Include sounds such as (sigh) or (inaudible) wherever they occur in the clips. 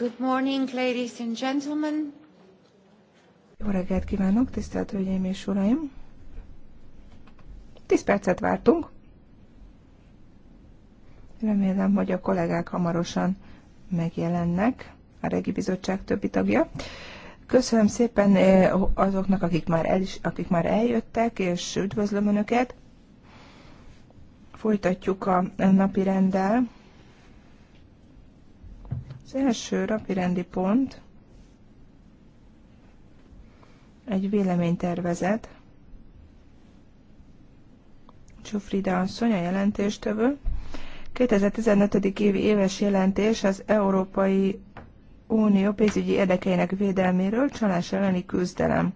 Good morning, ladies and gentlemen. Jó reggelt kívánok, tisztelt Hölgyeim és Uraim! Tíz percet vártunk. Remélem, hogy a kollégák hamarosan megjelennek, a Regi Bizottság többi tagja. Köszönöm szépen eh, azoknak, akik már, el is, akik már eljöttek, és üdvözlöm Önöket. Folytatjuk a napi rendel az első rendi pont egy véleménytervezet. Csufrida asszony a jelentéstövő. 2015. évi éves jelentés az Európai Unió pénzügyi érdekeinek védelméről csalás elleni küzdelem.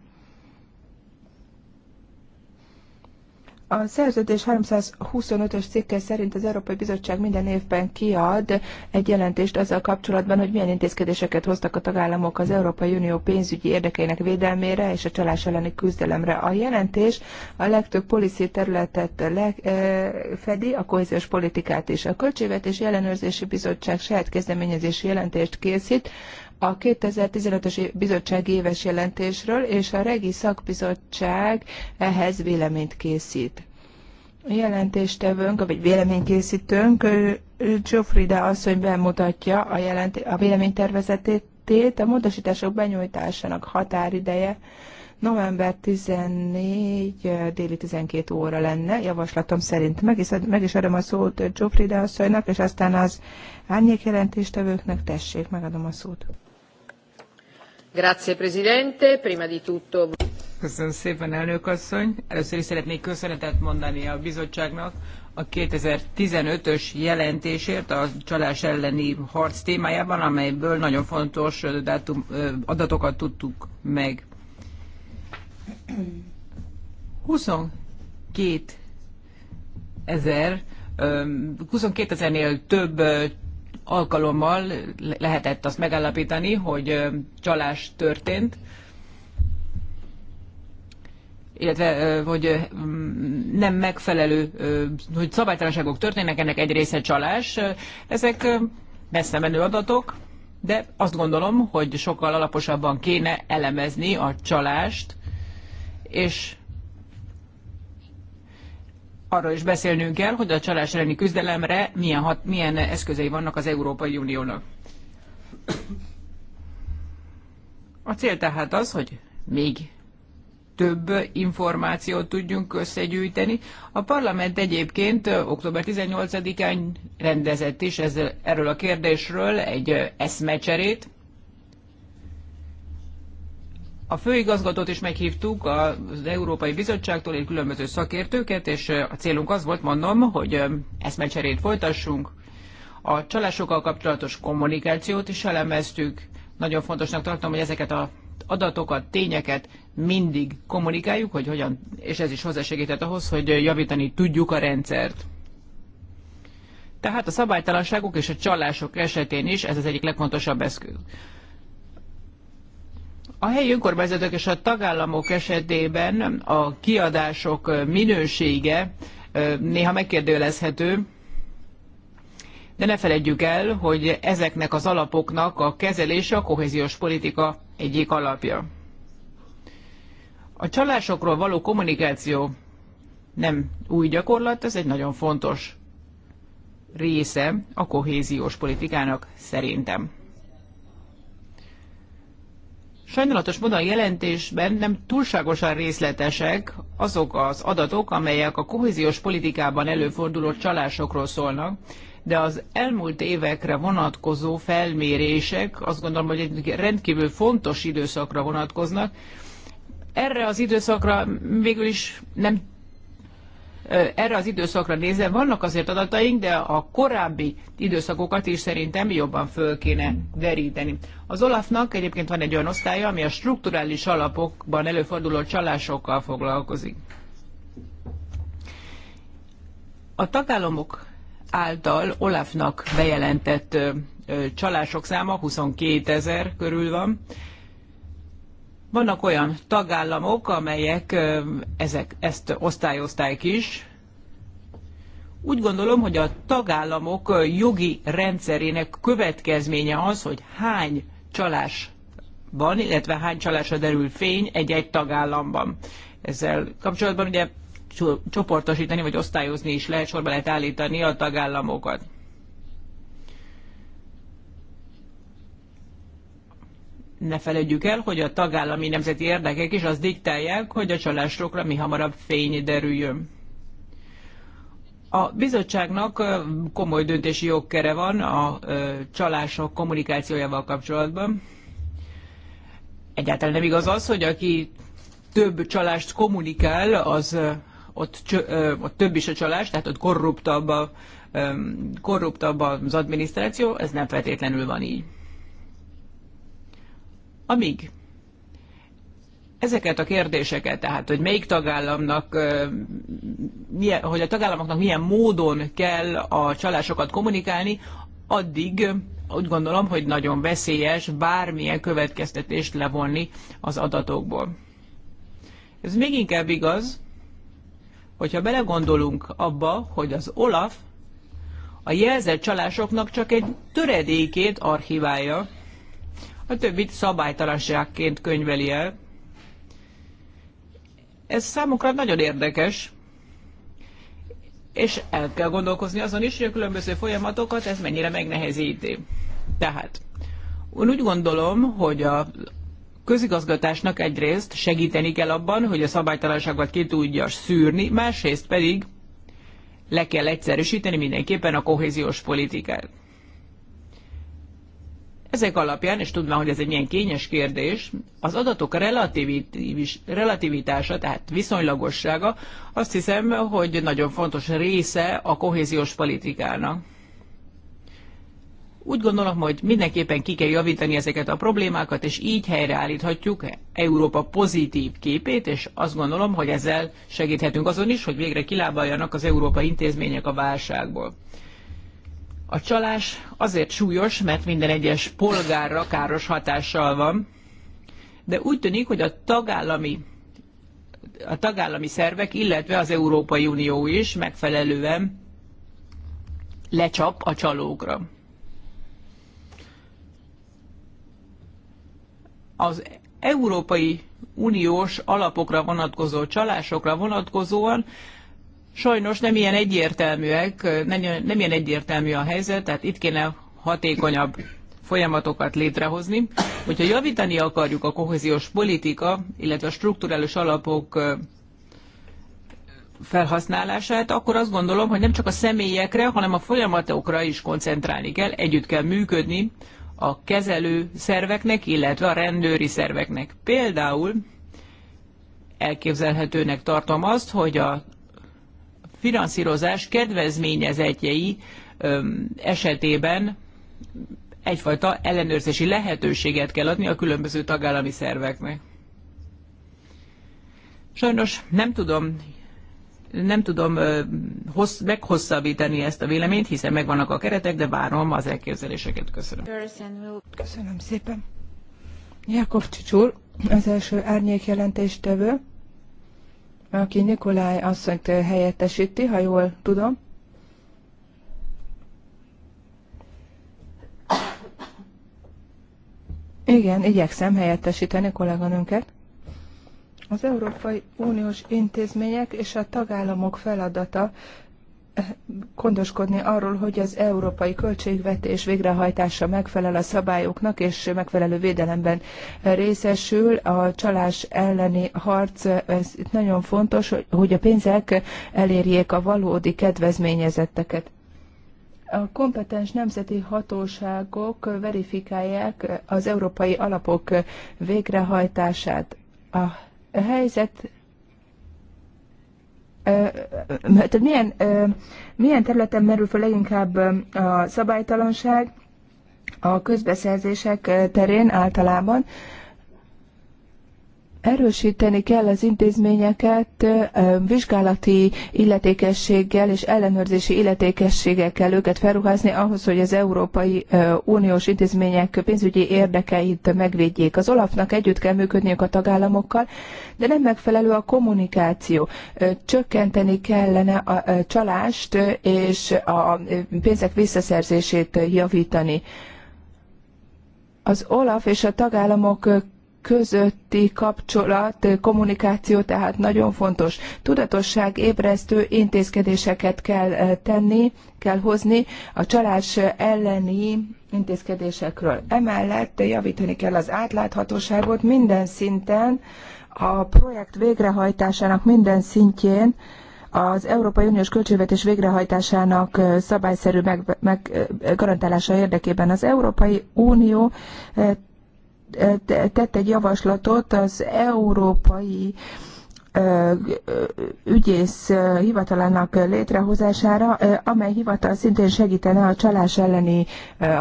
A szerződés 325-ös cikke szerint az Európai Bizottság minden évben kiad egy jelentést azzal kapcsolatban, hogy milyen intézkedéseket hoztak a tagállamok az Európai Unió pénzügyi érdekeinek védelmére és a csalás elleni küzdelemre. A jelentés a legtöbb policy területet le, e, fedi, a kohéziós politikát is. A Költségvetési Ellenőrzési Bizottság saját kezdeményezési jelentést készít a 2015-ös bizottsági éves jelentésről, és a Regi Szakbizottság ehhez véleményt készít. Jelentéstevőnk, vagy véleménykészítőnk, Csofrida asszony bemutatja a, jelent, a véleménytervezetét, a módosítások benyújtásának határideje november 14 déli 12 óra lenne, javaslatom szerint. Meg is, meg is adom a szót Csófrida asszonynak, és aztán az jelentéstevőknek tessék, megadom a szót. Köszönöm szépen, elnök asszony. Először is szeretnék köszönetet mondani a bizottságnak a fifteen ös jelentésért a csalás elleni harc témájában, amelyből nagyon fontos adatokat tudtuk meg. 22 ezer 22 ezernél több alkalommal lehetett azt megállapítani, hogy csalás történt, illetve hogy nem megfelelő, hogy szabálytalanságok történnek, ennek egy része csalás. Ezek messze menő adatok, de azt gondolom, hogy sokkal alaposabban kéne elemezni a csalást, és arról is beszélnünk kell, hogy a csalás elleni küzdelemre milyen, hat, milyen eszközei vannak az Európai Uniónak. A cél tehát az, hogy még több információt tudjunk összegyűjteni. A parlament egyébként október 18-án rendezett is ezzel, erről a kérdésről egy eszmecserét. A főigazgatót is meghívtuk az Európai Bizottságtól, és különböző szakértőket, és a célunk az volt, mondom, hogy eszmecserét folytassunk. A csalásokkal kapcsolatos kommunikációt is elemeztük. Nagyon fontosnak tartom, hogy ezeket a adatokat, tényeket mindig kommunikáljuk, hogy hogyan, és ez is hozzásegített ahhoz, hogy javítani tudjuk a rendszert. Tehát a szabálytalanságok és a csalások esetén is ez az egyik legfontosabb eszköz. A helyi önkormányzatok és a tagállamok esetében a kiadások minősége néha megkérdőlezhető, de ne feledjük el, hogy ezeknek az alapoknak a kezelése a kohéziós politika egyik alapja. A csalásokról való kommunikáció nem új gyakorlat, ez egy nagyon fontos része a kohéziós politikának szerintem. Sajnálatos módon a jelentésben nem túlságosan részletesek azok az adatok, amelyek a kohéziós politikában előforduló csalásokról szólnak, de az elmúlt évekre vonatkozó felmérések azt gondolom, hogy egy rendkívül fontos időszakra vonatkoznak. Erre az időszakra végül is nem erre az időszakra nézve vannak azért adataink, de a korábbi időszakokat is szerintem jobban föl kéne deríteni. Az Olafnak egyébként van egy olyan osztálya, ami a strukturális alapokban előforduló csalásokkal foglalkozik. A tagállamok által Olafnak bejelentett csalások száma 22 ezer körül van, vannak olyan tagállamok, amelyek ezek, ezt osztályozták is. Úgy gondolom, hogy a tagállamok jogi rendszerének következménye az, hogy hány csalás van, illetve hány csalásra derül fény egy-egy tagállamban. Ezzel kapcsolatban ugye csoportosítani vagy osztályozni is lehet, sorba lehet állítani a tagállamokat. ne felejtjük el, hogy a tagállami nemzeti érdekek is azt diktálják, hogy a csalásokra mi hamarabb fény derüljön. A bizottságnak komoly döntési jogkere van a csalások kommunikációjával kapcsolatban. Egyáltalán nem igaz az, hogy aki több csalást kommunikál, az ott, ott több is a csalás, tehát ott korruptabb, a, korruptabb az adminisztráció, ez nem feltétlenül van így. Amíg ezeket a kérdéseket, tehát hogy melyik tagállamnak, milyen, hogy a tagállamoknak milyen módon kell a csalásokat kommunikálni, addig úgy gondolom, hogy nagyon veszélyes bármilyen következtetést levonni az adatokból. Ez még inkább igaz, hogyha belegondolunk abba, hogy az OLAF a jelzett csalásoknak csak egy töredékét archiválja, a többit szabálytalanságként könyveli el. Ez számukra nagyon érdekes, és el kell gondolkozni azon is, hogy a különböző folyamatokat ez mennyire megnehezíti. Tehát, úgy gondolom, hogy a közigazgatásnak egyrészt segíteni kell abban, hogy a szabálytalanságot ki tudja szűrni, másrészt pedig le kell egyszerűsíteni mindenképpen a kohéziós politikát. Ezek alapján, és tudván, hogy ez egy ilyen kényes kérdés, az adatok relativitása, tehát viszonylagossága azt hiszem, hogy nagyon fontos része a kohéziós politikának. Úgy gondolom, hogy mindenképpen ki kell javítani ezeket a problémákat, és így helyreállíthatjuk Európa pozitív képét, és azt gondolom, hogy ezzel segíthetünk azon is, hogy végre kilábaljanak az európai intézmények a válságból. A csalás azért súlyos, mert minden egyes polgárra káros hatással van, de úgy tűnik, hogy a tagállami a tagállami szervek, illetve az Európai Unió is megfelelően lecsap a csalókra. Az Európai Uniós alapokra vonatkozó csalásokra vonatkozóan sajnos nem ilyen egyértelműek, nem, nem ilyen egyértelmű a helyzet, tehát itt kéne hatékonyabb folyamatokat létrehozni. Hogyha javítani akarjuk a kohéziós politika, illetve a strukturális alapok felhasználását, akkor azt gondolom, hogy nem csak a személyekre, hanem a folyamatokra is koncentrálni kell, együtt kell működni a kezelő szerveknek, illetve a rendőri szerveknek. Például elképzelhetőnek tartom azt, hogy a finanszírozás kedvezményezetjei esetében egyfajta ellenőrzési lehetőséget kell adni a különböző tagállami szerveknek. Sajnos nem tudom, nem tudom hossz, meghosszabbítani ezt a véleményt, hiszen megvannak a keretek, de várom az elképzeléseket. Köszönöm. Köszönöm szépen. Jakov Csicsúr, az első árnyék jelentéstevő aki Nikolaj asszonyt helyettesíti, ha jól tudom. Igen, igyekszem helyettesíteni kolléganőnket. Az Európai Uniós intézmények és a tagállamok feladata gondoskodni arról, hogy az európai költségvetés végrehajtása megfelel a szabályoknak, és megfelelő védelemben részesül. A csalás elleni harc, ez itt nagyon fontos, hogy a pénzek elérjék a valódi kedvezményezetteket. A kompetens nemzeti hatóságok verifikálják az európai alapok végrehajtását. A helyzet tehát milyen, milyen területen merül fel leginkább a szabálytalanság a közbeszerzések terén általában, Erősíteni kell az intézményeket vizsgálati illetékességgel és ellenőrzési illetékességgel kell őket felruházni ahhoz, hogy az Európai Uniós intézmények pénzügyi érdekeit megvédjék. Az Olafnak együtt kell működniük a tagállamokkal, de nem megfelelő a kommunikáció. Csökkenteni kellene a csalást és a pénzek visszaszerzését javítani. Az Olaf és a tagállamok közötti kapcsolat, kommunikáció tehát nagyon fontos. Tudatosság ébresztő intézkedéseket kell eh, tenni, kell hozni a csalás elleni intézkedésekről. Emellett javítani kell az átláthatóságot minden szinten, a projekt végrehajtásának minden szintjén, az Európai Uniós költségvetés végrehajtásának eh, szabályszerű meg, meg, eh, garantálása érdekében az Európai Unió tett egy javaslatot az európai ügyész hivatalának létrehozására, amely hivatal szintén segítene a csalás elleni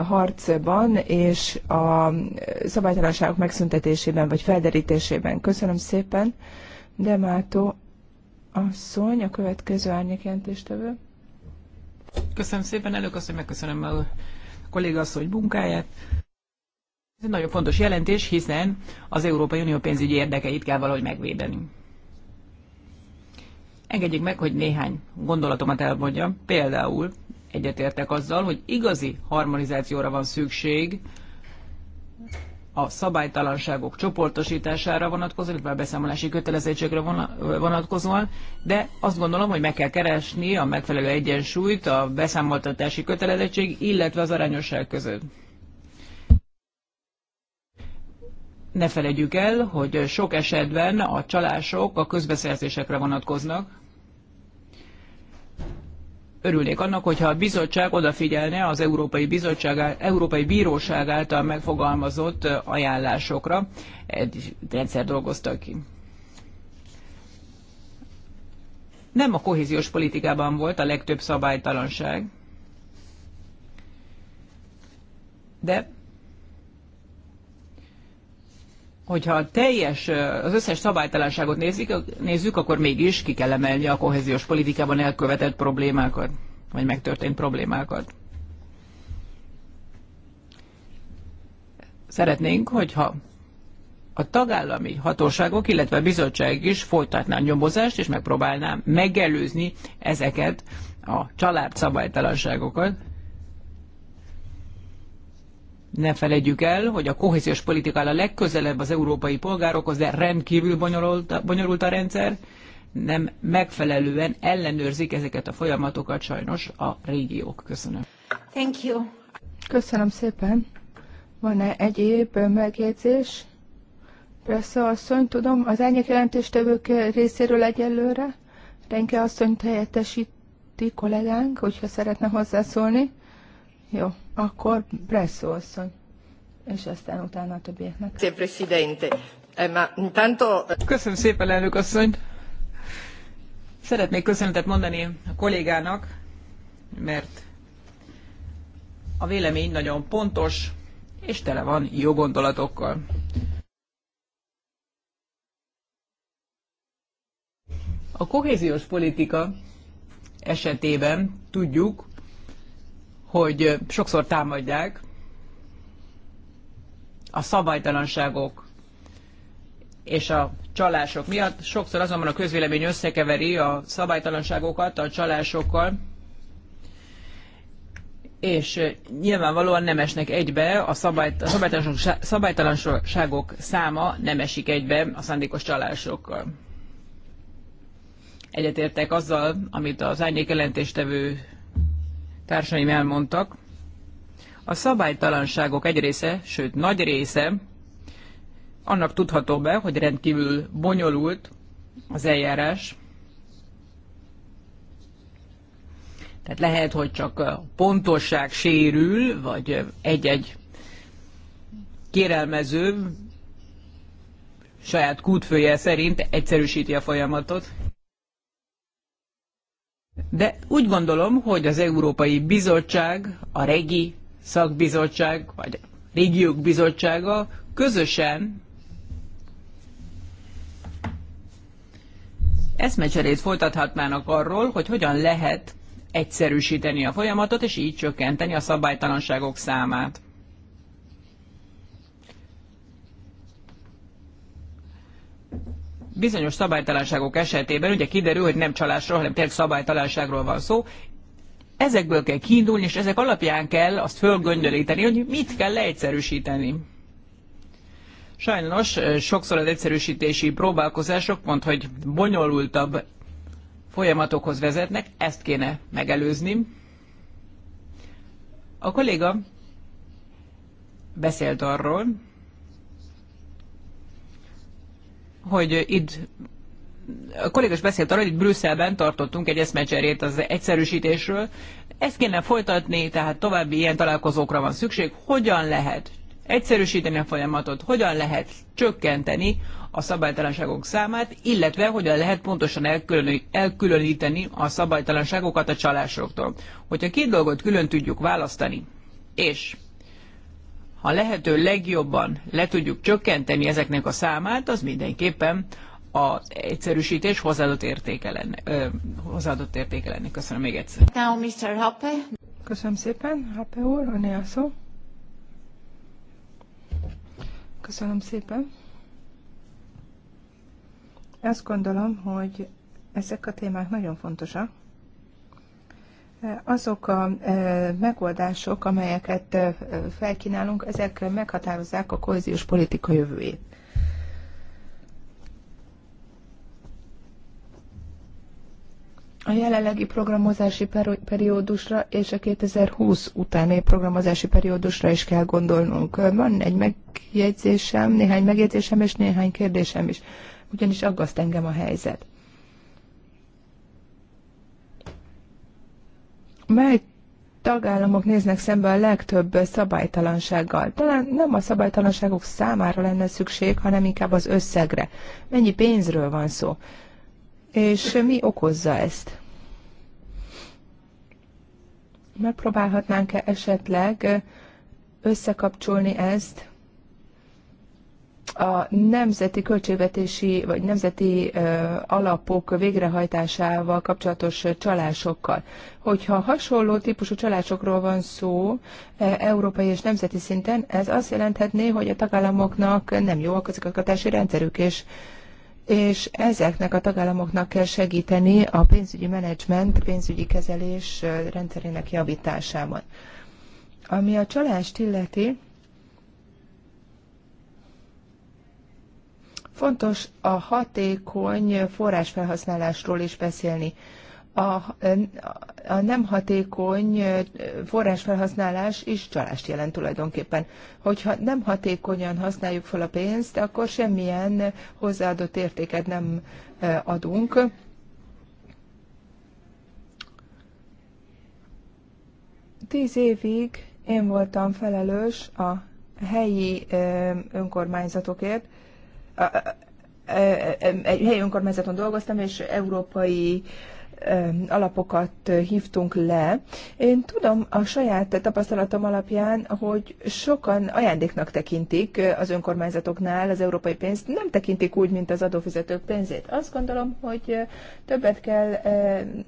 harcban és a szabálytalanságok megszüntetésében vagy felderítésében. Köszönöm szépen. Demátó asszony, a következő árnyékjelentéstevő. Köszönöm szépen, elők asszony, megköszönöm a kolléga asszony munkáját. Ez egy nagyon fontos jelentés, hiszen az Európai Unió pénzügyi érdekeit kell valahogy megvédeni. Engedjék meg, hogy néhány gondolatomat elmondjam. Például egyetértek azzal, hogy igazi harmonizációra van szükség a szabálytalanságok csoportosítására vonatkozóan, illetve a beszámolási kötelezettségre vonatkozóan, de azt gondolom, hogy meg kell keresni a megfelelő egyensúlyt a beszámoltatási kötelezettség, illetve az arányosság között. Ne felejtjük el, hogy sok esetben a csalások a közbeszerzésekre vonatkoznak. Örülnék annak, hogyha a bizottság odafigyelne az Európai, bizottság, Európai Bíróság által megfogalmazott ajánlásokra. Egy rendszer dolgoztak ki. Nem a kohéziós politikában volt a legtöbb szabálytalanság, de hogyha teljes, az összes szabálytalanságot nézzük, nézzük, akkor mégis ki kell emelni a kohéziós politikában elkövetett problémákat, vagy megtörtént problémákat. Szeretnénk, hogyha a tagállami hatóságok, illetve a bizottság is folytatná a nyomozást, és megpróbálná megelőzni ezeket a család szabálytalanságokat. Ne felejtjük el, hogy a kohéziós politika a legközelebb az európai polgárokhoz, de rendkívül bonyolult, bonyolult a rendszer, nem megfelelően ellenőrzik ezeket a folyamatokat sajnos a régiók. Köszönöm. Thank you. Köszönöm szépen. Van-e egyéb megjegyzés? Pressa asszony, tudom, az árnyék jelentéstevők részéről egyelőre. Renke asszonyt helyettesíti kollégánk, hogyha szeretne hozzászólni. Jó, akkor Presszó asszony, és aztán utána a többieknek. Eh, eh, Köszönöm szépen, elnök asszony! Szeretnék köszönetet mondani a kollégának, mert a vélemény nagyon pontos, és tele van jó gondolatokkal. A kohéziós politika esetében tudjuk, hogy sokszor támadják a szabálytalanságok és a csalások miatt. Sokszor azonban a közvélemény összekeveri a szabálytalanságokat a csalásokkal, és nyilvánvalóan nem esnek egybe, a, szabályt, a szabálytalanságok, szabálytalanságok száma nem esik egybe a szándékos csalásokkal. Egyetértek azzal, amit az árnyék jelentéstevő társaim elmondtak, a szabálytalanságok egy része, sőt nagy része annak tudható be, hogy rendkívül bonyolult az eljárás. Tehát lehet, hogy csak a pontosság sérül, vagy egy-egy kérelmező saját kútfője szerint egyszerűsíti a folyamatot. De úgy gondolom, hogy az Európai Bizottság, a Regi Szakbizottság, vagy a Régiók Bizottsága közösen eszmecserét folytathatnának arról, hogy hogyan lehet egyszerűsíteni a folyamatot, és így csökkenteni a szabálytalanságok számát. bizonyos szabálytalanságok esetében ugye kiderül, hogy nem csalásról, hanem tényleg szabálytalanságról van szó, ezekből kell kiindulni, és ezek alapján kell azt fölgöndölíteni, hogy mit kell leegyszerűsíteni. Sajnos sokszor az egyszerűsítési próbálkozások pont, hogy bonyolultabb folyamatokhoz vezetnek, ezt kéne megelőzni. A kolléga beszélt arról, hogy itt a kollégás beszélt arról, hogy itt Brüsszelben tartottunk egy eszmecserét az egyszerűsítésről. Ezt kéne folytatni, tehát további ilyen találkozókra van szükség. Hogyan lehet egyszerűsíteni a folyamatot, hogyan lehet csökkenteni a szabálytalanságok számát, illetve hogyan lehet pontosan elkülöníteni a szabálytalanságokat a csalásoktól. Hogyha két dolgot külön tudjuk választani, és ha lehető legjobban le tudjuk csökkenteni ezeknek a számát, az mindenképpen az egyszerűsítés hozzáadott értéke lenne. Ö, hozzáadott értéke lenne. Köszönöm még egyszer. Now, Mr. Hoppe. Köszönöm szépen, Hoppe úr, a néha szó. Köszönöm szépen. Azt gondolom, hogy ezek a témák nagyon fontosak. Azok a e, megoldások, amelyeket e, felkínálunk, ezek meghatározzák a kohéziós politika jövőjét. A jelenlegi programozási periódusra és a 2020 utáni programozási periódusra is kell gondolnunk. Van egy megjegyzésem, néhány megjegyzésem és néhány kérdésem is, ugyanis aggaszt engem a helyzet. mely tagállamok néznek szembe a legtöbb szabálytalansággal. Talán nem a szabálytalanságok számára lenne szükség, hanem inkább az összegre. Mennyi pénzről van szó? És mi okozza ezt? Megpróbálhatnánk-e esetleg összekapcsolni ezt a nemzeti költségvetési vagy nemzeti alapok végrehajtásával kapcsolatos csalásokkal. Hogyha hasonló típusú csalásokról van szó európai és nemzeti szinten, ez azt jelenthetné, hogy a tagállamoknak nem jó a igazgatási rendszerük, és és ezeknek a tagállamoknak kell segíteni a pénzügyi menedzsment, pénzügyi kezelés rendszerének javításában. Ami a csalást illeti, Fontos a hatékony forrásfelhasználásról is beszélni. A, a nem hatékony forrásfelhasználás is csalást jelent tulajdonképpen. Hogyha nem hatékonyan használjuk fel a pénzt, akkor semmilyen hozzáadott értéket nem e, adunk. Tíz évig én voltam felelős a helyi e, önkormányzatokért, egy helyi önkormányzaton dolgoztam, és európai alapokat hívtunk le. Én tudom a saját tapasztalatom alapján, hogy sokan ajándéknak tekintik az önkormányzatoknál az európai pénzt, nem tekintik úgy, mint az adófizetők pénzét. Azt gondolom, hogy többet kell,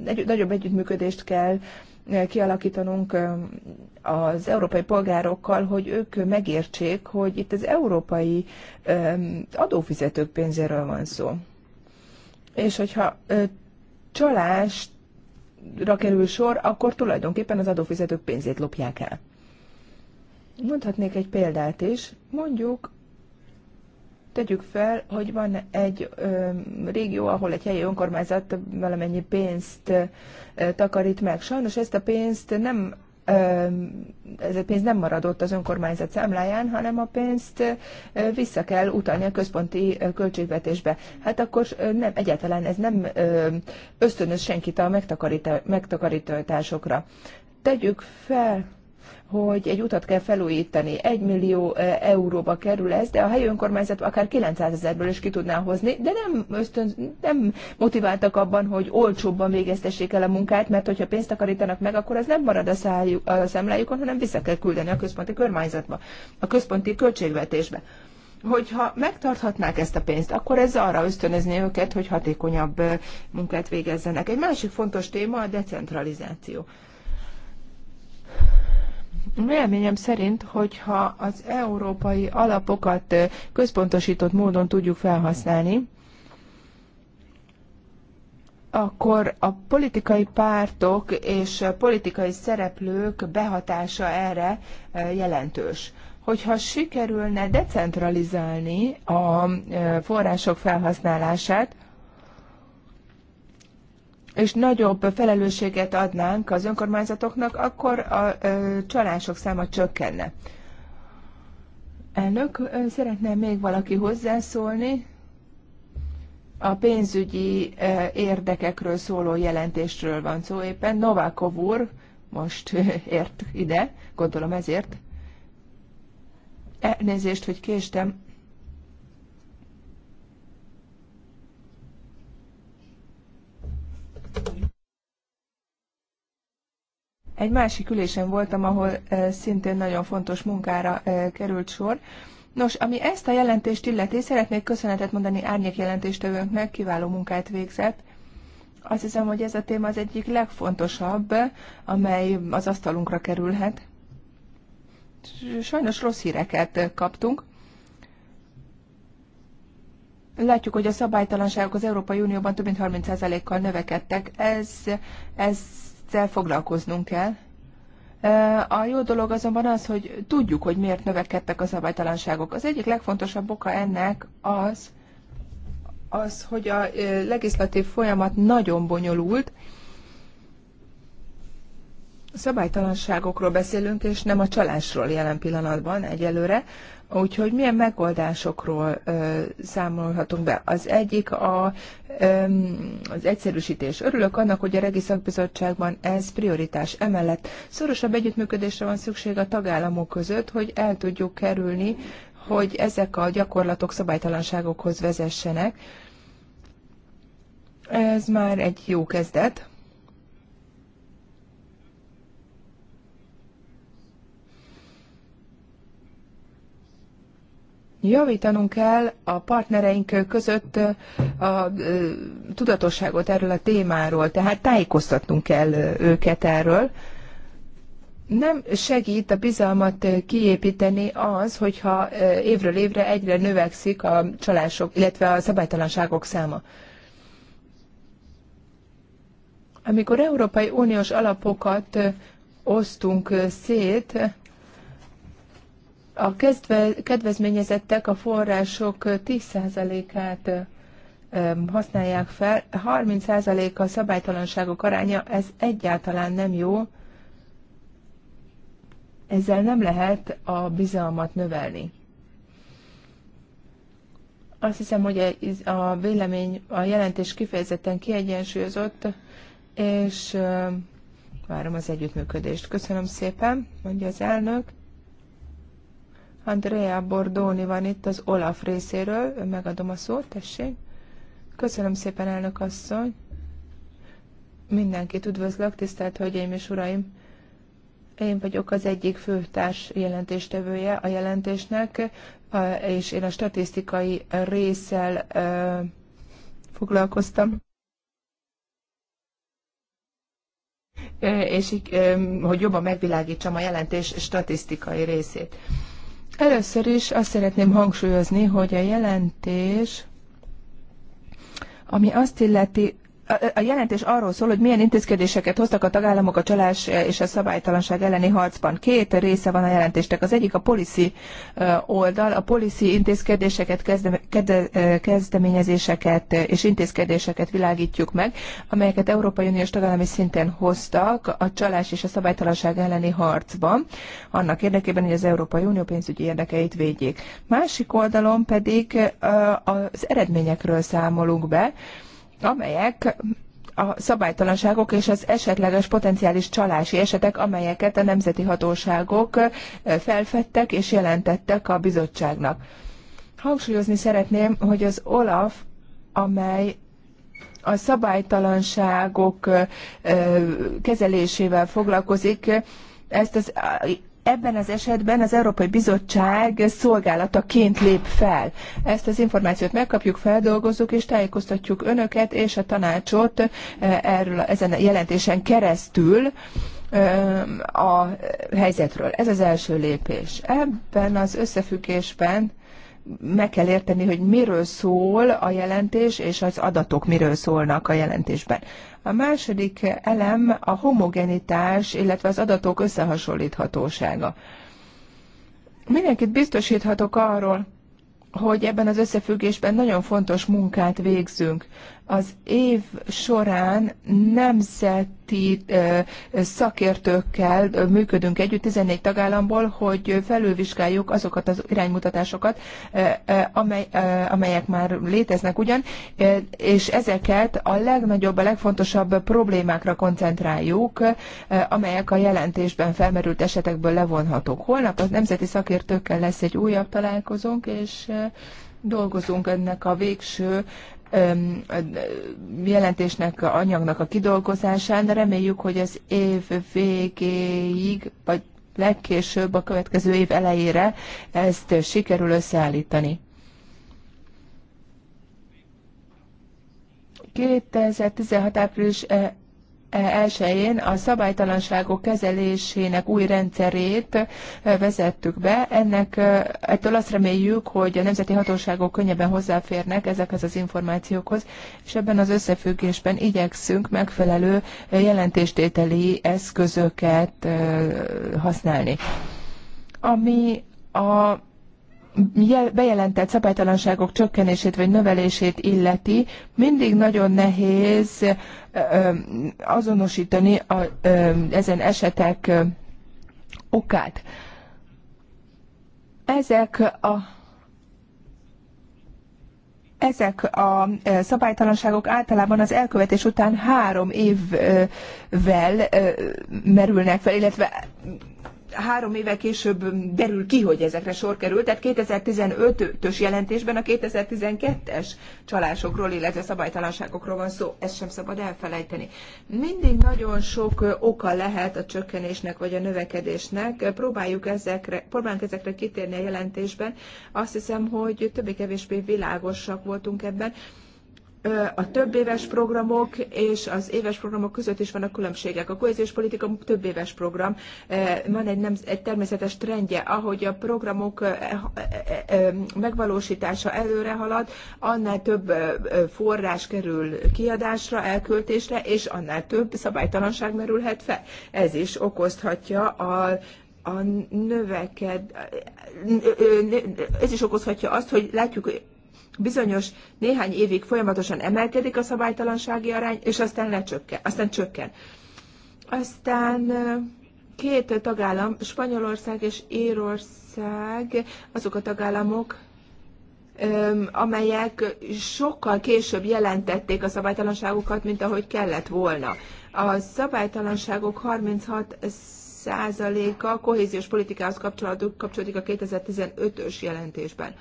egy, nagyobb együttműködést kell kialakítanunk az európai polgárokkal, hogy ők megértsék, hogy itt az európai adófizetők pénzéről van szó. És hogyha csalásra kerül sor, akkor tulajdonképpen az adófizetők pénzét lopják el. Mondhatnék egy példát is. Mondjuk Tegyük fel, hogy van egy ö, régió, ahol egy helyi önkormányzat valamennyi pénzt ö, takarít meg. Sajnos ezt a pénzt nem ez a pénz nem maradott az önkormányzat számláján, hanem a pénzt vissza kell utalni a központi költségvetésbe. Hát akkor nem, egyáltalán ez nem ösztönöz senkit a megtakarításokra. Tegyük fel, hogy egy utat kell felújítani. Egy millió euróba kerül ez, de a helyi önkormányzat akár 900 ezerből is ki tudná hozni, de nem, ösztön, nem motiváltak abban, hogy olcsóbban végeztessék el a munkát, mert hogyha pénzt takarítanak meg, akkor az nem marad a, szájuk, a szemlájukon, hanem vissza kell küldeni a központi kormányzatba, a központi költségvetésbe hogyha megtarthatnák ezt a pénzt, akkor ez arra ösztönözné őket, hogy hatékonyabb munkát végezzenek. Egy másik fontos téma a decentralizáció. Véleményem szerint, hogyha az európai alapokat központosított módon tudjuk felhasználni, akkor a politikai pártok és a politikai szereplők behatása erre jelentős. Hogyha sikerülne decentralizálni a források felhasználását, és nagyobb felelősséget adnánk az önkormányzatoknak, akkor a csalások száma csökkenne. Elnök, szeretne még valaki hozzászólni? A pénzügyi érdekekről szóló jelentésről van szó éppen. Novákov úr most ért ide, gondolom ezért. Elnézést, hogy késtem. Egy másik ülésen voltam, ahol szintén nagyon fontos munkára került sor. Nos, ami ezt a jelentést illeti, szeretnék köszönetet mondani árnyék jelentéstevőnknek, kiváló munkát végzett. Azt hiszem, hogy ez a téma az egyik legfontosabb, amely az asztalunkra kerülhet. Sajnos rossz híreket kaptunk. Látjuk, hogy a szabálytalanságok az Európai Unióban több mint 30%-kal növekedtek. Ez, ez ezzel foglalkoznunk kell. A jó dolog azonban az, hogy tudjuk, hogy miért növekedtek a szabálytalanságok. Az egyik legfontosabb oka ennek az, az, hogy a legislatív folyamat nagyon bonyolult. Szabálytalanságokról beszélünk, és nem a csalásról jelen pillanatban egyelőre. Úgyhogy milyen megoldásokról ö, számolhatunk be? Az egyik a, ö, az egyszerűsítés. Örülök annak, hogy a Regi Szakbizottságban ez prioritás. Emellett szorosabb együttműködésre van szükség a tagállamok között, hogy el tudjuk kerülni, hogy ezek a gyakorlatok szabálytalanságokhoz vezessenek. Ez már egy jó kezdet. Javítanunk kell a partnereink között a tudatosságot erről a témáról, tehát tájékoztatnunk kell őket erről. Nem segít a bizalmat kiépíteni az, hogyha évről évre egyre növekszik a csalások, illetve a szabálytalanságok száma. Amikor Európai Uniós alapokat osztunk szét, a kezdve, kedvezményezettek a források 10%-át használják fel, 30% a szabálytalanságok aránya, ez egyáltalán nem jó, ezzel nem lehet a bizalmat növelni. Azt hiszem, hogy a vélemény, a jelentés kifejezetten kiegyensúlyozott, és várom az együttműködést. Köszönöm szépen, mondja az elnök. Andrea Bordoni van itt az Olaf részéről, megadom a szót, tessék. Köszönöm szépen, elnök asszony. Mindenkit üdvözlök, tisztelt Hölgyeim és Uraim! Én vagyok az egyik főtárs jelentéstevője a jelentésnek, és én a statisztikai részsel foglalkoztam. És hogy jobban megvilágítsam a jelentés statisztikai részét. Először is azt szeretném hangsúlyozni, hogy a jelentés, ami azt illeti, a jelentés arról szól, hogy milyen intézkedéseket hoztak a tagállamok a csalás eh, és a szabálytalanság elleni harcban. Két része van a jelentéstek. Az egyik a policy eh, oldal, a policy intézkedéseket, eh, kezdeményezéseket és intézkedéseket világítjuk meg, amelyeket Európai Uniós tagállami szinten hoztak a csalás és a szabálytalanság elleni harcban, annak érdekében, hogy az Európai Unió pénzügyi érdekeit védjék. Másik oldalon pedig az eredményekről számolunk be, amelyek a szabálytalanságok és az esetleges potenciális csalási esetek, amelyeket a nemzeti hatóságok felfedtek és jelentettek a bizottságnak. Hangsúlyozni szeretném, hogy az OLAF, amely a szabálytalanságok kezelésével foglalkozik, ezt az Ebben az esetben az Európai Bizottság szolgálataként lép fel. Ezt az információt megkapjuk, feldolgozzuk és tájékoztatjuk önöket és a tanácsot eh, erről, ezen a jelentésen keresztül eh, a helyzetről. Ez az első lépés. Ebben az összefüggésben meg kell érteni, hogy miről szól a jelentés, és az adatok miről szólnak a jelentésben. A második elem a homogenitás, illetve az adatok összehasonlíthatósága. Mindenkit biztosíthatok arról, hogy ebben az összefüggésben nagyon fontos munkát végzünk az év során nemzeti szakértőkkel működünk együtt 14 tagállamból, hogy felülvizsgáljuk azokat az iránymutatásokat, amely, amelyek már léteznek ugyan, és ezeket a legnagyobb, a legfontosabb problémákra koncentráljuk, amelyek a jelentésben felmerült esetekből levonhatók. Holnap a nemzeti szakértőkkel lesz egy újabb találkozónk, és dolgozunk ennek a végső jelentésnek, anyagnak a kidolgozásán. Reméljük, hogy az év végéig, vagy legkésőbb a következő év elejére ezt sikerül összeállítani. 2016. április eh, elsőjén a szabálytalanságok kezelésének új rendszerét vezettük be. Ennek ettől azt reméljük, hogy a nemzeti hatóságok könnyebben hozzáférnek ezekhez az információkhoz, és ebben az összefüggésben igyekszünk megfelelő jelentéstételi eszközöket használni. Ami a bejelentett szabálytalanságok csökkenését vagy növelését illeti, mindig nagyon nehéz azonosítani a, ezen esetek okát. Ezek a ezek a szabálytalanságok általában az elkövetés után három évvel merülnek fel, illetve három éve később derül ki, hogy ezekre sor került, tehát 2015-ös jelentésben a 2012-es csalásokról, illetve szabálytalanságokról van szó, ezt sem szabad elfelejteni. Mindig nagyon sok oka lehet a csökkenésnek vagy a növekedésnek, próbáljuk ezekre, próbálunk ezekre kitérni a jelentésben, azt hiszem, hogy többé-kevésbé világosak voltunk ebben, a több éves programok és az éves programok között is vannak különbségek. A kohéziós politika több éves program, van egy, nem, egy természetes trendje, ahogy a programok e, e, e, megvalósítása előre halad, annál több forrás kerül kiadásra, elköltésre, és annál több szabálytalanság merülhet fel. Ez is okozhatja a a növeked, ez is okozhatja azt, hogy látjuk bizonyos néhány évig folyamatosan emelkedik a szabálytalansági arány, és aztán lecsökken, aztán csökken. Aztán két tagállam, Spanyolország és Írország, azok a tagállamok, amelyek sokkal később jelentették a szabálytalanságokat, mint ahogy kellett volna. A szabálytalanságok 36 százaléka kohéziós politikához kapcsolódik a 2015-ös jelentésben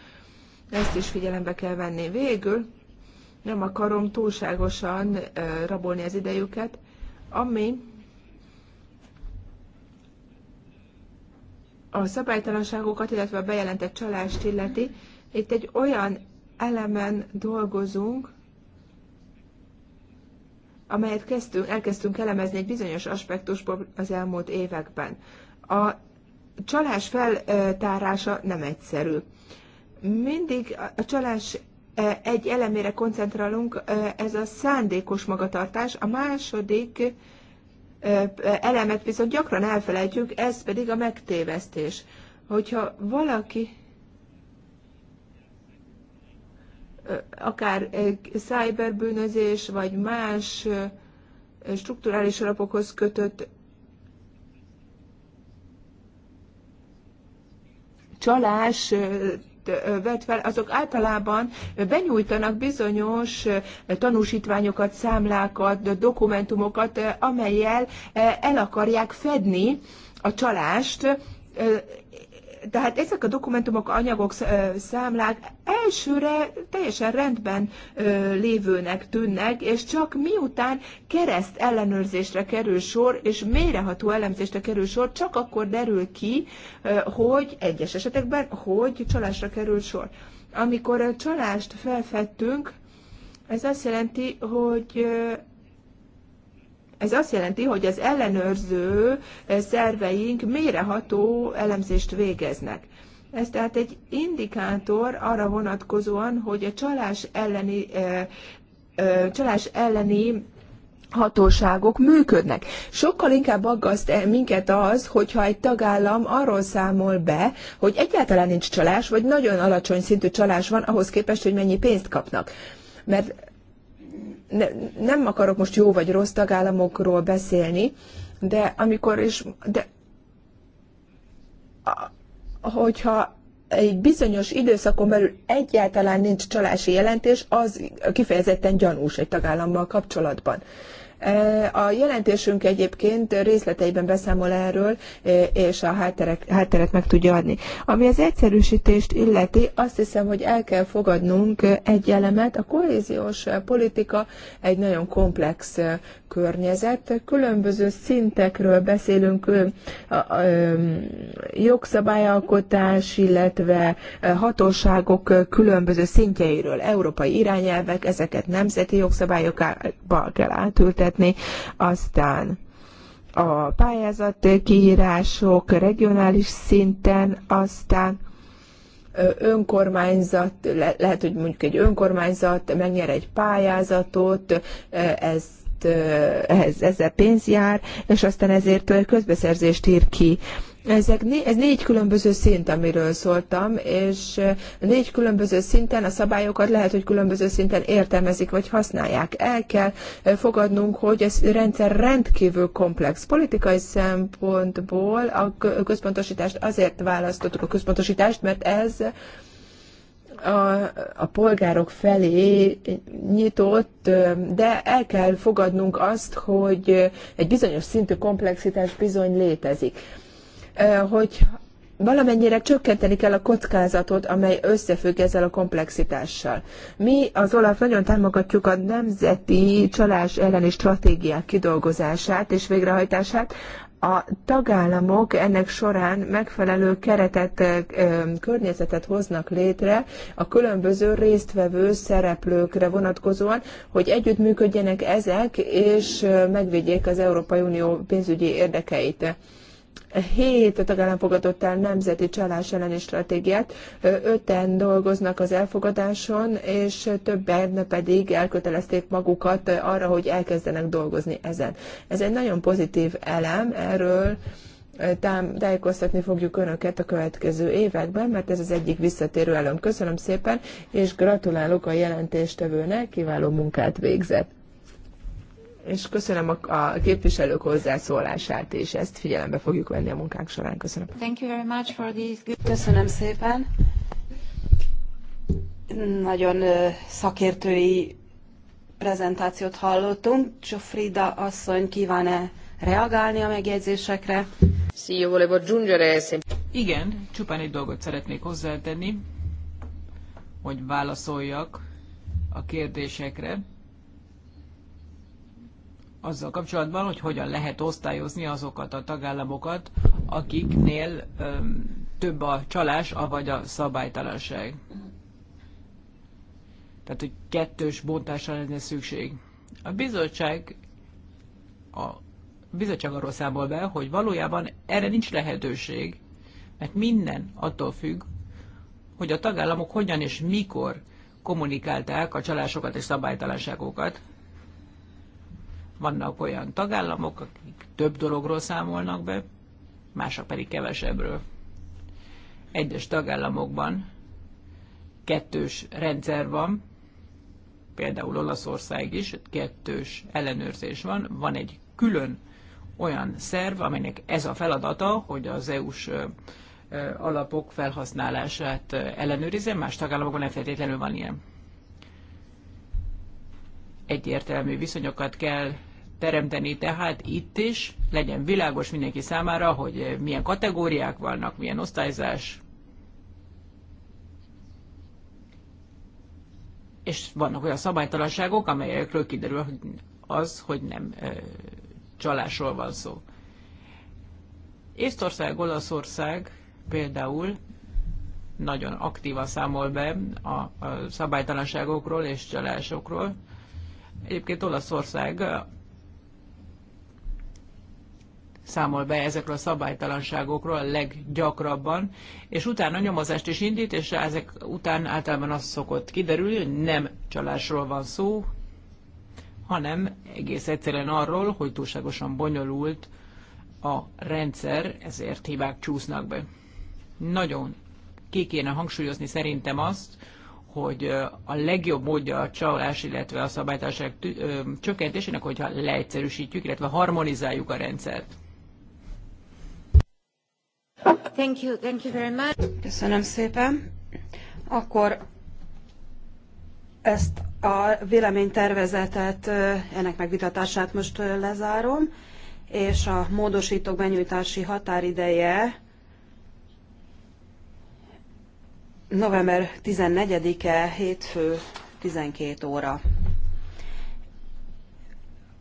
ezt is figyelembe kell venni. Végül nem akarom túlságosan rabolni az idejüket, ami a szabálytalanságokat, illetve a bejelentett csalást illeti. Itt egy olyan elemen dolgozunk, amelyet kezdtünk, elkezdtünk elemezni egy bizonyos aspektusból az elmúlt években. A csalás feltárása nem egyszerű. Mindig a csalás e, egy elemére koncentrálunk, e, ez a szándékos magatartás. A második e, elemet viszont gyakran elfelejtjük, ez pedig a megtévesztés. Hogyha valaki akár szájberbűnözés, vagy más strukturális alapokhoz kötött csalás vet fel, azok általában benyújtanak bizonyos tanúsítványokat, számlákat, dokumentumokat, amelyel el akarják fedni a csalást, tehát ezek a dokumentumok, anyagok, számlák elsőre teljesen rendben lévőnek tűnnek, és csak miután kereszt ellenőrzésre kerül sor, és mélyreható elemzésre kerül sor, csak akkor derül ki, hogy egyes esetekben, hogy csalásra kerül sor. Amikor a csalást felfedtünk, ez azt jelenti, hogy ez azt jelenti, hogy az ellenőrző eh, szerveink méreható elemzést végeznek. Ez tehát egy indikátor arra vonatkozóan, hogy a csalás elleni, eh, eh, csalás elleni hatóságok működnek. Sokkal inkább aggaszt minket az, hogyha egy tagállam arról számol be, hogy egyáltalán nincs csalás, vagy nagyon alacsony szintű csalás van ahhoz képest, hogy mennyi pénzt kapnak. Mert ne, nem akarok most jó vagy rossz tagállamokról beszélni, de amikor is, de hogyha egy bizonyos időszakon belül egyáltalán nincs csalási jelentés, az kifejezetten gyanús egy tagállammal kapcsolatban. A jelentésünk egyébként részleteiben beszámol erről, és a hátterek, hátteret meg tudja adni. Ami az egyszerűsítést illeti, azt hiszem, hogy el kell fogadnunk egy elemet. A kohéziós politika egy nagyon komplex környezet. Különböző szintekről beszélünk, jogszabályalkotás, illetve hatóságok különböző szintjeiről, európai irányelvek, ezeket nemzeti jogszabályokba kell átültetni, aztán a pályázat kiírások regionális szinten, aztán önkormányzat, lehet, hogy mondjuk egy önkormányzat megnyer egy pályázatot, ez ezért ehhez, ezzel pénz jár, és aztán ezért közbeszerzést ír ki. Ezek, ez négy különböző szint, amiről szóltam, és négy különböző szinten a szabályokat lehet, hogy különböző szinten értelmezik vagy használják. El kell fogadnunk, hogy ez rendszer rendkívül komplex. Politikai szempontból a központosítást azért választottuk a központosítást, mert ez a, a polgárok felé nyitott, de el kell fogadnunk azt, hogy egy bizonyos szintű komplexitás bizony létezik. Hogy valamennyire csökkenteni kell a kockázatot, amely összefügg ezzel a komplexitással. Mi az Olaf nagyon támogatjuk a nemzeti csalás elleni stratégiák kidolgozását és végrehajtását, a tagállamok ennek során megfelelő keretet, környezetet hoznak létre a különböző résztvevő szereplőkre vonatkozóan, hogy együttműködjenek ezek, és megvédjék az Európai Unió pénzügyi érdekeit. Hét tagállam fogadott el nemzeti csalás elleni stratégiát, öten dolgoznak az elfogadáson, és többen pedig elkötelezték magukat arra, hogy elkezdenek dolgozni ezen. Ez egy nagyon pozitív elem, erről eh, tájékoztatni fogjuk Önöket a következő években, mert ez az egyik visszatérő elem. Köszönöm szépen, és gratulálok a jelentéstevőnek, kiváló munkát végzett és köszönöm a, a képviselők hozzászólását, és ezt figyelembe fogjuk venni a munkánk során. Köszönöm. Thank you very much for this. Köszönöm szépen. Nagyon szakértői prezentációt hallottunk. Csofrida asszony kíván-e reagálni a megjegyzésekre? Sì, io volevo aggiungere... Igen, csupán egy dolgot szeretnék hozzátenni, hogy válaszoljak a kérdésekre azzal kapcsolatban, hogy hogyan lehet osztályozni azokat a tagállamokat, akiknél öm, több a csalás, avagy a szabálytalanság. Tehát, hogy kettős bontásra lenne szükség. A bizottság a bizottság arról számol be, hogy valójában erre nincs lehetőség, mert minden attól függ, hogy a tagállamok hogyan és mikor kommunikálták a csalásokat és szabálytalanságokat. Vannak olyan tagállamok, akik több dologról számolnak be, mások pedig kevesebbről. Egyes tagállamokban kettős rendszer van, például Olaszország is, kettős ellenőrzés van, van egy külön olyan szerv, amelynek ez a feladata, hogy az EU-s alapok felhasználását ellenőrizze, más tagállamokban nem feltétlenül van ilyen. Egyértelmű viszonyokat kell teremteni, tehát itt is legyen világos mindenki számára, hogy milyen kategóriák vannak, milyen osztályzás, és vannak olyan szabálytalanságok, amelyekről kiderül hogy az, hogy nem e, csalásról van szó. Észtország, Olaszország például nagyon aktívan számol be a, a szabálytalanságokról és csalásokról. Egyébként Olaszország számol be ezekről a szabálytalanságokról a leggyakrabban, és utána nyomozást is indít, és ezek után általában az szokott kiderülni, hogy nem csalásról van szó, hanem egész egyszerűen arról, hogy túlságosan bonyolult a rendszer, ezért hibák csúsznak be. Nagyon ki kéne hangsúlyozni szerintem azt, hogy a legjobb módja a csalás, illetve a szabálytárság csökkentésének, hogyha leegyszerűsítjük, illetve harmonizáljuk a rendszert. Köszönöm szépen. Akkor ezt a véleménytervezetet, ennek megvitatását most lezárom, és a módosítók benyújtási határideje november 14-e, hétfő 12 óra.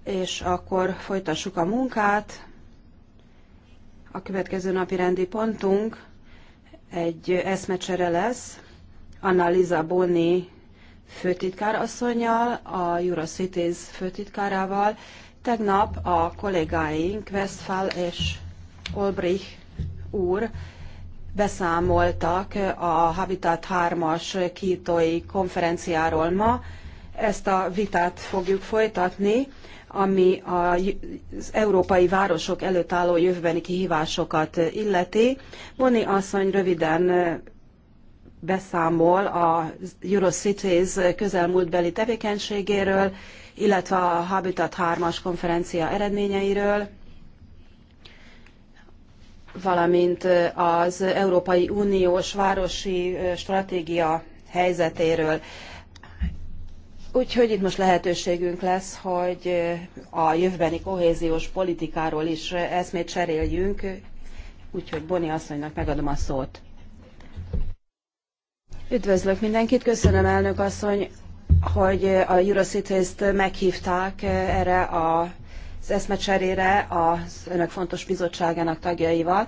És akkor folytassuk a munkát. A következő napi rendi pontunk egy eszmecsere lesz Annalisa Boni főtitkár a a Eurocities főtitkárával. Tegnap a kollégáink Westphal és Olbrich úr beszámoltak a Habitat 3-as kítói konferenciáról ma. Ezt a vitát fogjuk folytatni ami az európai városok előtt álló jövőbeni kihívásokat illeti. Boni asszony röviden beszámol a Eurocities közelmúltbeli tevékenységéről, illetve a Habitat 3-as konferencia eredményeiről, valamint az Európai Uniós Városi Stratégia helyzetéről. Úgyhogy itt most lehetőségünk lesz, hogy eh, a jövőbeni kohéziós politikáról is eh, eszmét cseréljünk, úgyhogy Boni asszonynak megadom a szót. Üdvözlök mindenkit, köszönöm elnök asszony, hogy eh, a Eurocities-t meghívták erre az eszmecserére az önök fontos bizottságának tagjaival.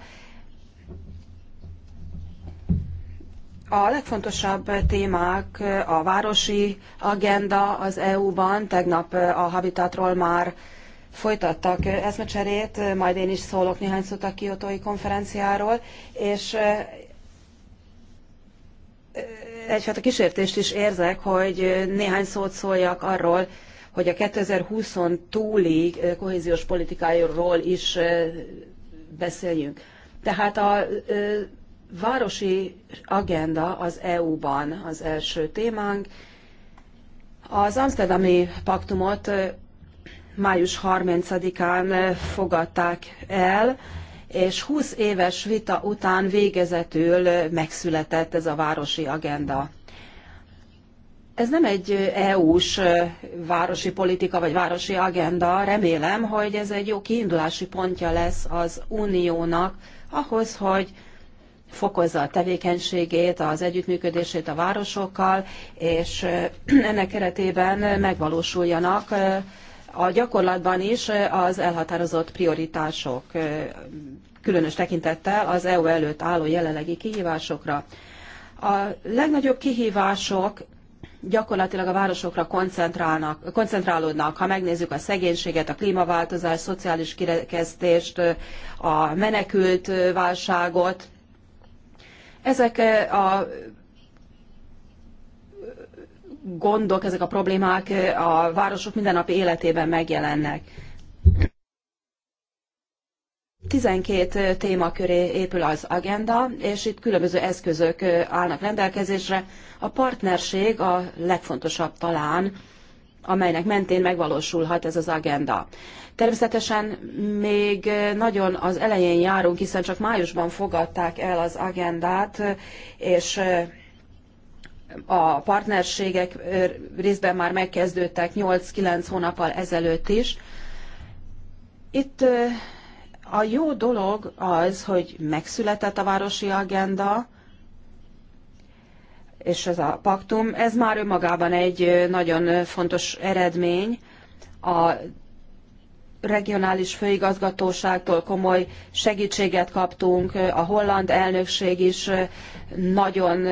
A legfontosabb témák a városi agenda az EU-ban. Tegnap a Habitatról már folytattak eszmecserét, majd én is szólok néhány szót a kiotói konferenciáról, és egyfajta kísértést is érzek, hogy néhány szót szóljak arról, hogy a 2020-on túli kohéziós politikáról is beszéljünk. Tehát a városi agenda az EU-ban az első témánk. Az Amsterdami paktumot május 30-án fogadták el, és 20 éves vita után végezetül megszületett ez a városi agenda. Ez nem egy EU-s városi politika vagy városi agenda, remélem, hogy ez egy jó kiindulási pontja lesz az uniónak ahhoz, hogy fokozza a tevékenységét, az együttműködését a városokkal, és (clears throat) ennek keretében megvalósuljanak a gyakorlatban is az elhatározott prioritások, különös tekintettel az EU előtt álló jelenlegi kihívásokra. A legnagyobb kihívások gyakorlatilag a városokra koncentrálnak, koncentrálódnak. Ha megnézzük a szegénységet, a klímaváltozás, szociális kirekesztést, a menekült válságot, ezek eh, a gondok, ezek a problémák eh, a városok mindennapi életében megjelennek. 12 eh, témaköré épül az agenda, és itt különböző eszközök állnak rendelkezésre. A partnerség a legfontosabb talán, amelynek mentén megvalósulhat ez az agenda. Természetesen még nagyon az elején járunk, hiszen csak májusban fogadták el az agendát, és a partnerségek részben már megkezdődtek 8-9 hónappal ezelőtt is. Itt eh, a jó dolog az, hogy megszületett a városi agenda, és ez a paktum, ez már önmagában egy eh, nagyon eh, fontos eredmény. A regionális főigazgatóságtól komoly segítséget kaptunk, a holland elnökség is nagyon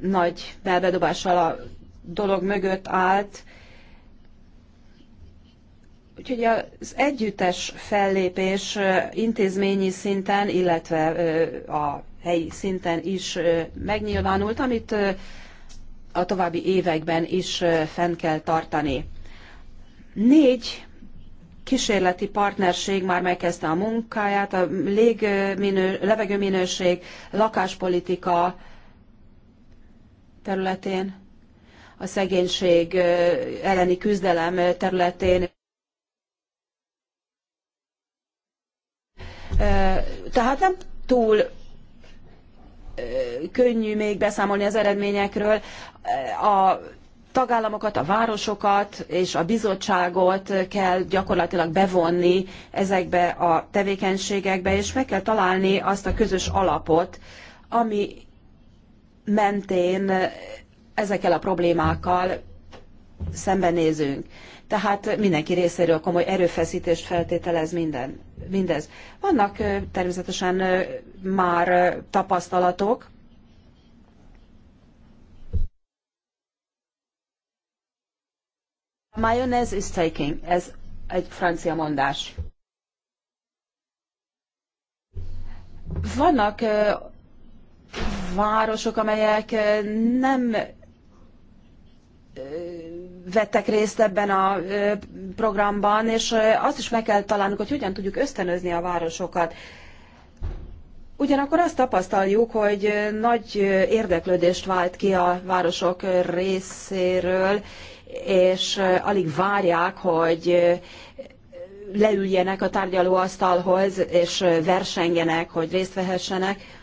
nagy belbedobással a dolog mögött állt. Úgyhogy az együttes fellépés intézményi szinten, illetve a helyi szinten is megnyilvánult, amit a további években is fenn kell tartani. Négy kísérleti partnerség már megkezdte a munkáját, a légminő, levegőminőség, lakáspolitika területén, a szegénység elleni küzdelem területén. Tehát nem túl könnyű még beszámolni az eredményekről. A tagállamokat, a városokat és a bizottságot kell gyakorlatilag bevonni ezekbe a tevékenységekbe, és meg kell találni azt a közös alapot, ami mentén ezekkel a problémákkal szembenézünk. Tehát mindenki részéről komoly erőfeszítést feltételez minden, mindez. Vannak természetesen már tapasztalatok, mayonnaise is taking, ez egy francia mondás. Vannak városok, amelyek nem vettek részt ebben a programban, és azt is meg kell találnunk, hogy hogyan tudjuk ösztönözni a városokat. Ugyanakkor azt tapasztaljuk, hogy nagy érdeklődést vált ki a városok részéről, és alig várják, hogy leüljenek a tárgyalóasztalhoz, és versengenek, hogy részt vehessenek.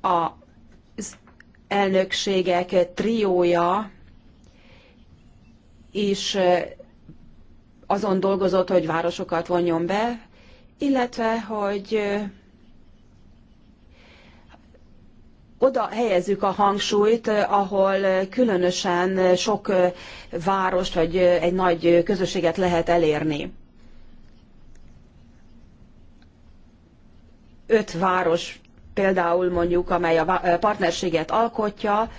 Az elnökségek triója is azon dolgozott, hogy városokat vonjon be, illetve hogy oda helyezzük a hangsúlyt, eh, ahol eh, különösen eh, sok várost vagy egy nagy közösséget lehet elérni. Öt város például mondjuk, amely a partnerséget alkotja,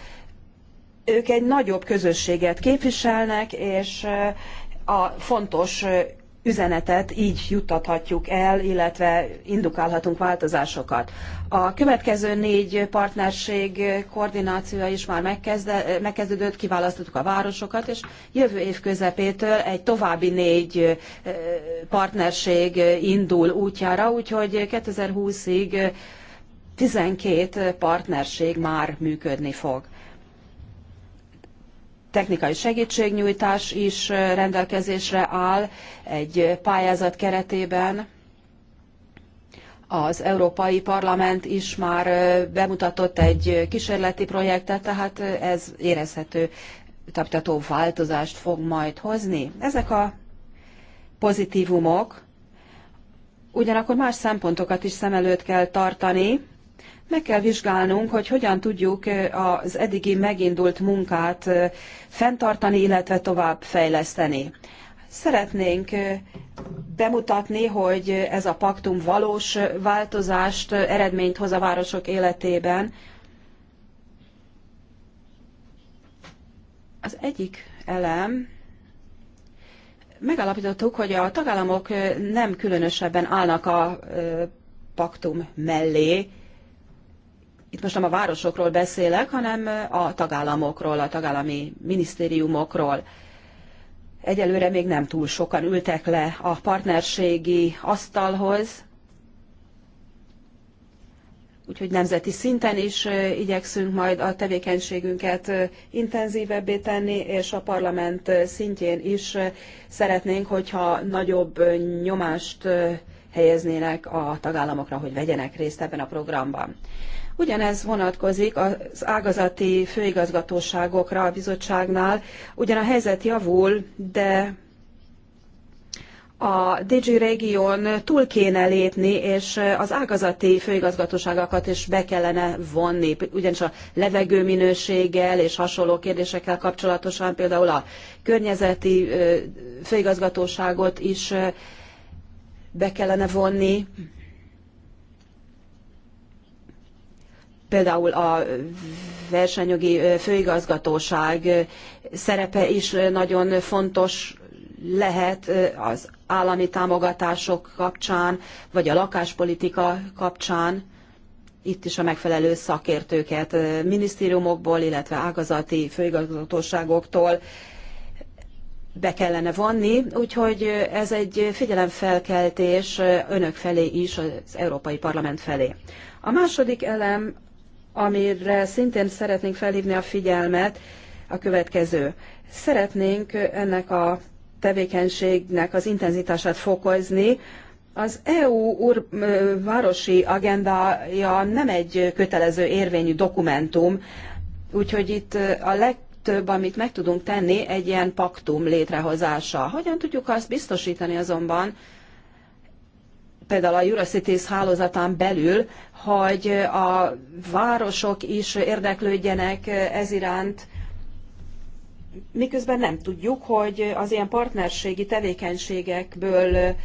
ők egy nagyobb közösséget képviselnek, és a fontos üzenetet így juttathatjuk el, illetve indukálhatunk változásokat. A következő négy partnerség koordinációja is már megkezdődött, kiválasztottuk a városokat, és jövő év közepétől egy további négy partnerség indul útjára, úgyhogy 2020-ig 12 partnerség már működni fog technikai segítségnyújtás is rendelkezésre áll egy pályázat keretében. Az Európai Parlament is már bemutatott egy kísérleti projektet, tehát ez érezhető taptató változást fog majd hozni. Ezek a pozitívumok, ugyanakkor más szempontokat is szem előtt kell tartani, meg kell vizsgálnunk, hogy hogyan tudjuk az eddigi megindult munkát fenntartani, illetve tovább fejleszteni. Szeretnénk bemutatni, hogy ez a paktum valós változást, eredményt hoz a városok életében. Az egyik elem, megállapítottuk, hogy a tagállamok nem különösebben állnak a paktum mellé, itt most nem a városokról beszélek, hanem a tagállamokról, a tagállami minisztériumokról. Egyelőre még nem túl sokan ültek le a partnerségi asztalhoz, úgyhogy nemzeti szinten is igyekszünk majd a tevékenységünket intenzívebbé tenni, és a parlament szintjén is szeretnénk, hogyha nagyobb nyomást helyeznének a tagállamokra, hogy vegyenek részt ebben a programban. Ugyanez vonatkozik az ágazati főigazgatóságokra a bizottságnál. Ugyan a helyzet javul, de a DG Region túl kéne lépni, és az ágazati főigazgatóságokat is be kellene vonni, ugyanis a levegőminőséggel és hasonló kérdésekkel kapcsolatosan például a környezeti főigazgatóságot is be kellene vonni. például a versenyjogi főigazgatóság szerepe is nagyon fontos lehet az állami támogatások kapcsán, vagy a lakáspolitika kapcsán. Itt is a megfelelő szakértőket minisztériumokból, illetve ágazati főigazgatóságoktól be kellene vonni, úgyhogy ez egy figyelemfelkeltés önök felé is, az Európai Parlament felé. A második elem amire szintén szeretnénk felhívni a figyelmet, a következő. Szeretnénk ennek a tevékenységnek az intenzitását fokozni. Az EU ur- városi agendája nem egy kötelező érvényű dokumentum, úgyhogy itt a leg több, amit meg tudunk tenni, egy ilyen paktum létrehozása. Hogyan tudjuk azt biztosítani azonban, például a Eurocities hálózatán belül, hogy a városok is érdeklődjenek ez iránt, miközben nem tudjuk, hogy az ilyen partnerségi tevékenységekből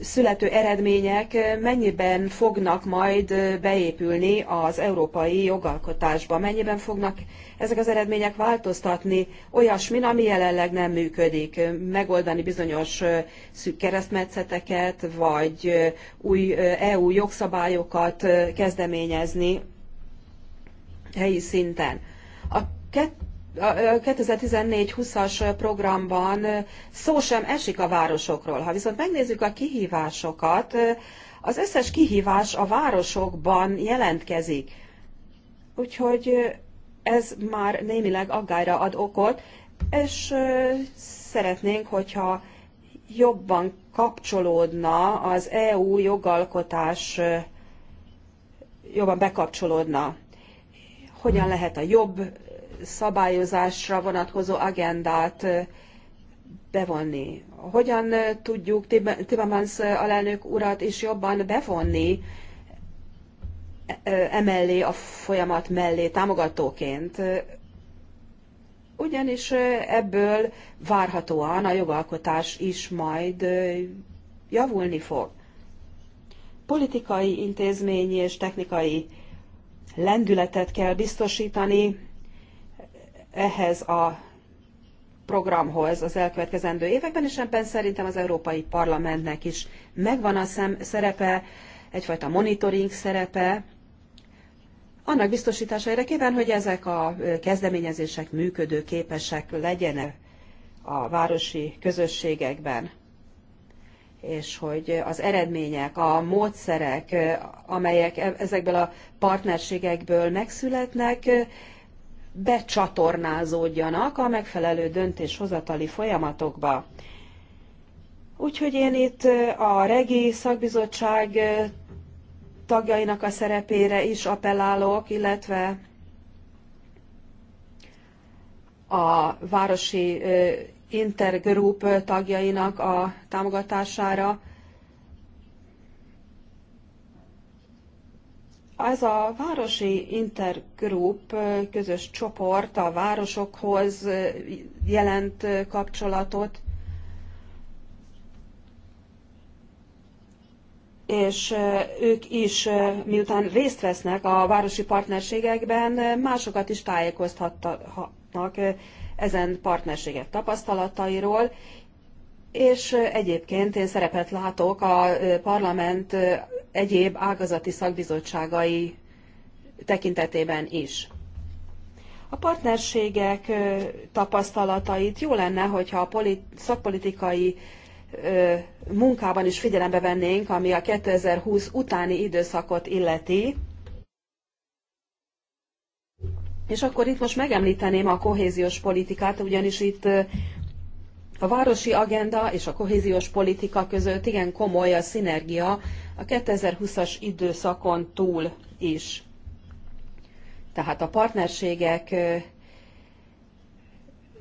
születő eredmények eh, mennyiben fognak majd eh, beépülni az európai jogalkotásba, mennyiben fognak ezek az eredmények változtatni olyasmin, ami jelenleg nem működik, eh, megoldani bizonyos szűk keresztmetszeteket, vagy új EU e jogszabályokat kezdeményezni helyi szinten. A 2014-20-as programban szó sem esik a városokról. Ha viszont megnézzük a kihívásokat, az összes kihívás a városokban jelentkezik. Úgyhogy ez már némileg aggályra ad okot, és szeretnénk, hogyha jobban kapcsolódna az EU jogalkotás, jobban bekapcsolódna. Hogyan lehet a jobb szabályozásra vonatkozó agendát bevonni. Hogyan tudjuk Timmermans alelnök urat is jobban bevonni emellé a folyamat mellé támogatóként? Ugyanis ebből várhatóan a jogalkotás is majd javulni fog. Politikai, intézményi és technikai lendületet kell biztosítani ehhez a programhoz az elkövetkezendő években, és ebben szerintem az Európai Parlamentnek is megvan a szem szerepe, egyfajta monitoring szerepe, annak biztosítása érdekében, hogy ezek a kezdeményezések működő képesek legyenek a városi közösségekben, és hogy az eredmények, a módszerek, amelyek e-, ezekből a partnerségekből megszületnek, becsatornázódjanak a megfelelő döntéshozatali folyamatokba. Úgyhogy én itt a regi szakbizottság tagjainak a szerepére is appellálok, illetve a városi intergroup tagjainak a támogatására, Ez a városi intergroup közös csoport a városokhoz jelent kapcsolatot, és ők is, miután részt vesznek a városi partnerségekben, másokat is tájékoztathatnak ezen partnerségek tapasztalatairól, és egyébként én szerepet látok a parlament egyéb ágazati szakbizottságai tekintetében is. A partnerségek tapasztalatait jó lenne, hogyha a szakpolitikai munkában is figyelembe vennénk, ami a 2020 utáni időszakot illeti. És akkor itt most megemlíteném a kohéziós politikát, ugyanis itt a városi agenda és a kohéziós politika között igen komoly a szinergia a 2020-as időszakon túl is. Tehát a partnerségek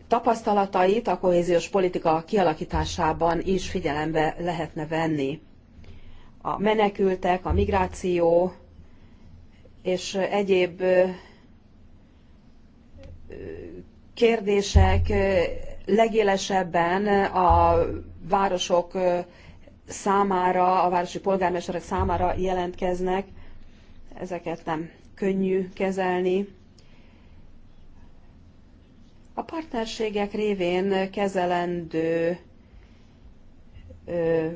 tapasztalatait a kohéziós politika kialakításában is figyelembe lehetne venni. A menekültek, a migráció és egyéb kérdések legélesebben a városok számára, a városi polgármesterek számára jelentkeznek. Ezeket nem könnyű kezelni. A partnerségek révén kezelendő ö,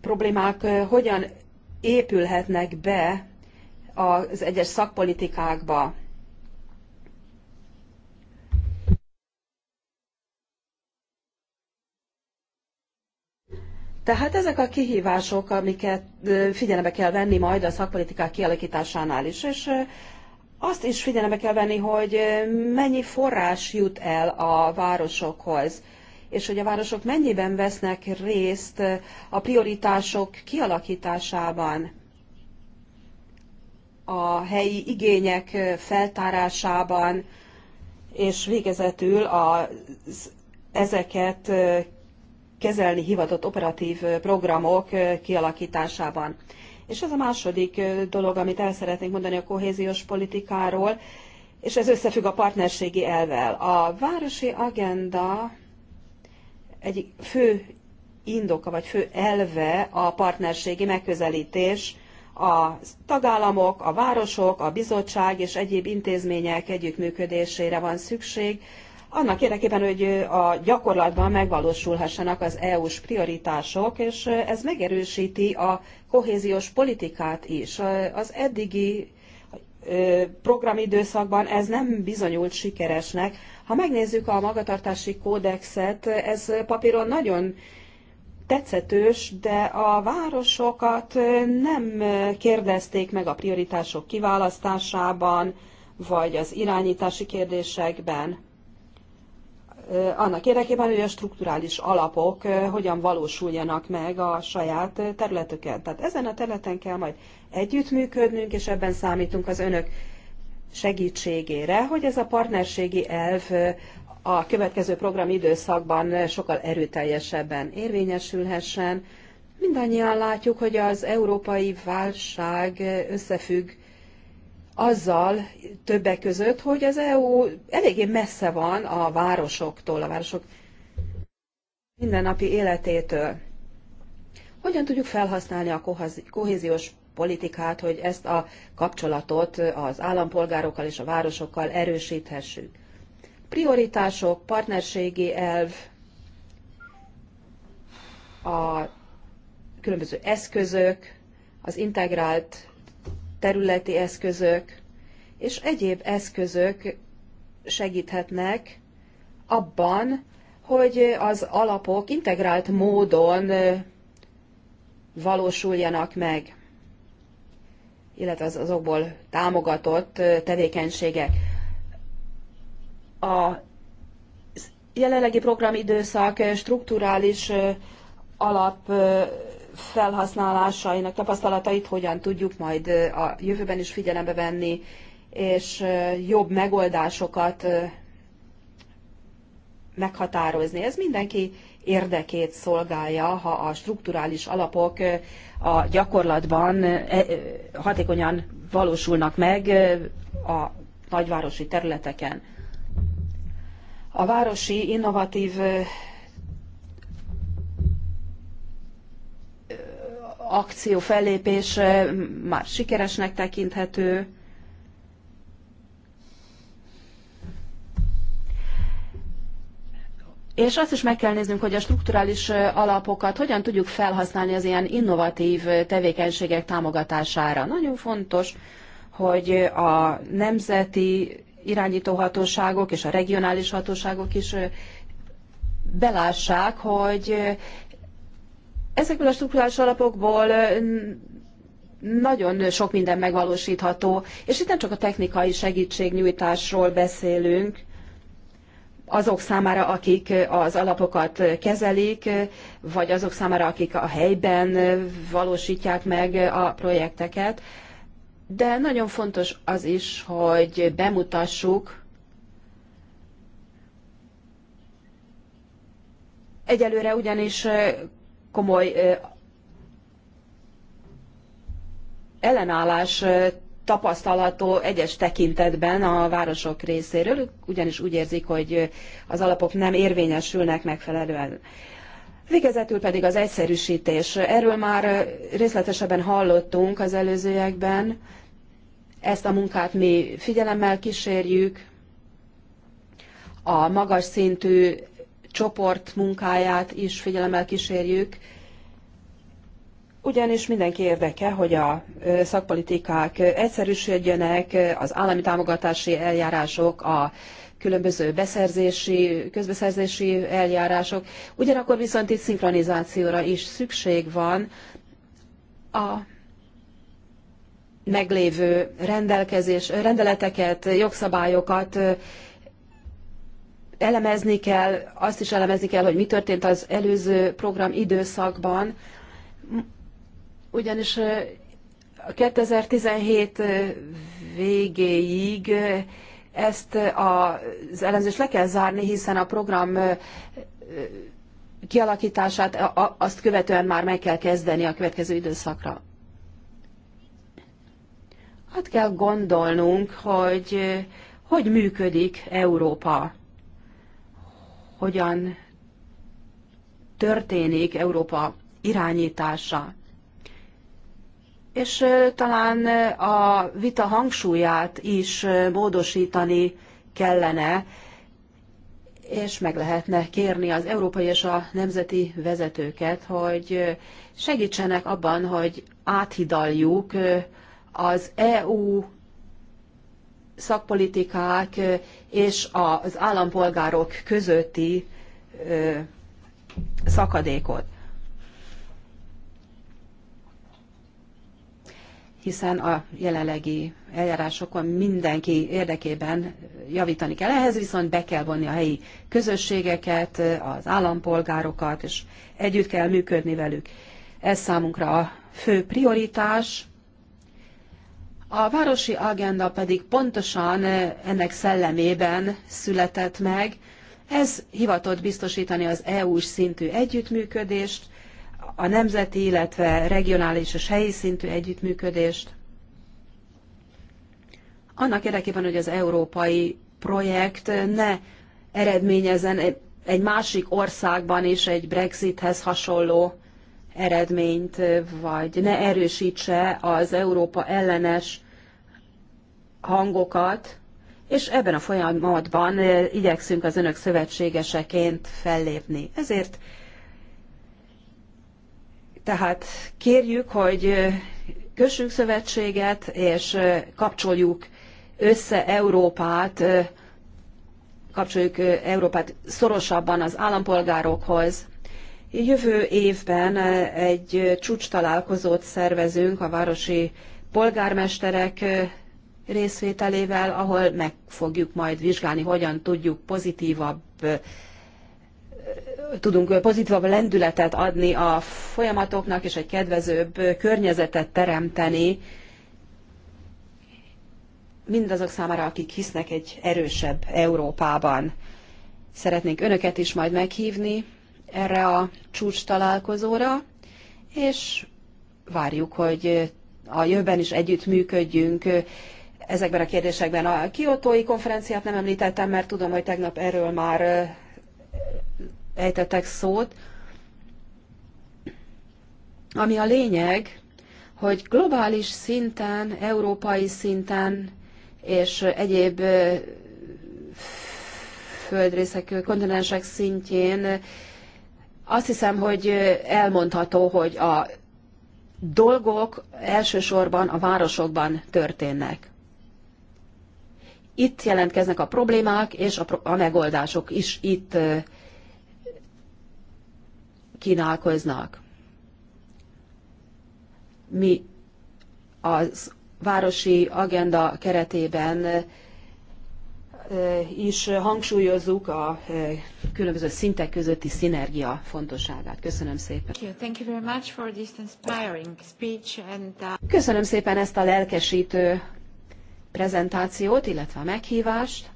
problémák ö, hogyan épülhetnek be az egyes szakpolitikákba. Tehát ezek a kihívások, amiket figyelembe kell venni majd a szakpolitikák kialakításánál is, és azt is figyelembe kell venni, hogy mennyi forrás jut el a városokhoz, és hogy a városok mennyiben vesznek részt a prioritások kialakításában, a helyi igények feltárásában, és végezetül az ezeket kezelni hivatott operatív programok kialakításában. És az a második dolog, amit el szeretnénk mondani a kohéziós politikáról, és ez összefügg a partnerségi elvel. A városi agenda egy fő indoka vagy fő elve a partnerségi megközelítés, a tagállamok, a városok, a bizottság és egyéb intézmények együttműködésére van szükség annak érdekében, hogy a gyakorlatban megvalósulhassanak az EU-s prioritások, és ez megerősíti a kohéziós politikát is. Az eddigi programidőszakban ez nem bizonyult sikeresnek. Ha megnézzük a magatartási kódexet, ez papíron nagyon tetszetős, de a városokat nem kérdezték meg a prioritások kiválasztásában, vagy az irányítási kérdésekben annak érdekében, hogy a strukturális alapok hogyan valósuljanak meg a saját területöken. Tehát ezen a területen kell majd együttműködnünk, és ebben számítunk az önök segítségére, hogy ez a partnerségi elv a következő program időszakban sokkal erőteljesebben érvényesülhessen. Mindannyian látjuk, hogy az európai válság összefügg azzal többek között, hogy az EU eléggé messze van a városoktól, a városok mindennapi életétől. Hogyan tudjuk felhasználni a kohéziós politikát, hogy ezt a kapcsolatot az állampolgárokkal és a városokkal erősíthessük? Prioritások, partnerségi elv, a különböző eszközök, az integrált területi eszközök és egyéb eszközök segíthetnek abban, hogy az alapok integrált módon valósuljanak meg, illetve az azokból támogatott tevékenységek. A jelenlegi programidőszak strukturális alap felhasználásainak tapasztalatait hogyan tudjuk majd a jövőben is figyelembe venni, és jobb megoldásokat meghatározni. Ez mindenki érdekét szolgálja, ha a strukturális alapok a gyakorlatban e, hatékonyan valósulnak meg a nagyvárosi területeken. A városi innovatív akció fellépés már sikeresnek tekinthető. És azt is meg kell néznünk, hogy a strukturális alapokat hogyan tudjuk felhasználni az ilyen innovatív tevékenységek támogatására. Nagyon fontos, hogy a nemzeti irányítóhatóságok és a regionális hatóságok is belássák, hogy Ezekből a struktúrális alapokból nagyon sok minden megvalósítható, és itt nem csak a technikai segítségnyújtásról beszélünk, azok számára, akik az alapokat kezelik, vagy azok számára, akik a helyben valósítják meg a projekteket. De nagyon fontos az is, hogy bemutassuk egyelőre ugyanis komoly ellenállás tapasztalható egyes tekintetben a városok részéről, ugyanis úgy érzik, hogy az alapok nem érvényesülnek megfelelően. Végezetül pedig az egyszerűsítés. Erről már részletesebben hallottunk az előzőekben. Ezt a munkát mi figyelemmel kísérjük. A magas szintű csoport munkáját is figyelemmel kísérjük, ugyanis mindenki érdeke, hogy a szakpolitikák egyszerűsödjenek, az állami támogatási eljárások, a különböző beszerzési, közbeszerzési eljárások. Ugyanakkor viszont itt szinkronizációra is szükség van a meglévő rendelkezés, rendeleteket, jogszabályokat elemezni kell, azt is elemezni kell, hogy mi történt az előző program időszakban, ugyanis a 2017 végéig ezt az elemzést le kell zárni, hiszen a program kialakítását azt követően már meg kell kezdeni a következő időszakra. Hát kell gondolnunk, hogy hogy működik Európa hogyan történik Európa irányítása. És talán a vita hangsúlyát is módosítani kellene, és meg lehetne kérni az európai és a nemzeti vezetőket, hogy segítsenek abban, hogy áthidaljuk az EU szakpolitikák és az állampolgárok közötti szakadékot. hiszen a jelenlegi eljárásokon mindenki érdekében javítani kell. Ehhez viszont be kell vonni a helyi közösségeket, az állampolgárokat, és együtt kell működni velük. Ez számunkra a fő prioritás. A városi agenda pedig pontosan eh, ennek szellemében született meg. Ez hivatott biztosítani az EU-s szintű együttműködést, a nemzeti, illetve regionális és helyi szintű együttműködést. Annak érdekében, hogy az európai projekt eh, ne eredményezen egy másik országban is egy Brexithez hasonló eredményt, vagy ne erősítse az Európa ellenes hangokat, és ebben a folyamatban eh, igyekszünk az önök szövetségeseként fellépni. Ezért tehát kérjük, hogy eh, kössünk szövetséget, és eh, kapcsoljuk össze Európát, kapcsoljuk Európát szorosabban az állampolgárokhoz, Jövő évben eh, egy eh, csúcs találkozót szervezünk a városi polgármesterek eh, részvételével, ahol meg fogjuk majd vizsgálni, hogyan tudjuk pozitívabb tudunk pozitívabb lendületet adni a folyamatoknak, és egy kedvezőbb környezetet teremteni mindazok számára, akik hisznek egy erősebb Európában. Szeretnénk önöket is majd meghívni, erre a csúcs találkozóra, és várjuk, hogy a jövőben is együtt működjünk ezekben a kérdésekben. A kiotói konferenciát nem említettem, mert tudom, hogy tegnap erről már ejtettek szót. Ami a lényeg, hogy globális szinten, európai szinten és egyéb földrészek, kontinensek szintjén azt hiszem, hogy elmondható, hogy a dolgok elsősorban a városokban történnek. Itt jelentkeznek a problémák, és a, a megoldások is itt kínálkoznak. Mi az városi agenda keretében Eh, is hangsúlyozzuk a eh, különböző szintek közötti szinergia fontosságát. Köszönöm szépen. Köszönöm szépen ezt a lelkesítő prezentációt, illetve a meghívást.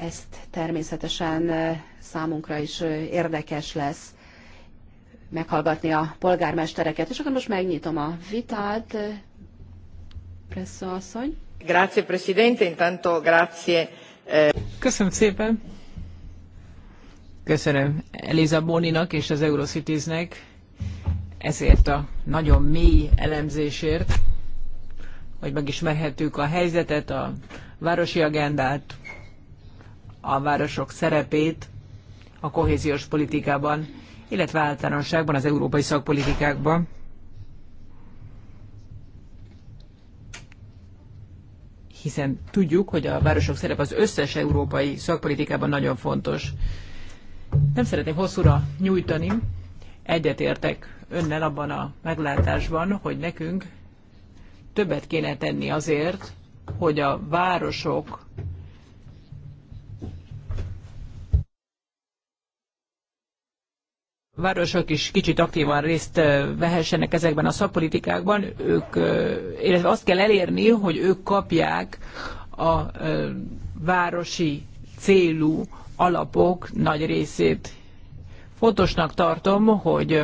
Ezt természetesen eh, számunkra is érdekes lesz meghallgatni a polgármestereket. És akkor most megnyitom a vitát. Pressza asszony. Eh. Köszönöm szépen. Köszönöm Eliza Boninak és az Eurocitiesnek ezért a nagyon mély elemzésért, hogy megismerhettük a helyzetet, a városi agendát, a városok szerepét a kohéziós politikában, illetve általánosságban az európai szakpolitikákban. hiszen tudjuk, hogy a városok szerep az összes európai szakpolitikában nagyon fontos. Nem szeretném hosszúra nyújtani, egyetértek önnel abban a meglátásban, hogy nekünk többet kéne tenni azért, hogy a városok városok is kicsit aktívan részt vehessenek ezekben a szakpolitikákban, ők, illetve azt kell elérni, hogy ők kapják a városi célú alapok nagy részét. Fontosnak tartom, hogy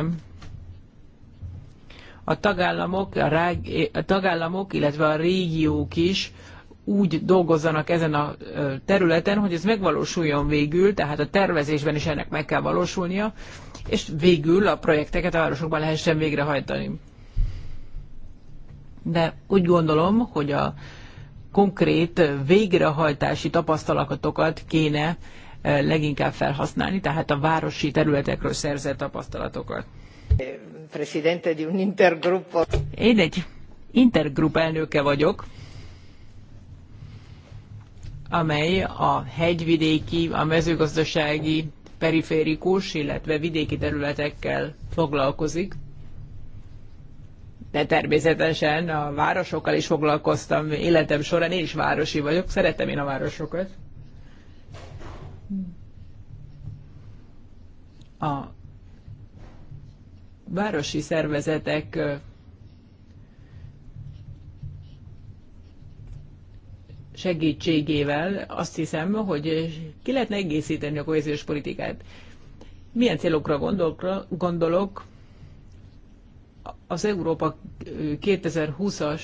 a tagállamok, a, rág, a tagállamok, illetve a régiók is úgy dolgozzanak ezen a területen, hogy ez megvalósuljon végül, tehát a tervezésben is ennek meg kell valósulnia, és végül a projekteket a városokban lehessen végrehajtani. De úgy gondolom, hogy a konkrét végrehajtási tapasztalatokat kéne leginkább felhasználni, tehát a városi területekről szerzett tapasztalatokat. Presidente di un intergruppo. Én egy intergrup elnöke vagyok, amely a hegyvidéki, a mezőgazdasági, periférikus, illetve vidéki területekkel foglalkozik. De természetesen a városokkal is foglalkoztam életem során, én is városi vagyok, szeretem én a városokat. A városi szervezetek segítségével azt hiszem, hogy ki lehetne egészíteni a kohéziós politikát. Milyen célokra gondolok, gondolok az Európa 2020-as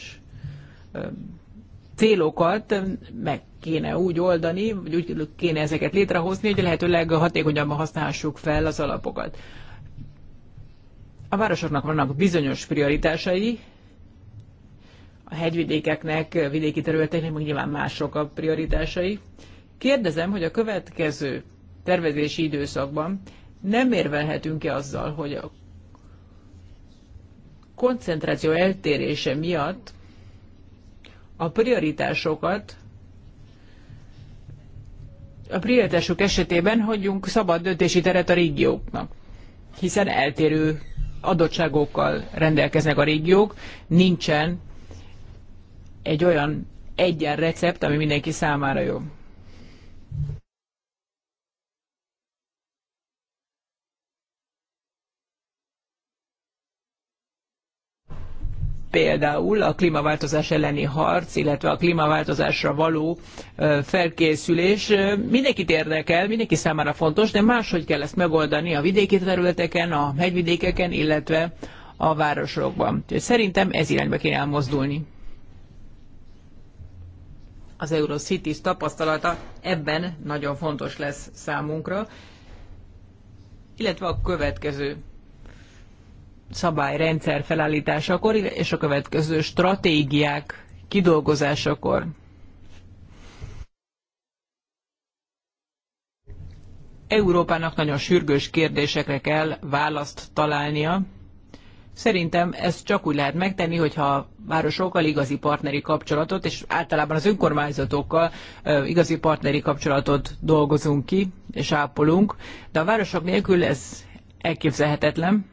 célokat meg kéne úgy oldani, vagy úgy kéne ezeket létrehozni, hogy lehetőleg hatékonyabban használhassuk fel az alapokat. A városoknak vannak bizonyos prioritásai, a hegyvidékeknek, a vidéki területeknek meg nyilván mások a prioritásai. Kérdezem, hogy a következő tervezési időszakban nem érvelhetünk-e azzal, hogy a koncentráció eltérése miatt a prioritásokat a prioritások esetében hagyjunk szabad döntési teret a régióknak, hiszen eltérő adottságokkal rendelkeznek a régiók, nincsen egy olyan egyen recept, ami mindenki számára jó. például a klímaváltozás elleni harc, illetve a klímaváltozásra való felkészülés mindenkit érdekel, mindenki számára fontos, de máshogy kell ezt megoldani a vidéki területeken, a hegyvidékeken, illetve a városokban. Szerintem ez irányba kéne elmozdulni az Eurocities tapasztalata ebben nagyon fontos lesz számunkra, illetve a következő szabályrendszer felállításakor és a következő stratégiák kidolgozásakor. Európának nagyon sürgős kérdésekre kell választ találnia, Szerintem ezt csak úgy lehet megtenni, hogyha a városokkal igazi partneri kapcsolatot, és általában az önkormányzatokkal igazi partneri kapcsolatot dolgozunk ki és ápolunk, de a városok nélkül ez elképzelhetetlen.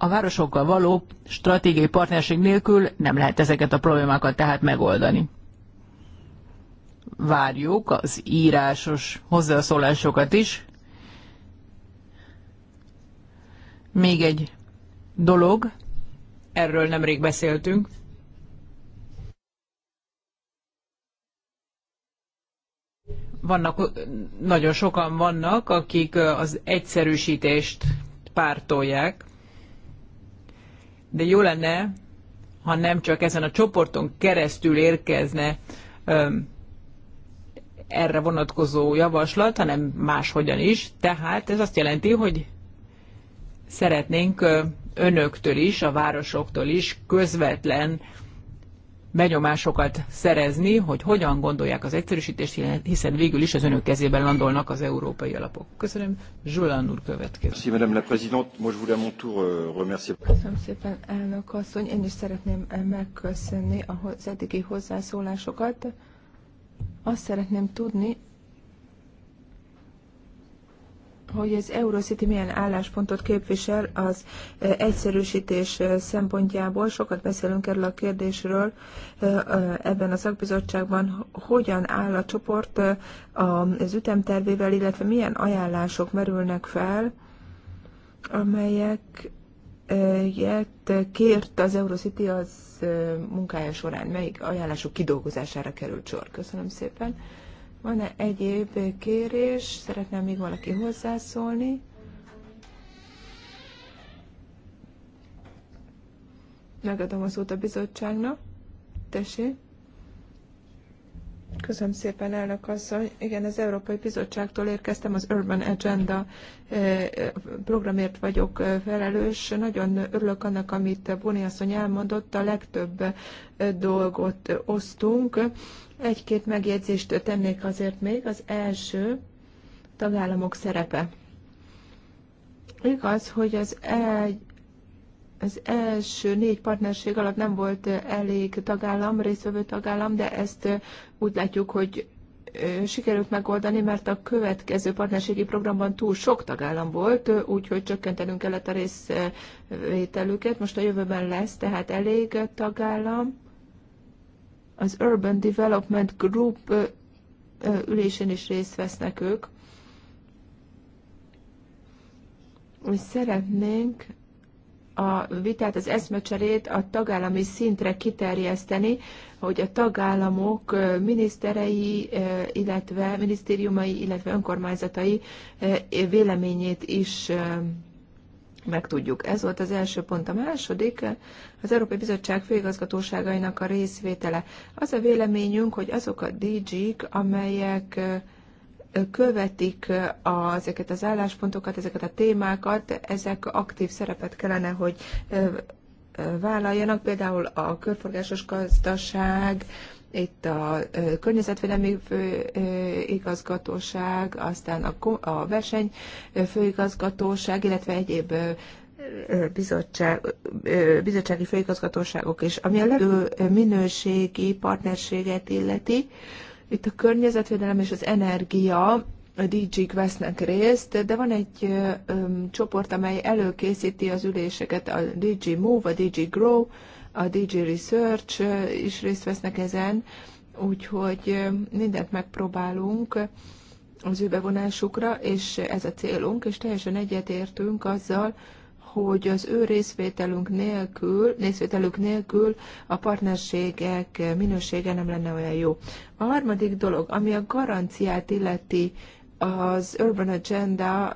A városokkal való stratégiai partnerség nélkül nem lehet ezeket a problémákat tehát megoldani várjuk az írásos hozzászólásokat is. Még egy dolog, erről nemrég beszéltünk. Vannak, nagyon sokan vannak, akik az egyszerűsítést pártolják, de jó lenne, ha nem csak ezen a csoporton keresztül érkezne erre vonatkozó javaslat, hanem máshogyan is. Tehát ez azt jelenti, hogy szeretnénk önöktől is, a városoktól is közvetlen benyomásokat szerezni, hogy hogyan gondolják az egyszerűsítést, hiszen végül is az önök kezében landolnak az európai alapok. Köszönöm. Zsulán úr következő. Merci, madame la présidente. Moi, voulais mon tour euh, remercier. Köszönöm szépen, elnök asszony. Én is szeretném eh, megköszönni az eddigi hozzászólásokat. Azt szeretném tudni, hogy az Eurocity milyen álláspontot képvisel az egyszerűsítés szempontjából. Sokat beszélünk erről a kérdésről ebben a szakbizottságban. Hogyan áll a csoport az ütemtervével, illetve milyen ajánlások merülnek fel, amelyek amelyet kért az Eurocity az munkája során, melyik ajánlások kidolgozására került sor. Köszönöm szépen. Van-e egyéb kérés? szeretném még valaki hozzászólni? Megadom az szót a bizottságnak. Tessék. Köszönöm szépen, elnök asszony. Igen, az Európai Bizottságtól érkeztem, az Urban Agenda eh, programért vagyok eh, felelős. Nagyon örülök annak, amit Boni asszony elmondott, a legtöbb eh, dolgot osztunk. Egy-két megjegyzést tennék azért még. Az első, tagállamok szerepe. Igaz, hogy az egy az első négy partnerség alatt nem volt elég tagállam, részvevő tagállam, de ezt úgy látjuk, hogy sikerült megoldani, mert a következő partnerségi programban túl sok tagállam volt, úgyhogy csökkentenünk kellett a részvételüket. Most a jövőben lesz tehát elég tagállam. Az Urban Development Group ülésén is részt vesznek ők. Mi szeretnénk a vitát, az eszmecserét a tagállami szintre kiterjeszteni, hogy a tagállamok miniszterei, illetve minisztériumai, illetve önkormányzatai véleményét is megtudjuk. Ez volt az első pont. A második az Európai Bizottság főigazgatóságainak a részvétele. Az a véleményünk, hogy azok a DG-k, amelyek követik ezeket az álláspontokat, ezeket a témákat, ezek aktív szerepet kellene, hogy vállaljanak, például a körforgásos gazdaság, itt a környezetvédelmi főigazgatóság, aztán a, a verseny főigazgatóság, illetve egyéb bizottság, bizottsági főigazgatóságok is, ami a legminőségi partnerséget illeti, itt a környezetvédelem és az energia a DG-k vesznek részt, de van egy um, csoport, amely előkészíti az üléseket, a DG Move, a DG Grow, a DG Research is részt vesznek ezen, úgyhogy mindent megpróbálunk az ő bevonásukra, és ez a célunk, és teljesen egyetértünk azzal, hogy az ő részvételünk nélkül, részvételük nélkül a partnerségek minősége nem lenne olyan jó. A harmadik dolog, ami a garanciát illeti az Urban Agenda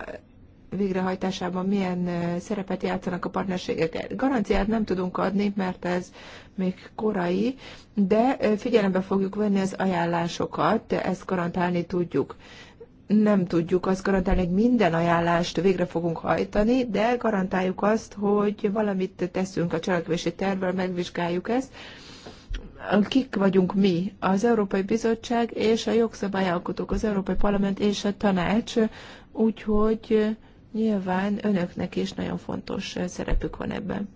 végrehajtásában milyen eh, szerepet játszanak a partnerségek. Garanciát nem tudunk adni, mert ez még korai, de eh, figyelembe fogjuk venni az ajánlásokat, ezt garantálni tudjuk nem tudjuk azt garantálni, hogy minden ajánlást végre fogunk hajtani, de garantáljuk azt, hogy valamit teszünk a cselekvési tervvel, megvizsgáljuk ezt. Kik vagyunk mi? Az Európai Bizottság és a jogszabályalkotók, az Európai Parlament és a tanács, úgyhogy nyilván önöknek is nagyon fontos szerepük van ebben.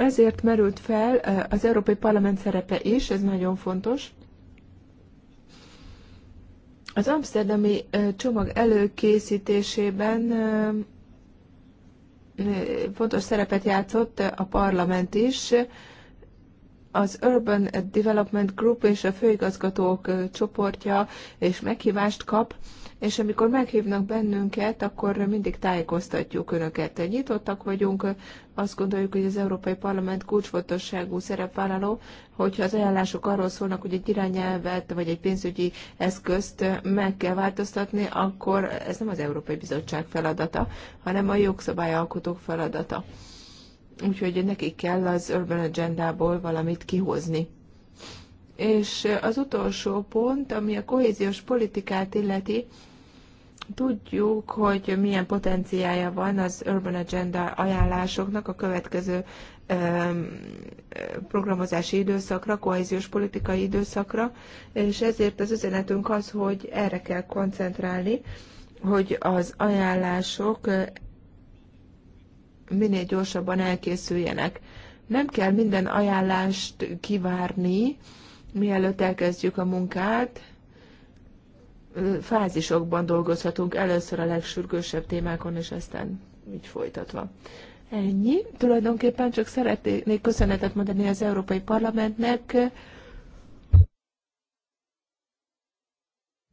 Ezért merült fel az Európai Parlament szerepe is, ez nagyon fontos. Az amsterdami csomag előkészítésében fontos szerepet játszott a parlament is. Az Urban Development Group és a főigazgatók csoportja és meghívást kap és amikor meghívnak bennünket, akkor mindig tájékoztatjuk Önöket. Nyitottak vagyunk, azt gondoljuk, hogy az Európai Parlament kulcsfontosságú szerepvállaló, hogyha az ajánlások arról szólnak, hogy egy irányelvet vagy egy pénzügyi eszközt meg kell változtatni, akkor ez nem az Európai Bizottság feladata, hanem a jogszabályalkotók feladata. Úgyhogy nekik kell az Urban Agendából valamit kihozni. És az utolsó pont, ami a kohéziós politikát illeti, Tudjuk, hogy milyen potenciája van az Urban Agenda ajánlásoknak a következő programozási időszakra, kohéziós politikai időszakra, és ezért az üzenetünk az, hogy erre kell koncentrálni, hogy az ajánlások eh, minél gyorsabban elkészüljenek. Nem kell minden ajánlást kivárni, mielőtt elkezdjük a munkát, fázisokban dolgozhatunk, először a legsürgősebb témákon, és aztán így folytatva. Ennyi. Tulajdonképpen csak szeretnék köszönetet mondani az Európai Parlamentnek,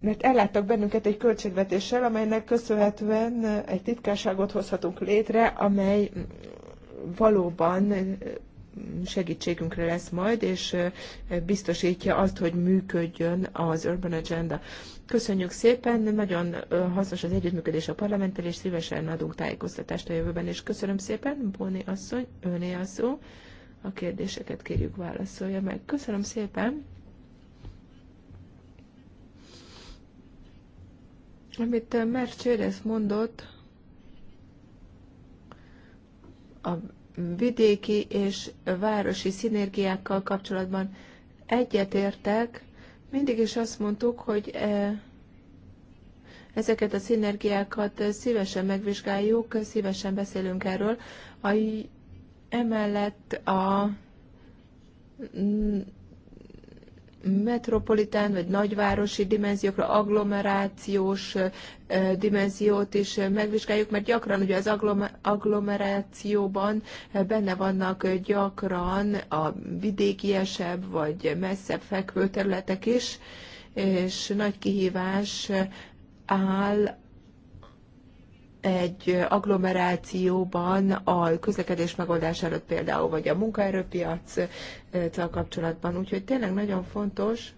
mert elláttak bennünket egy költségvetéssel, amelynek köszönhetően egy titkárságot hozhatunk létre, amely valóban segítségünkre lesz majd, és biztosítja azt, hogy működjön az Urban Agenda. Köszönjük szépen, nagyon hasznos az együttműködés a parlamenttel, és szívesen adunk tájékoztatást a jövőben, és köszönöm szépen, Bóni asszony, öné a szó. A kérdéseket kérjük válaszolja meg. Köszönöm szépen. Amit Mercedes mondott, a vidéki és városi szinergiákkal kapcsolatban egyetértek, mindig is azt mondtuk, hogy eh, ezeket a szinergiákat szívesen megvizsgáljuk, szívesen beszélünk erről. A, emellett a metropolitán vagy nagyvárosi dimenziókra, agglomerációs dimenziót is megvizsgáljuk, mert gyakran ugye az agglomerációban benne vannak gyakran a vidékiesebb vagy messzebb fekvő területek is, és nagy kihívás áll egy agglomerációban a közlekedés megoldás előtt például, vagy a munkaerőpiac kapcsolatban. Úgyhogy tényleg nagyon fontos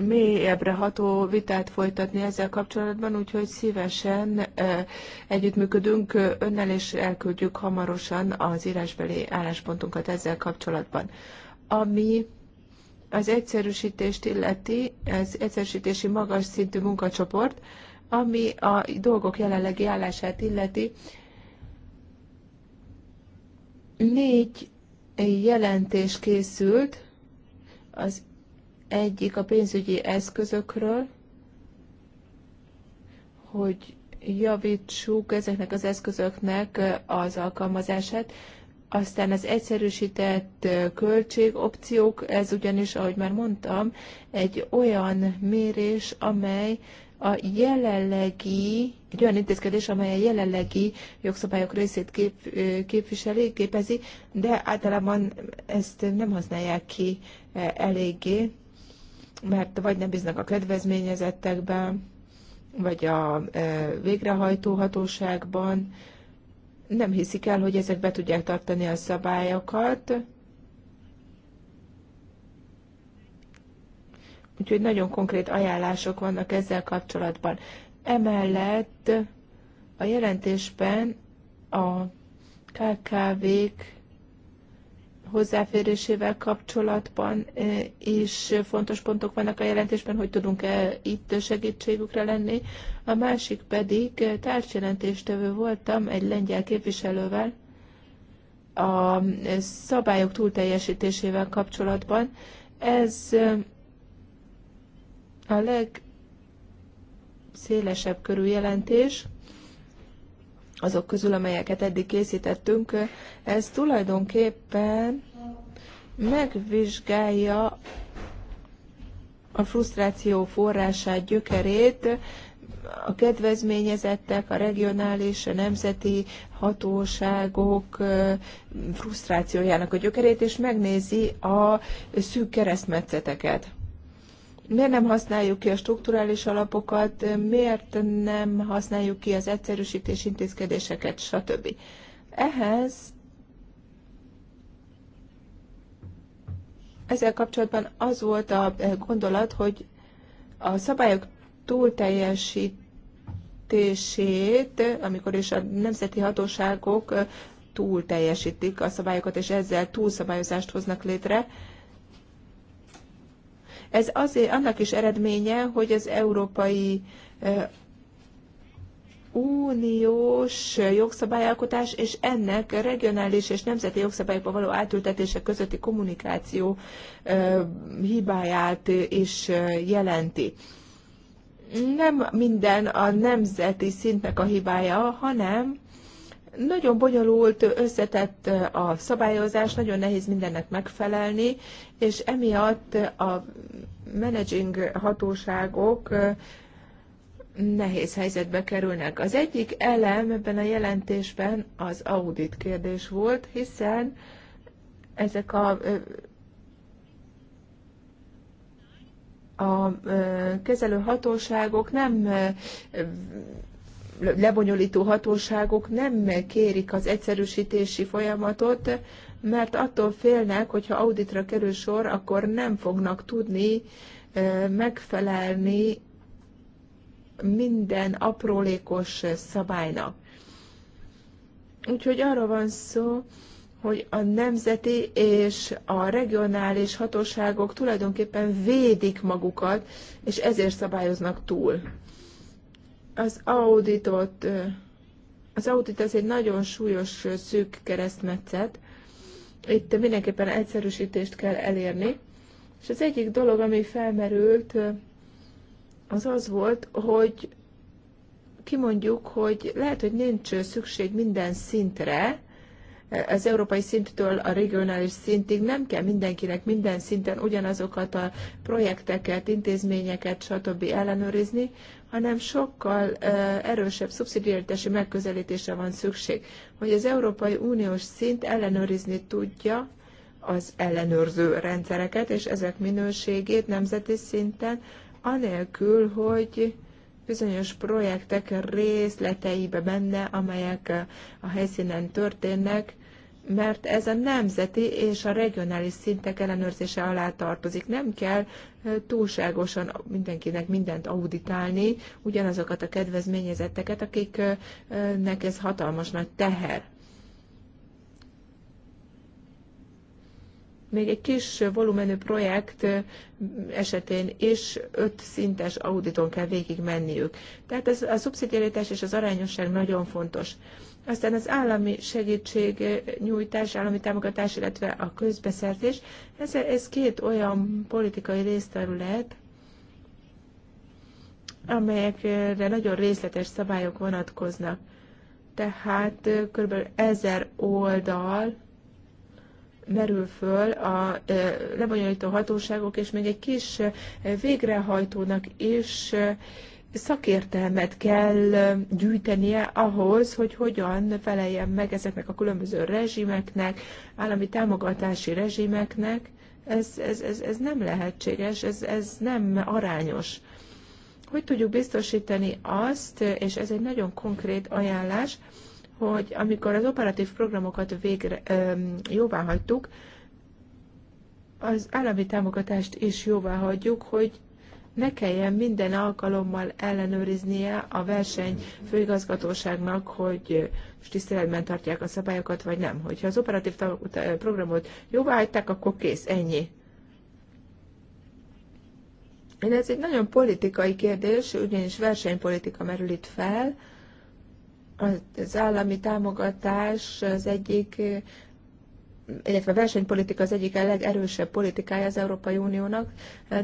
mélyebbre ható vitát folytatni ezzel kapcsolatban, úgyhogy szívesen együttműködünk önnel, és elküldjük hamarosan az írásbeli álláspontunkat ezzel kapcsolatban. Ami az egyszerűsítést illeti, az egyszerűsítési magas szintű munkacsoport, ami a dolgok jelenlegi állását illeti, négy jelentés készült, az egyik a pénzügyi eszközökről, hogy javítsuk ezeknek az eszközöknek az alkalmazását. Aztán az egyszerűsített költségopciók, ez ugyanis, ahogy már mondtam, egy olyan mérés, amely a jelenlegi, egy olyan intézkedés, amely a jelenlegi jogszabályok részét kép, képviseli, képezi, de általában ezt nem használják ki eléggé, mert vagy nem bíznak a kedvezményezettekben, vagy a végrehajtó hatóságban, nem hiszik el, hogy ezek be tudják tartani a szabályokat, Úgyhogy nagyon konkrét ajánlások vannak ezzel kapcsolatban. Emellett a jelentésben a KKV-k hozzáférésével kapcsolatban e, is fontos pontok vannak a jelentésben, hogy tudunk-e itt segítségükre lenni. A másik pedig társjelentéstevő voltam egy lengyel képviselővel a szabályok túlteljesítésével kapcsolatban. Ez a legszélesebb körű jelentés, azok közül, amelyeket eddig készítettünk, ez tulajdonképpen megvizsgálja a frusztráció forrását, gyökerét, a kedvezményezettek, a regionális, a nemzeti hatóságok frusztrációjának a gyökerét, és megnézi a szűk keresztmetszeteket miért nem használjuk ki a strukturális alapokat, miért nem használjuk ki az egyszerűsítés intézkedéseket, stb. Ehhez ezzel kapcsolatban az volt a gondolat, hogy a szabályok túlteljesítését, amikor is a nemzeti hatóságok túlteljesítik a szabályokat, és ezzel túlszabályozást hoznak létre, ez azért annak is eredménye, hogy az Európai uniós jogszabályalkotás és ennek regionális és nemzeti jogszabályokba való átültetése közötti kommunikáció hibáját is jelenti. Nem minden a nemzeti szintnek a hibája, hanem nagyon bonyolult, összetett a szabályozás, nagyon nehéz mindennek megfelelni, és emiatt a managing hatóságok nehéz helyzetbe kerülnek. Az egyik elem ebben a jelentésben az audit kérdés volt, hiszen ezek a a kezelő hatóságok nem lebonyolító hatóságok nem kérik az egyszerűsítési folyamatot, mert attól félnek, hogyha auditra kerül sor, akkor nem fognak tudni megfelelni minden aprólékos szabálynak. Úgyhogy arra van szó, hogy a nemzeti és a regionális hatóságok tulajdonképpen védik magukat, és ezért szabályoznak túl. Az auditot, az audit az egy nagyon súlyos szűk keresztmetszet. Itt mindenképpen egyszerűsítést kell elérni. És az egyik dolog, ami felmerült, az az volt, hogy kimondjuk, hogy lehet, hogy nincs szükség minden szintre, az európai szinttől a regionális szintig nem kell mindenkinek minden szinten ugyanazokat a projekteket, intézményeket, stb. ellenőrizni, hanem sokkal erősebb szubszidiaritási megközelítésre van szükség, hogy az Európai Uniós szint ellenőrizni tudja az ellenőrző rendszereket és ezek minőségét nemzeti szinten, anélkül, hogy bizonyos projektek részleteibe benne, amelyek a helyszínen történnek, mert ez a nemzeti és a regionális szintek ellenőrzése alá tartozik. Nem kell túlságosan mindenkinek mindent auditálni, ugyanazokat a kedvezményezetteket, akiknek ez hatalmas nagy teher. Még egy kis volumenű projekt esetén is öt szintes auditon kell végig menniük. Tehát ez a szubszidiaritás és az arányosság nagyon fontos. Aztán az állami segítségnyújtás, állami támogatás, illetve a közbeszerzés, ez, ez két olyan politikai részterület, amelyekre nagyon részletes szabályok vonatkoznak. Tehát kb. ezer oldal merül föl a lebonyolító hatóságok, és még egy kis végrehajtónak is szakértelmet kell gyűjtenie ahhoz, hogy hogyan feleljen meg ezeknek a különböző rezsimeknek, állami támogatási rezsimeknek. Ez, ez, ez, ez nem lehetséges, ez, ez nem arányos. Hogy tudjuk biztosítani azt, és ez egy nagyon konkrét ajánlás, hogy amikor az operatív programokat végre jóvá hagytuk, az állami támogatást is jóvá hagyjuk, hogy ne kelljen minden alkalommal ellenőriznie a verseny főigazgatóságnak, hogy most tiszteletben tartják a szabályokat, vagy nem. Hogyha az operatív programot jóvá hagyták, akkor kész, ennyi. Én ez egy nagyon politikai kérdés, ugyanis versenypolitika merül itt fel. Az állami támogatás az egyik illetve a versenypolitika az egyik a legerősebb politikája az Európai Uniónak,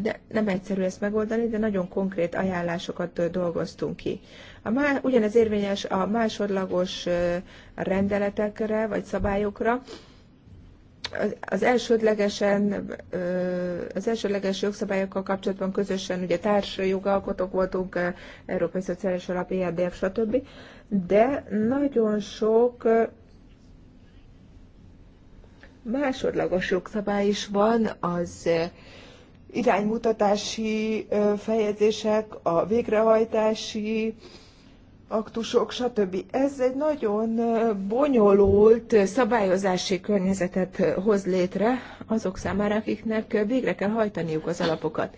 de nem egyszerű ezt megoldani, de nagyon konkrét ajánlásokat dolgoztunk ki. A má, ugyanez érvényes a másodlagos rendeletekre vagy szabályokra, az elsődlegesen, az elsődleges jogszabályokkal kapcsolatban közösen ugye társ jogalkotók voltunk, Európai Szociális Alap, ERDF, stb. De nagyon sok másodlagos jogszabály is van, az iránymutatási fejezések, a végrehajtási aktusok, stb. Ez egy nagyon bonyolult szabályozási környezetet hoz létre azok számára, akiknek végre kell hajtaniuk az alapokat.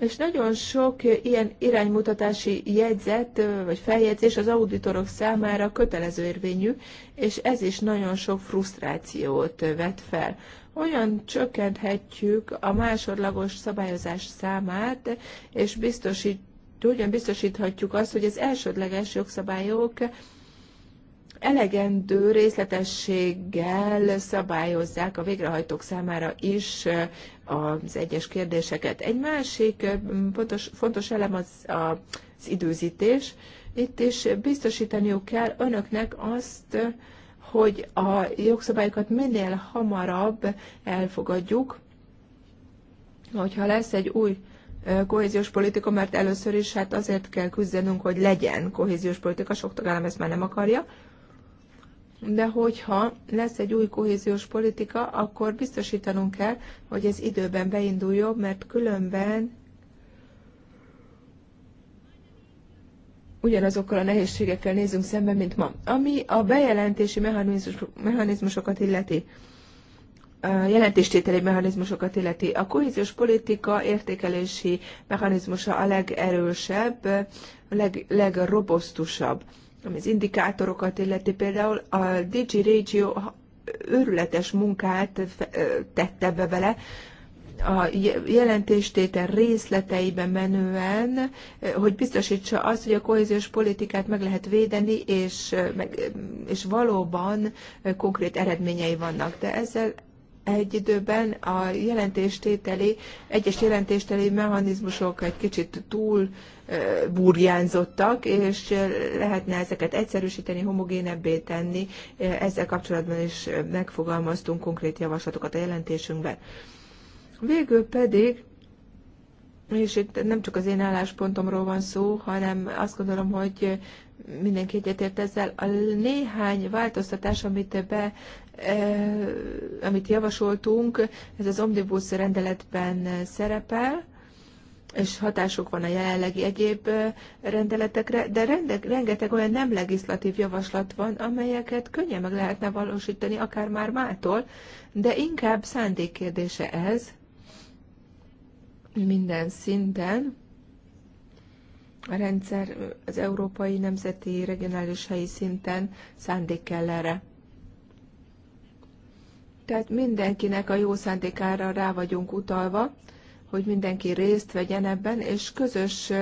És nagyon sok ilyen iránymutatási jegyzet vagy feljegyzés az auditorok számára kötelező érvényű, és ez is nagyon sok frusztrációt vet fel. Olyan csökkenthetjük a másodlagos szabályozás számát, és biztosít, ugyan biztosíthatjuk azt, hogy az elsődleges jogszabályok elegendő részletességgel szabályozzák a végrehajtók számára is eh, az egyes kérdéseket. Egy másik fontos, eh, fontos elem az, az időzítés. Itt is biztosítaniuk kell önöknek azt, hogy a jogszabályokat minél hamarabb elfogadjuk, hogyha lesz egy új eh, kohéziós politika, mert először is hát azért kell küzdenünk, hogy legyen kohéziós politika, sok tagállam ezt már nem akarja, de hogyha lesz egy új kohéziós politika, akkor biztosítanunk kell, hogy ez időben beinduljon, mert különben ugyanazokkal a nehézségekkel nézünk szembe, mint ma. Ami a bejelentési mechanizmusokat illeti, jelentéstételi mechanizmusokat illeti. A kohéziós politika értékelési mechanizmusa a legerősebb, a leg, legrobosztusabb ami az indikátorokat illeti, például a Digi Regio őrületes munkát tette be vele, a jelentéstétel részleteiben menően, hogy biztosítsa azt, hogy a kohéziós politikát meg lehet védeni, és, meg, és valóban konkrét eredményei vannak. De ezzel egy időben a jelentéstételi, egyes jelentéstételi mechanizmusok egy kicsit túl burjánzottak, és lehetne ezeket egyszerűsíteni, homogénebbé tenni. Ezzel kapcsolatban is megfogalmaztunk konkrét javaslatokat a jelentésünkben. Végül pedig és itt nem csak az én álláspontomról van szó, hanem azt gondolom, hogy mindenki egyetért ezzel. A néhány változtatás, amit be e, amit javasoltunk, ez az omnibus rendeletben szerepel, és hatásuk van a jelenlegi egyéb e, rendeletekre, de rende, rengeteg olyan nem legislatív javaslat van, amelyeket könnyen meg lehetne valósítani, akár már mától, de inkább szándék kérdése ez minden szinten a rendszer az európai, nemzeti, regionális, helyi szinten szándék kell erre. Tehát mindenkinek a jó szándékára rá vagyunk utalva, hogy mindenki részt vegyen ebben, és közös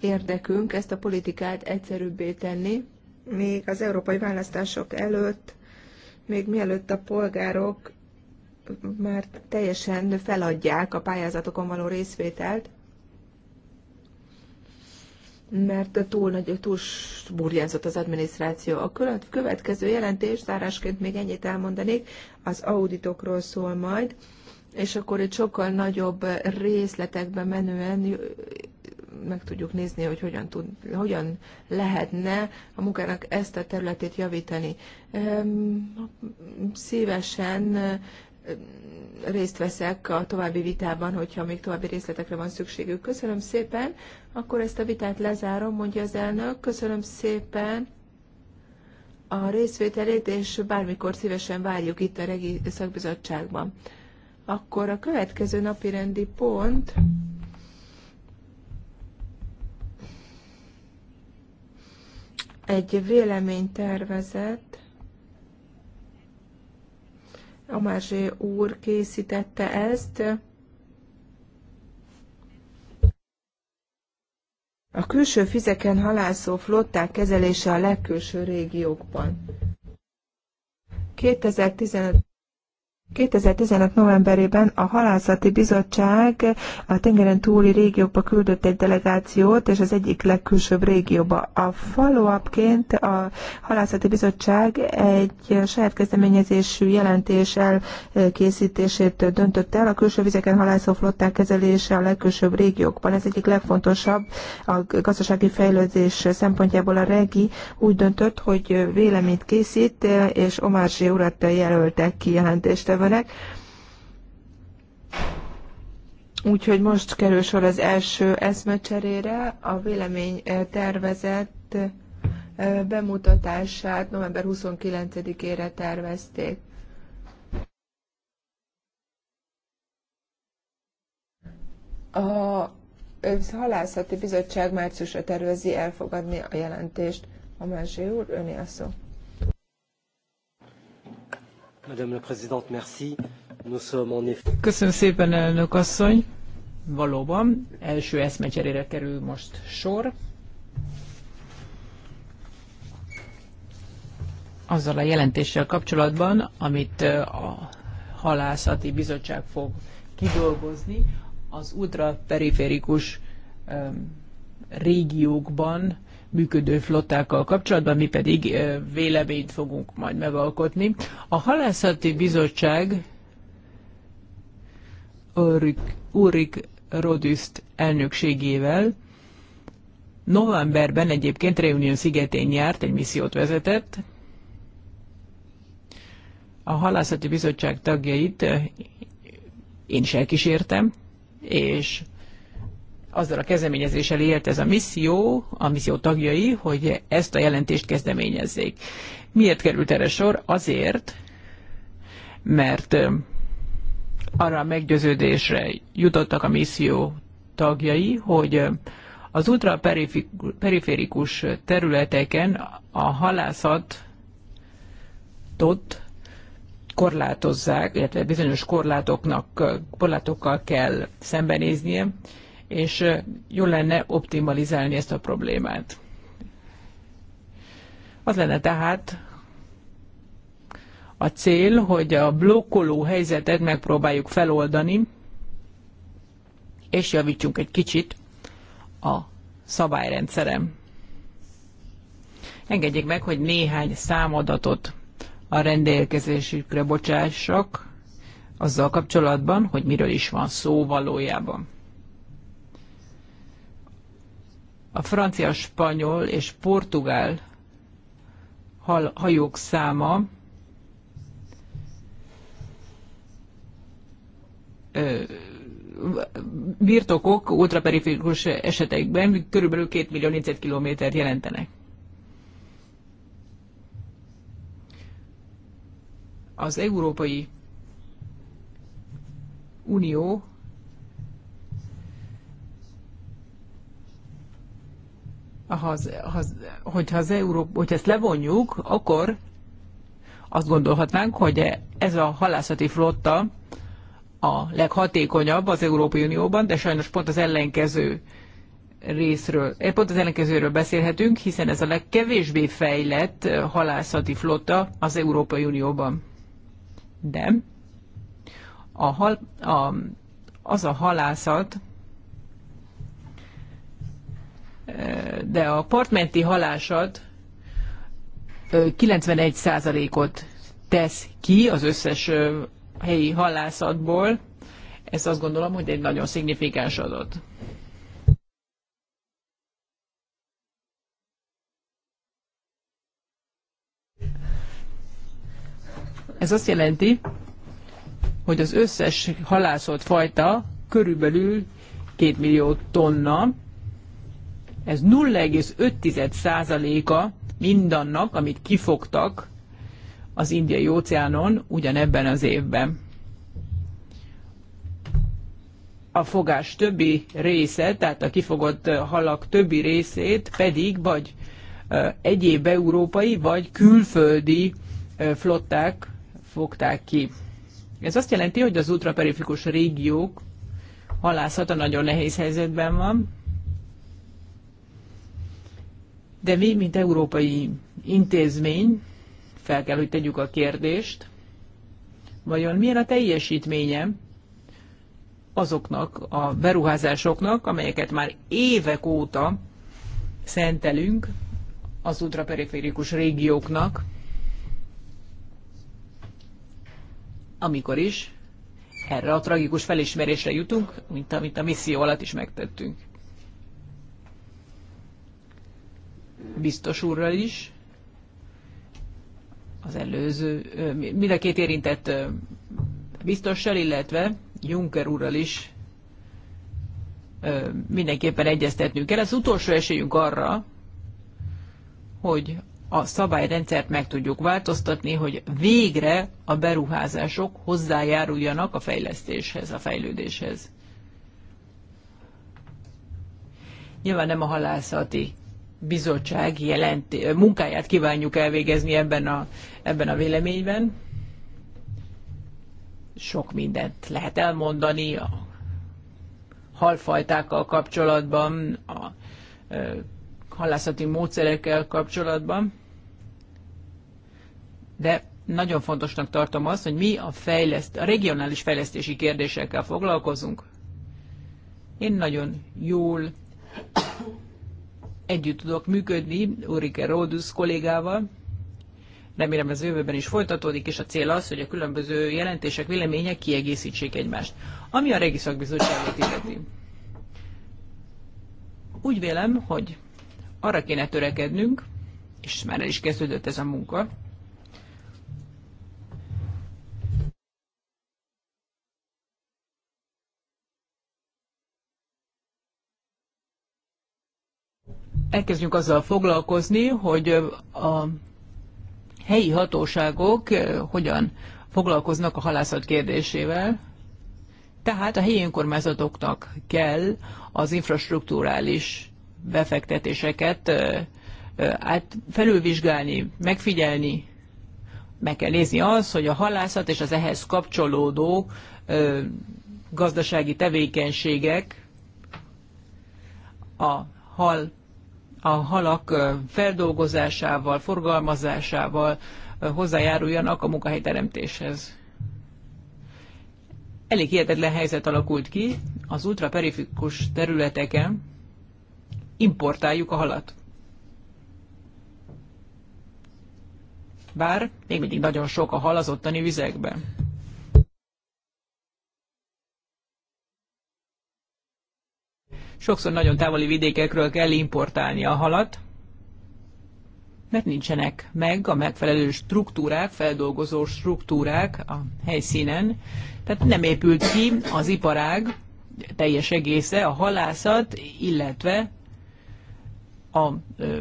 érdekünk ezt a politikát egyszerűbbé tenni, még az európai választások előtt, még mielőtt a polgárok már teljesen feladják a pályázatokon való részvételt, mert túl nagy, túl burjánzott az adminisztráció. A következő jelentés, zárásként még ennyit elmondanék, az auditokról szól majd, és akkor egy sokkal nagyobb részletekbe menően meg tudjuk nézni, hogy hogyan, tud, hogyan lehetne a munkának ezt a területét javítani. Szívesen részt veszek a további vitában, hogyha még további részletekre van szükségük. Köszönöm szépen, akkor ezt a vitát lezárom, mondja az elnök. Köszönöm szépen a részvételét, és bármikor szívesen várjuk itt a regi szakbizottságban. Akkor a következő napi rendi pont egy véleménytervezet Omázsé úr készítette ezt. A külső fizeken halászó flották kezelése a legkülső régiókban. 2015 2015. novemberében a Halászati Bizottság a tengeren túli régiókba küldött egy delegációt, és az egyik legkülsőbb régióba. A follow a Halászati Bizottság egy saját kezdeményezésű jelentés elkészítését döntött el. A külső vizeken halászó flották kezelése a legkülsőbb régiókban. Ez egyik legfontosabb a gazdasági fejlődés szempontjából a regi úgy döntött, hogy véleményt készít, és Omársi urat jelöltek ki jelentést levelek. Úgyhogy most kerül sor az első eszmecserére. A vélemény eh, tervezett eh, bemutatását november 29-ére tervezték. A halászati bizottság márciusra tervezi elfogadni a jelentést. A másik úr, öné a szó. Köszönöm szépen, elnök asszony. Valóban, első eszmecserére kerül most sor. Azzal a jelentéssel kapcsolatban, amit a halászati bizottság fog kidolgozni, az ultraperiférikus régiókban működő flottákkal kapcsolatban, mi pedig véleményt fogunk majd megalkotni. A halászati bizottság Úrik Rodüst elnökségével novemberben egyébként Reunion szigetén járt, egy missziót vezetett. A halászati bizottság tagjait én is elkísértem, és azzal a kezdeményezéssel élt ez a misszió, a misszió tagjai, hogy ezt a jelentést kezdeményezzék. Miért került erre sor? Azért, mert arra a meggyőződésre jutottak a misszió tagjai, hogy az ultraperiférikus területeken a halászatot korlátozzák, illetve bizonyos korlátoknak, korlátokkal kell szembenéznie, és jó lenne optimalizálni ezt a problémát. Az lenne tehát a cél, hogy a blokkoló helyzetet megpróbáljuk feloldani, és javítsunk egy kicsit a szabályrendszerem. Engedjék meg, hogy néhány számadatot a rendelkezésükre bocsássak azzal kapcsolatban, hogy miről is van szó valójában. a francia, spanyol és portugál hajók száma birtokok ultraperifikus esetekben körülbelül 2 millió négyzetkilométert jelentenek. Az Európai Unió az, az, hogyha, az Európa, hogyha ezt levonjuk, akkor azt gondolhatnánk, hogy ez a halászati flotta a leghatékonyabb az Európai Unióban, de sajnos pont az ellenkező részről, eh, pont az ellenkezőről beszélhetünk, hiszen ez a legkevésbé fejlett halászati flotta az Európai Unióban. De a hal, a, az a halászat, de a partmenti halásad 91%-ot tesz ki az összes helyi halászatból. Ezt azt gondolom, hogy egy nagyon szignifikáns adat. Ez azt jelenti, hogy az összes halászott fajta körülbelül 2 millió tonna, ez 0,5%-a mindannak, amit kifogtak az indiai óceánon ugyanebben az évben. A fogás többi része, tehát a kifogott halak többi részét pedig vagy egyéb európai, vagy külföldi flották fogták ki. Ez azt jelenti, hogy az ultraperifikus régiók halászata nagyon nehéz helyzetben van, de mi, mint európai intézmény, fel kell, hogy tegyük a kérdést, vajon milyen a teljesítménye azoknak a beruházásoknak, amelyeket már évek óta szentelünk az ultraperiférikus régióknak, amikor is erre a tragikus felismerésre jutunk, mint amit a misszió alatt is megtettünk. biztos úrral is, az előző, mind a két érintett biztossal, illetve Juncker úrral is mindenképpen egyeztetnünk kell. Ez utolsó esélyünk arra, hogy a szabályrendszert meg tudjuk változtatni, hogy végre a beruházások hozzájáruljanak a fejlesztéshez, a fejlődéshez. Nyilván nem a halászati bizottság jelent, munkáját kívánjuk elvégezni ebben a, ebben a véleményben. Sok mindent lehet elmondani a halfajtákkal kapcsolatban, a halászati módszerekkel kapcsolatban, de nagyon fontosnak tartom azt, hogy mi a, fejleszt, a regionális fejlesztési kérdésekkel foglalkozunk. Én nagyon jól együtt tudok működni Ulrike Ródusz kollégával. Remélem ez a jövőben is folytatódik, és a cél az, hogy a különböző jelentések, vélemények kiegészítsék egymást. Ami a Régi Szakbizottságot illeti. Úgy vélem, hogy arra kéne törekednünk, és már el is kezdődött ez a munka, elkezdjünk azzal foglalkozni, hogy a helyi hatóságok eh, hogyan foglalkoznak a halászat kérdésével. Tehát a helyi önkormányzatoknak kell az infrastruktúrális befektetéseket eh, eh, át felülvizsgálni, megfigyelni, meg kell nézni az, hogy a halászat és az ehhez kapcsolódó gazdasági tevékenységek a hal a halak feldolgozásával, forgalmazásával hozzájáruljanak a munkahelyteremtéshez. Elég hihetetlen helyzet alakult ki, az ultraperifikus területeken importáljuk a halat. Bár még mindig nagyon sok a hal az ottani vizekben. Sokszor nagyon távoli vidékekről kell importálni a halat, mert nincsenek meg a megfelelő struktúrák, feldolgozó struktúrák a helyszínen. Tehát nem épült ki az iparág teljes egésze, a halászat, illetve a ö,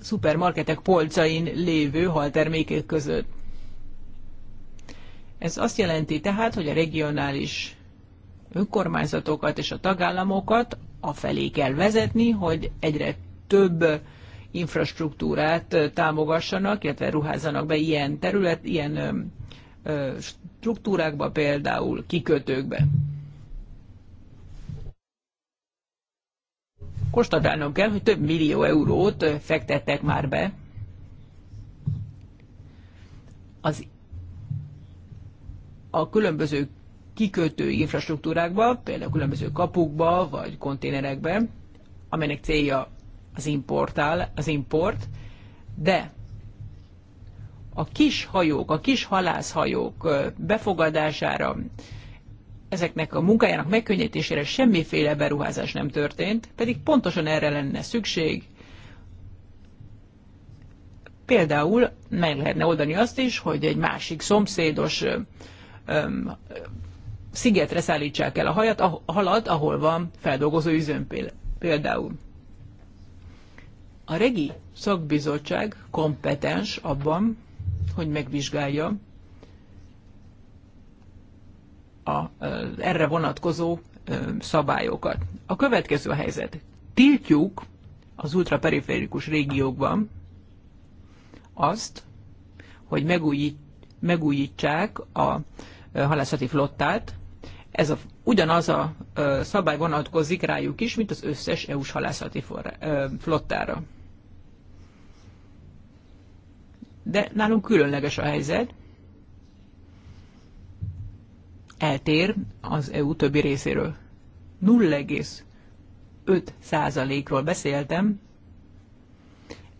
szupermarketek polcain lévő haltermékek között. Ez azt jelenti tehát, hogy a regionális önkormányzatokat és a tagállamokat afelé kell vezetni, hogy egyre több infrastruktúrát támogassanak, illetve ruházzanak be ilyen terület, ilyen struktúrákba, például kikötőkbe. Kostadálnom kell, hogy több millió eurót fektettek már be az a különböző kikötő infrastruktúrákba, például különböző kapukba vagy konténerekbe, amelynek célja az importál, az import, de a kis hajók, a kis halászhajók befogadására, ezeknek a munkájának megkönnyítésére semmiféle beruházás nem történt, pedig pontosan erre lenne szükség. Például meg lehetne oldani azt is, hogy egy másik szomszédos szigetre szállítsák el a, hajat, a halat, ahol van feldolgozó üzem például. A regi szakbizottság kompetens abban, hogy megvizsgálja a, erre vonatkozó szabályokat. A következő a helyzet. Tiltjuk az ultraperiférikus régiókban azt, hogy megújít, megújítsák a halászati flottát, ez a, ugyanaz a ö, szabály vonatkozik rájuk is, mint az összes EU-s halászati forra, ö, flottára. De nálunk különleges a helyzet. Eltér az EU többi részéről. 0,5%-ról beszéltem.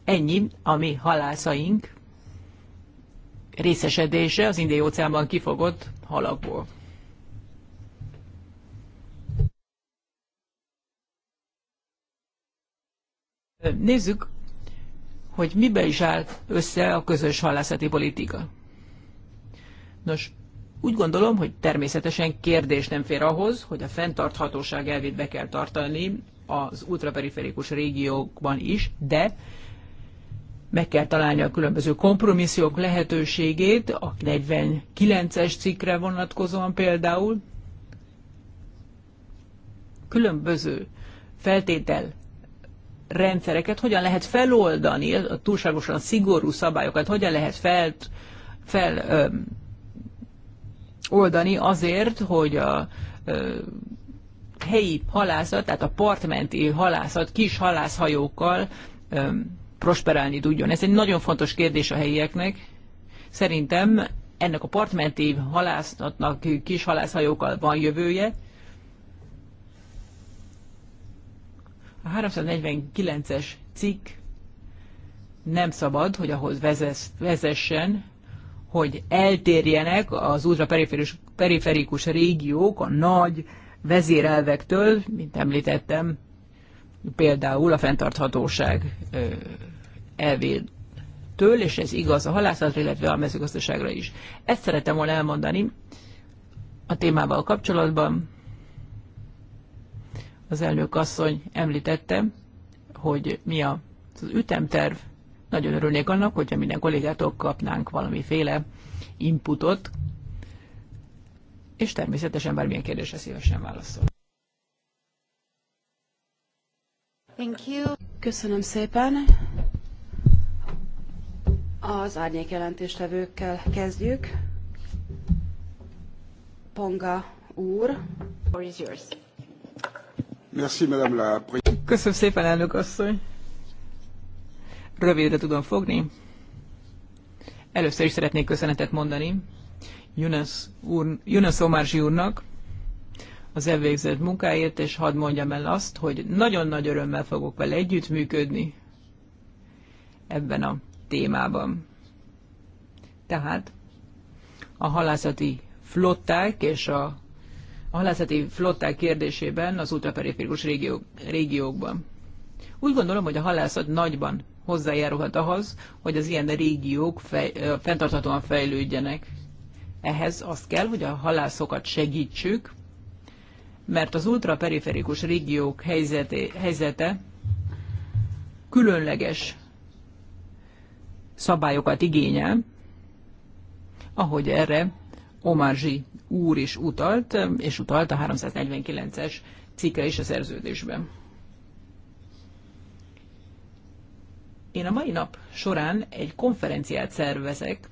Ennyi a mi halászaink részesedése az Indiai óceánban kifogott halakból. Nézzük, hogy mibe is áll össze a közös halászati politika. Nos, úgy gondolom, hogy természetesen kérdés nem fér ahhoz, hogy a fenntarthatóság elvét be kell tartani az ultraperiferikus régiókban is, de meg kell találni a különböző kompromisszók lehetőségét, a 49-es cikkre vonatkozóan például. Különböző feltétel rendszereket, hogyan lehet feloldani a túlságosan szigorú szabályokat, hogyan lehet feloldani fel ö, oldani azért, hogy a ö, helyi halászat, tehát a partmenti halászat, kis halászhajókkal ö, prosperálni tudjon. Ez egy nagyon fontos kérdés a helyieknek. Szerintem ennek a partmenti halászatnak kis halászhajókkal van jövője, A 349-es cikk nem szabad, hogy ahhoz vezess, vezessen, hogy eltérjenek az ultraperiférikus periférikus régiók a nagy vezérelvektől, mint említettem, például a fenntarthatóság elvétől, és ez igaz a halászatra, illetve a mezőgazdaságra is. Ezt szeretem volna elmondani a témával kapcsolatban az elnök asszony említette, hogy mi a, az ütemterv. Nagyon örülnék annak, hogyha minden kollégától kapnánk valamiféle inputot, és természetesen bármilyen kérdésre szívesen válaszol. Thank you. Köszönöm szépen. Az árnyék jelentéstevőkkel kezdjük. Ponga úr. Or is yours. Köszönöm szépen, elnök asszony. Rövidre tudom fogni. Először is szeretnék köszönetet mondani Yunus, úr, Yunus Omarzsi úrnak az elvégzett munkáért, és hadd mondjam el azt, hogy nagyon nagy örömmel fogok vele együttműködni ebben a témában. Tehát a halászati flották és a a halászati flották kérdésében az ultraperiférikus régiók, régiókban. Úgy gondolom, hogy a halászat nagyban hozzájárulhat ahhoz, hogy az ilyen régiók fej, fenntarthatóan fejlődjenek. Ehhez azt kell, hogy a halászokat segítsük, mert az ultraperiferikus régiók helyzete, helyzete különleges szabályokat igényel, ahogy erre Zsi úr is utalt, és utalt a 349-es cikkre is a szerződésben. Én a mai nap során egy konferenciát szervezek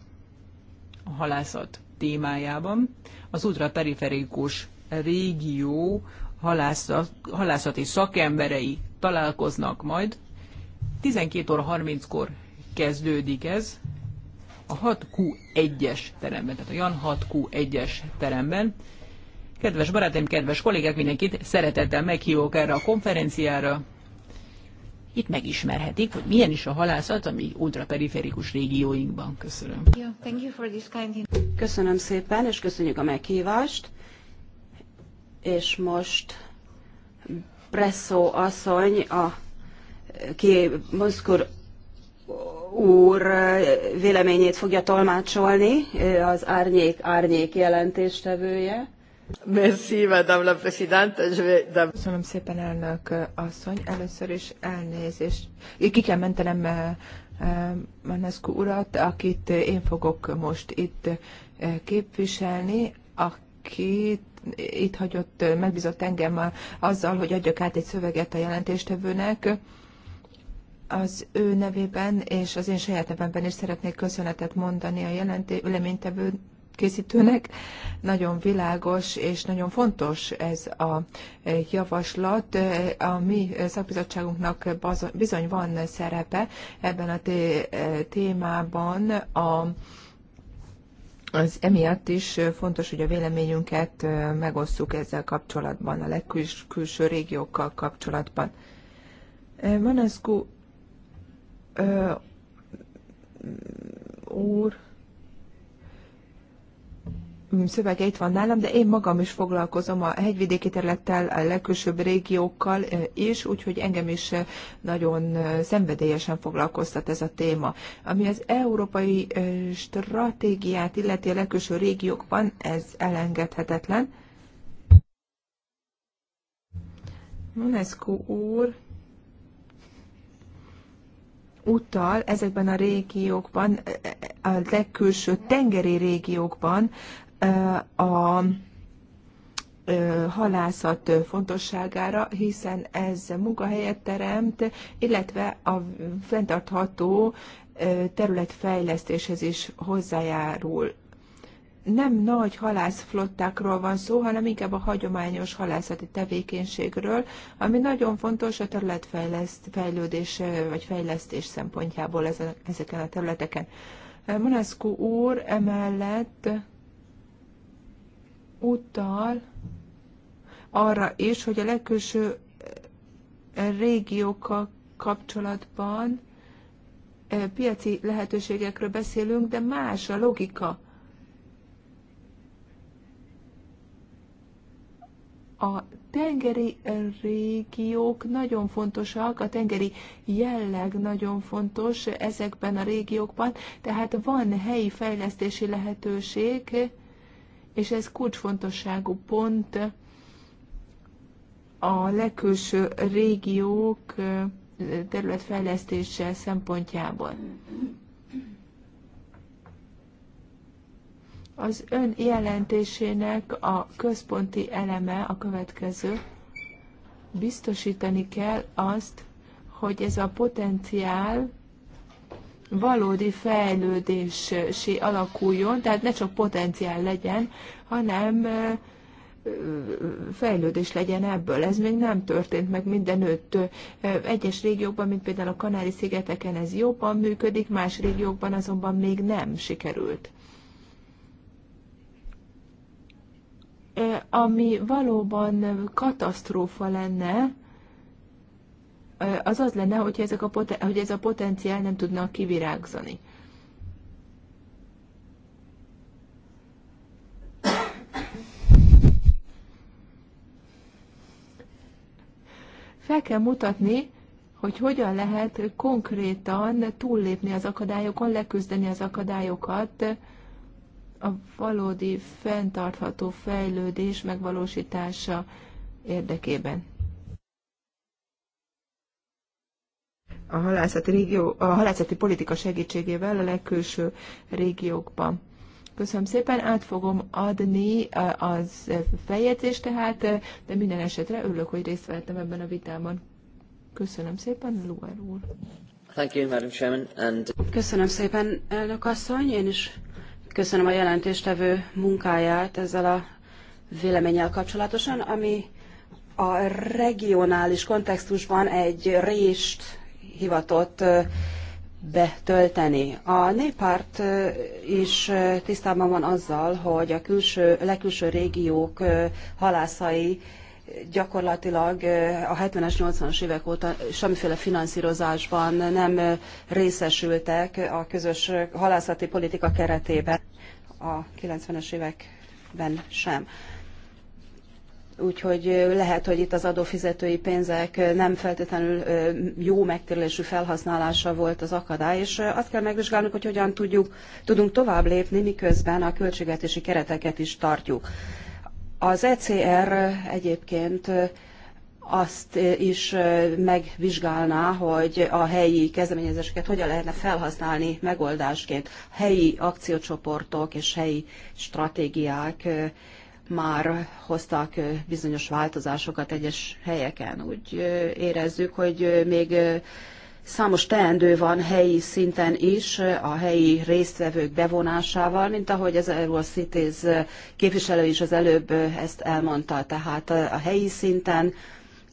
a halászat témájában. Az ultraperiferikus régió halászat, halászati szakemberei találkoznak majd. 12 óra 30-kor kezdődik ez, a 6Q1-es teremben, tehát a Jan 6Q1-es teremben. Kedves barátaim, kedves kollégák, mindenkit szeretettel meghívok erre a konferenciára. Itt megismerhetik, hogy milyen is a halászat a mi ultraperiferikus régióinkban. Köszönöm. Köszönöm szépen, és köszönjük a meghívást. És most Bresszó asszony, a, ki Moszkur úr véleményét fogja tolmácsolni, az árnyék árnyék jelentéstevője. Merci, Madame la Présidente. Köszönöm szépen, elnök asszony. Először is elnézést. Ki kell mentenem Manescu urat, akit én fogok most itt képviselni, akit itt hagyott, megbízott engem azzal, hogy adjak át egy szöveget a jelentéstevőnek az ő nevében és az én saját nevemben is szeretnék köszönetet mondani a jelenté üleménytevő készítőnek. Nagyon világos és nagyon fontos ez a javaslat. A mi szakbizottságunknak bizony van szerepe ebben a témában. A az emiatt is fontos, hogy a véleményünket megosszuk ezzel kapcsolatban, a legkülső régiókkal kapcsolatban. Manaszku ö, úr szövege itt van nálam, de én magam is foglalkozom a hegyvidéki területtel, a legkülsőbb régiókkal is, úgyhogy engem is nagyon szenvedélyesen foglalkoztat ez a téma. Ami az európai stratégiát illeti a legkülső régiókban, ez elengedhetetlen. UNESCO úr, utal ezekben a régiókban, a legkülső tengeri régiókban a halászat fontosságára, hiszen ez munkahelyet teremt, illetve a fenntartható területfejlesztéshez is hozzájárul nem nagy halászflottákról van szó, hanem inkább a hagyományos halászati tevékenységről, ami nagyon fontos a területfejlődés vagy fejlesztés szempontjából ezen, ezeken a területeken. Monaszku úr emellett utal arra is, hogy a legkülső régiókkal kapcsolatban piaci lehetőségekről beszélünk, de más a logika a tengeri régiók nagyon fontosak, a tengeri jelleg nagyon fontos ezekben a régiókban, tehát van helyi fejlesztési lehetőség, és ez kulcsfontosságú pont a legkülső régiók területfejlesztése szempontjából. Az ön jelentésének a központi eleme a következő. Biztosítani kell azt, hogy ez a potenciál valódi fejlődési alakuljon, tehát ne csak potenciál legyen, hanem fejlődés legyen ebből. Ez még nem történt meg mindenütt. Egyes régiókban, mint például a Kanári-szigeteken ez jobban működik, más régiókban azonban még nem sikerült. ami valóban katasztrófa lenne, az az lenne, hogy, ezek a poten- hogy ez a potenciál nem tudna kivirágzani. Fel kell mutatni, hogy hogyan lehet konkrétan túllépni az akadályokon, leküzdeni az akadályokat, a valódi fenntartható fejlődés megvalósítása érdekében. A halászati, régió, a halászati politika segítségével a legkülső régiókban. Köszönöm szépen, át fogom adni e, az feljegyzést tehát, de minden esetre örülök, hogy részt vettem ebben a vitában. Köszönöm szépen, Luer úr. Thank you, Madam Chairman, and... Köszönöm szépen, elnök asszony. Én is Köszönöm a jelentéstevő munkáját ezzel a véleménnyel kapcsolatosan, ami a regionális kontextusban egy rést hivatott betölteni. A néppárt is tisztában van azzal, hogy a külső, legkülső régiók halászai gyakorlatilag a 70-es, 80-as évek óta semmiféle finanszírozásban nem részesültek a közös halászati politika keretében, a 90-es években sem. Úgyhogy lehet, hogy itt az adófizetői pénzek nem feltétlenül jó megtérülésű felhasználása volt az akadály, és azt kell megvizsgálnunk, hogy hogyan tudjuk, tudunk tovább lépni, miközben a költségvetési kereteket is tartjuk. Az ECR egyébként azt is megvizsgálná, hogy a helyi kezdeményezéseket hogyan lehetne felhasználni megoldásként. Helyi akciócsoportok és helyi stratégiák már hoztak bizonyos változásokat egyes helyeken. Úgy érezzük, hogy még Számos teendő van helyi szinten is, a helyi résztvevők bevonásával, mint ahogy az Cities képviselő is az előbb ezt elmondta. Tehát a helyi szinten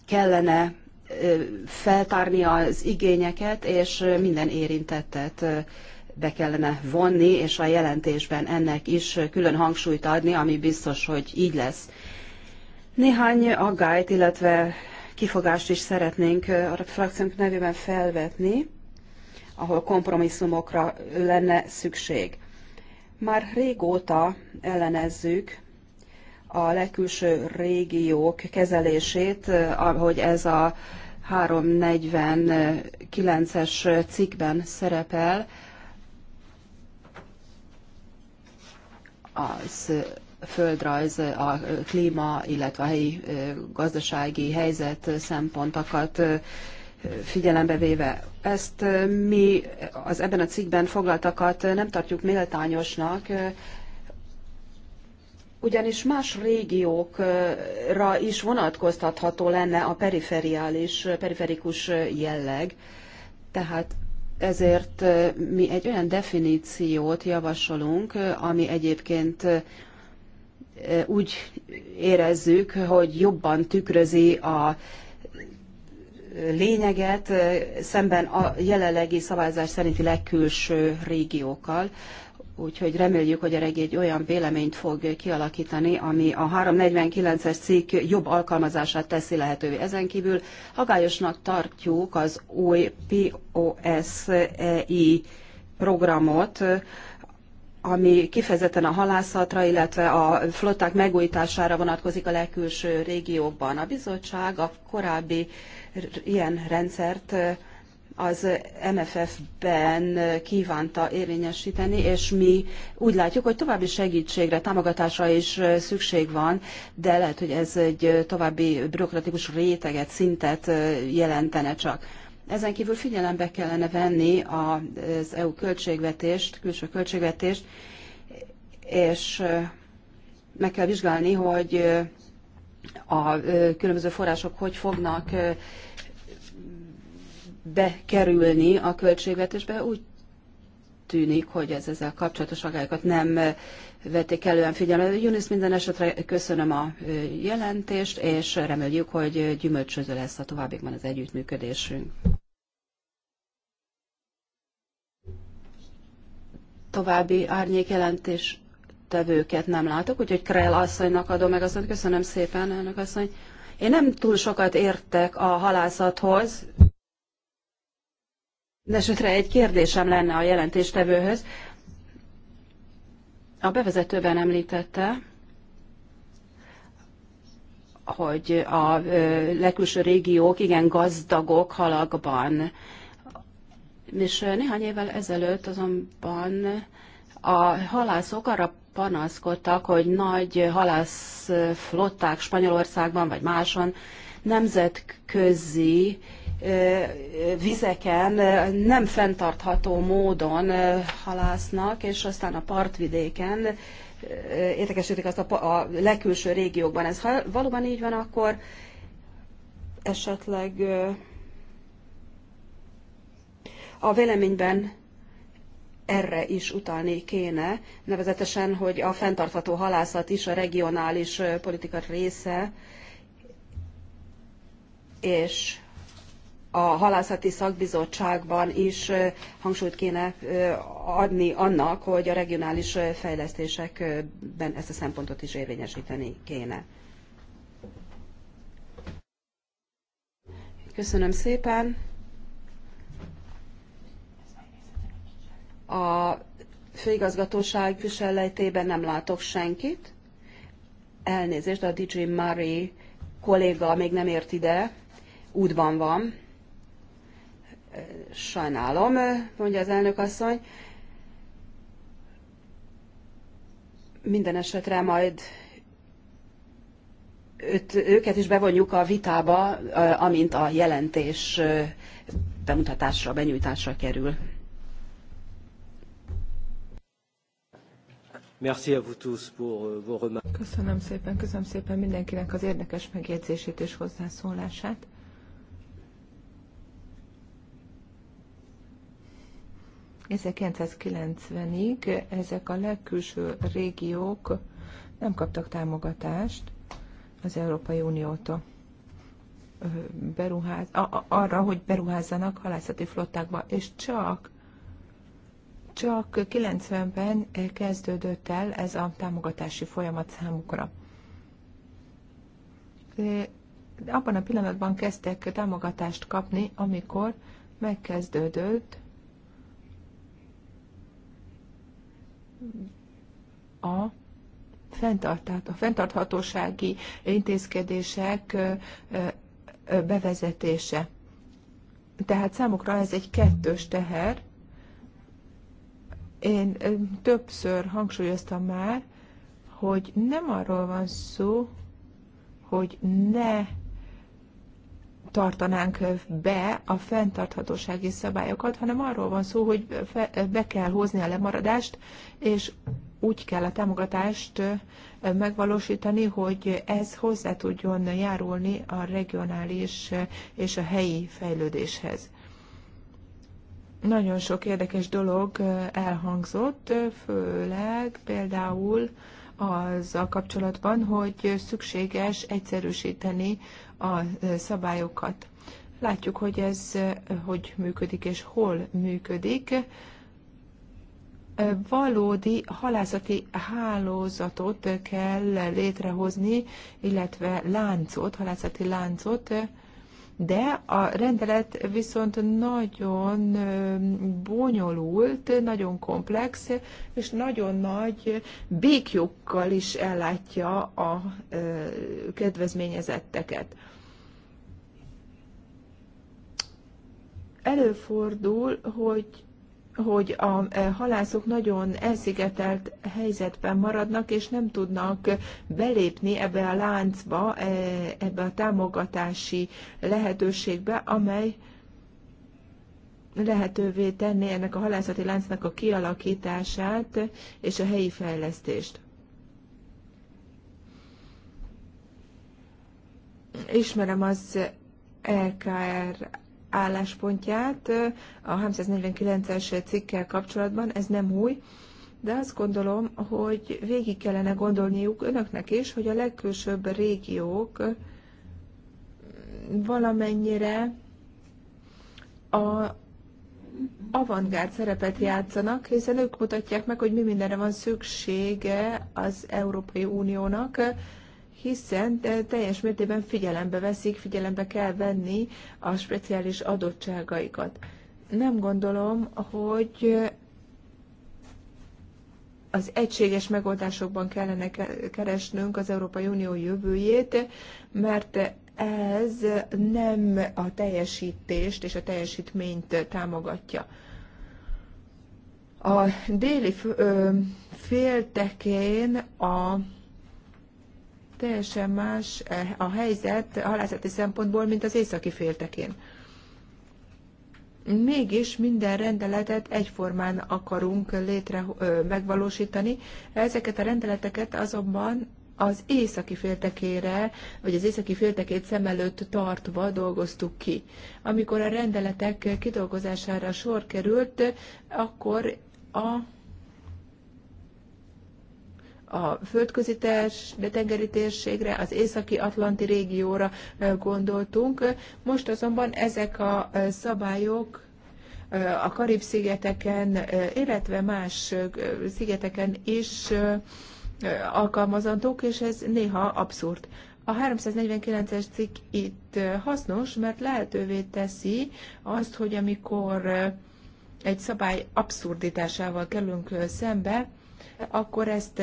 kellene feltárni az igényeket, és minden érintettet be kellene vonni, és a jelentésben ennek is külön hangsúlyt adni, ami biztos, hogy így lesz. Néhány aggályt, illetve kifogást is szeretnénk a frakciónk nevében felvetni, ahol kompromisszumokra lenne szükség. Már régóta ellenezzük a legkülső régiók kezelését, ahogy ez a 349-es cikkben szerepel, az földrajz, a klíma, illetve a helyi gazdasági helyzet szempontokat figyelembe véve. Ezt mi az ebben a cikkben foglaltakat nem tartjuk méltányosnak, ugyanis más régiókra is vonatkoztatható lenne a periferiális, periferikus jelleg. Tehát ezért mi egy olyan definíciót javasolunk, ami egyébként Eh, úgy érezzük, hogy jobban tükrözi a lényeget eh, szemben a jelenlegi szavazás szerinti legkülső régiókkal. Úgyhogy reméljük, hogy a regény egy olyan véleményt fog kialakítani, ami a 349-es cikk jobb alkalmazását teszi lehetővé. Ezen kívül hagályosnak tartjuk az új POSEI programot, ami kifejezetten a halászatra, illetve a flották megújítására vonatkozik a legkülső régiókban. A bizottság a korábbi ilyen rendszert az MFF-ben kívánta érvényesíteni, és mi úgy látjuk, hogy további segítségre, támogatásra is szükség van, de lehet, hogy ez egy további bürokratikus réteget, szintet jelentene csak. Ezen kívül figyelembe kellene venni az EU költségvetést, külső költségvetést, és meg kell vizsgálni, hogy a különböző források hogy fognak bekerülni a költségvetésbe. Úgy tűnik, hogy ez ezzel kapcsolatos agályokat nem vették elően figyelembe. Junis minden esetre köszönöm a jelentést, és reméljük, hogy gyümölcsöző lesz a továbbiakban az együttműködésünk. további árnyékjelentés tevőket nem látok, úgyhogy Krell asszonynak adom meg azt, köszönöm szépen, elnök asszony. Én nem túl sokat értek a halászathoz, de esetre egy kérdésem lenne a jelentéstevőhöz. A bevezetőben említette, hogy a legkülső régiók igen gazdagok halakban. És néhány évvel ezelőtt azonban a halászok arra panaszkodtak, hogy nagy halászflották Spanyolországban vagy máson nemzetközi vizeken nem fenntartható módon halásznak, és aztán a partvidéken értekesítik azt a, a legkülső régiókban. Ez ha valóban így van, akkor esetleg a véleményben erre is utalni kéne, nevezetesen, hogy a fenntartható halászat is a regionális politika része, és a halászati szakbizottságban is hangsúlyt kéne adni annak, hogy a regionális fejlesztésekben ezt a szempontot is érvényesíteni kéne. Köszönöm szépen! A főigazgatóság viselejtében nem látok senkit. Elnézést, a DJ Murray kolléga még nem ért ide, útban van. Sajnálom, mondja az elnök asszony. Minden esetre majd őt, őket is bevonjuk a vitába, amint a jelentés bemutatásra, benyújtásra kerül. Merci vous tous pour euh, vos remarques. Köszönöm szépen, köszönöm szépen mindenkinek az érdekes megjegyzését és hozzászólását. Ezek 1990-ig ezek a legkülső régiók nem kaptak támogatást az Európai Uniótól beruház, a, a, arra, hogy beruházzanak halászati flottákba, és csak csak 90-ben eh, kezdődött el ez a támogatási folyamat számukra. Eh, abban a pillanatban kezdtek támogatást kapni, amikor megkezdődött a a fenntarthatósági intézkedések eh, bevezetése. Tehát számukra ez egy kettős teher, én többször hangsúlyoztam már, hogy nem arról van szó, hogy ne tartanánk be a fenntarthatósági szabályokat, hanem arról van szó, hogy be kell hozni a lemaradást, és úgy kell a támogatást megvalósítani, hogy ez hozzá tudjon járulni a regionális és a helyi fejlődéshez. Nagyon sok érdekes dolog elhangzott, főleg például az a kapcsolatban, hogy szükséges egyszerűsíteni a szabályokat. Látjuk, hogy ez hogy működik és hol működik. Valódi halászati hálózatot kell létrehozni, illetve láncot, halászati láncot, de a rendelet viszont nagyon bonyolult, nagyon komplex, és nagyon nagy békjukkal is ellátja a kedvezményezetteket. Előfordul, hogy hogy a e, halászok nagyon elszigetelt helyzetben maradnak, és nem tudnak belépni ebbe a láncba, e, ebbe a támogatási lehetőségbe, amely lehetővé tenni ennek a halászati láncnak a kialakítását és a helyi fejlesztést. Ismerem az LKR e álláspontját a 349-es cikkel kapcsolatban, ez nem új, de azt gondolom, hogy végig kellene gondolniuk önöknek is, hogy a legkülsőbb régiók valamennyire a avantgárd szerepet játszanak, hiszen ők mutatják meg, hogy mi mindenre van szüksége az Európai Uniónak hiszen eh, teljes mértékben figyelembe veszik, figyelembe kell venni a speciális adottságaikat. Nem gondolom, hogy eh, az egységes megoldásokban kellene keresnünk az Európai Unió jövőjét, mert ez nem a teljesítést és a teljesítményt támogatja. A déli féltekén a Teljesen más eh, a helyzet a halászati szempontból, mint az északi féltekén. Mégis minden rendeletet egyformán akarunk létre ö, megvalósítani. Ezeket a rendeleteket azonban az északi féltekére, vagy az északi féltekét szem előtt tartva dolgoztuk ki. Amikor a rendeletek kidolgozására sor került, akkor a a földközi tengeri térségre, az északi atlanti régióra gondoltunk. Most azonban ezek a szabályok a Karib-szigeteken, illetve más szigeteken is alkalmazandók, és ez néha abszurd. A 349-es cikk itt hasznos, mert lehetővé teszi azt, hogy amikor egy szabály abszurditásával kerülünk szembe, akkor ezt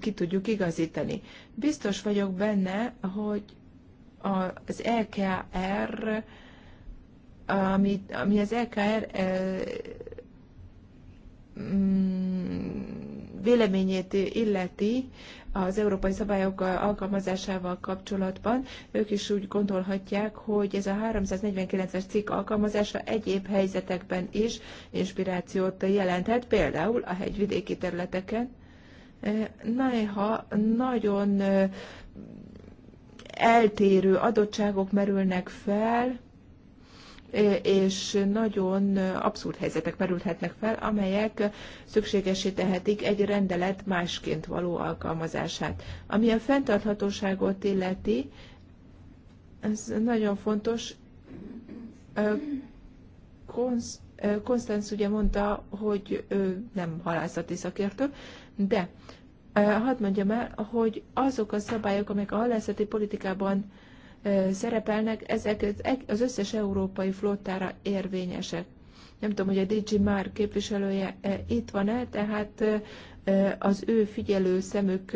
ki tudjuk igazítani. Biztos vagyok benne, hogy az EKR, ami, ami az EKR mm, véleményét illeti, az európai szabályok alkalmazásával kapcsolatban. Ők is úgy gondolhatják, hogy ez a 349-es cikk alkalmazása egyéb helyzetekben is inspirációt jelenthet, például a hegyvidéki területeken. E, néha nagyon e, eltérő adottságok merülnek fel, E, és nagyon abszurd helyzetek merülhetnek fel, amelyek szükségesé tehetik egy rendelet másként való alkalmazását. Ami a fenntarthatóságot illeti, ez nagyon fontos. Konz, Konstanz ugye mondta, hogy ő nem halászati szakértő, de hadd mondjam el, hogy azok a szabályok, amelyek a halászati politikában szerepelnek, ezek e-, az összes európai flottára érvényesek. Nem tudom, hogy a DG már képviselője itt van-e, tehát az ő figyelő szemük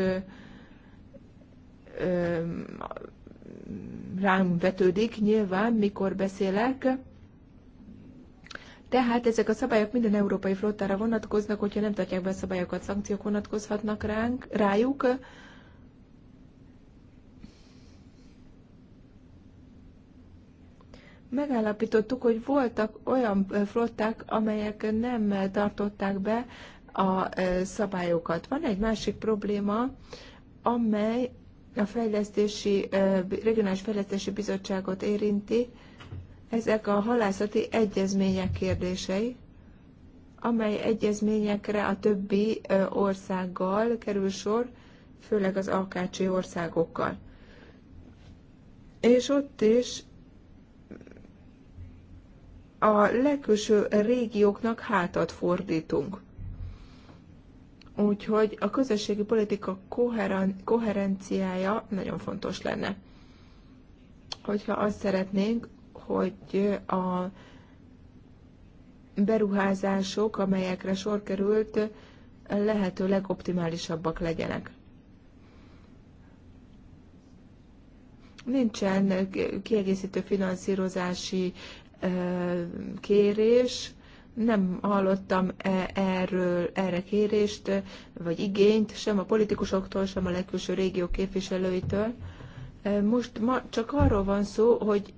rám vetődik nyilván, mikor beszélek. Tehát ezek a szabályok minden európai flottára vonatkoznak, hogyha nem tartják be a szabályokat, szankciók vonatkozhatnak ránk, rájuk. megállapítottuk, hogy voltak olyan flották, amelyek nem tartották be a szabályokat. Van egy másik probléma, amely a fejlesztési, regionális fejlesztési bizottságot érinti, ezek a halászati egyezmények kérdései, amely egyezményekre a többi országgal kerül sor, főleg az alkácsi országokkal. És ott is a legkülső régióknak hátat fordítunk. Úgyhogy a közösségi politika koheren, koherenciája nagyon fontos lenne. Hogyha azt szeretnénk, hogy a beruházások, amelyekre sor került, lehető legoptimálisabbak legyenek. Nincsen kiegészítő finanszírozási kérés, nem hallottam e, erről, erre kérést, vagy igényt sem a politikusoktól, sem a legkülső régió képviselőitől. Most ma csak arról van szó, hogy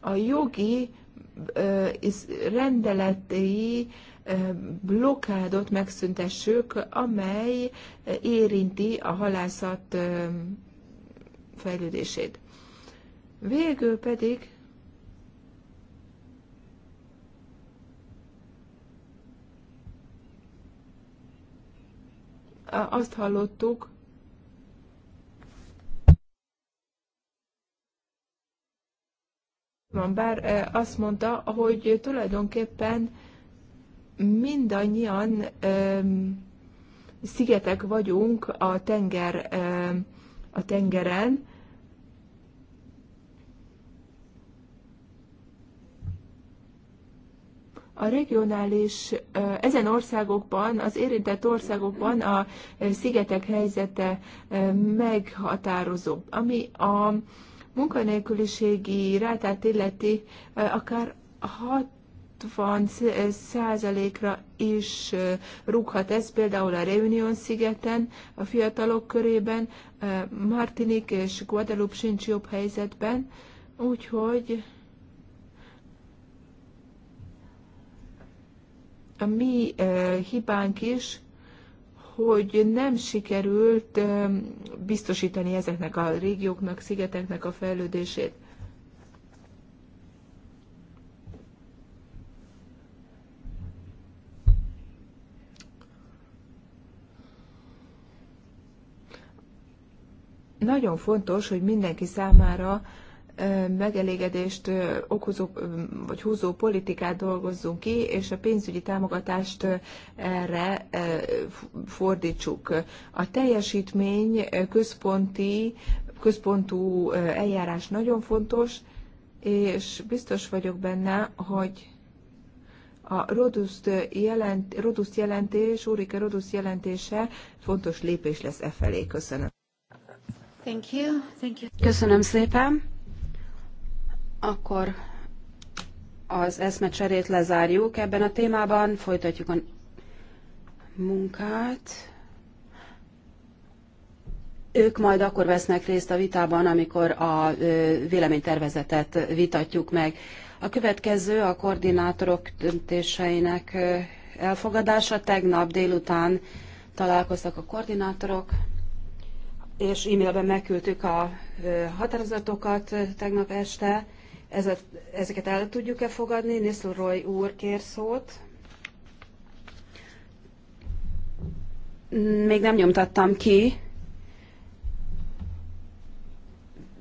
a jogi rendeletei blokádot megszüntessük, amely érinti a halászat fejlődését. Végül pedig azt hallottuk, bár eh, azt mondta, hogy tulajdonképpen mindannyian szigetek vagyunk a tenger a tengeren, a regionális, ezen országokban, az érintett országokban a szigetek helyzete meghatározó, ami a munkanélküliségi rátát illeti akár 6 60 százalékra is rúghat ez, például a Reunion szigeten, a fiatalok körében, Martinik és Guadeloupe sincs jobb helyzetben, úgyhogy a mi hibánk is, hogy nem sikerült biztosítani ezeknek a régióknak, szigeteknek a fejlődését. Nagyon fontos, hogy mindenki számára megelégedést okozó vagy húzó politikát dolgozzunk ki, és a pénzügyi támogatást erre fordítsuk. A teljesítmény központi, központú eljárás nagyon fontos, és biztos vagyok benne, hogy a Roduszt jelent, Roduszt jelentés, Úrike Roduszt jelentése fontos lépés lesz e felé. Köszönöm. Thank you. Thank you. Köszönöm szépen. Akkor az eszmecserét lezárjuk ebben a témában, folytatjuk a munkát. Ők majd akkor vesznek részt a vitában, amikor a véleménytervezetet vitatjuk meg. A következő a koordinátorok döntéseinek elfogadása. Tegnap délután találkoztak a koordinátorok, és e-mailben megküldtük a határozatokat tegnap este. Ezet, ezeket el tudjuk-e fogadni? Roy úr kér szót. Még nem nyomtattam ki,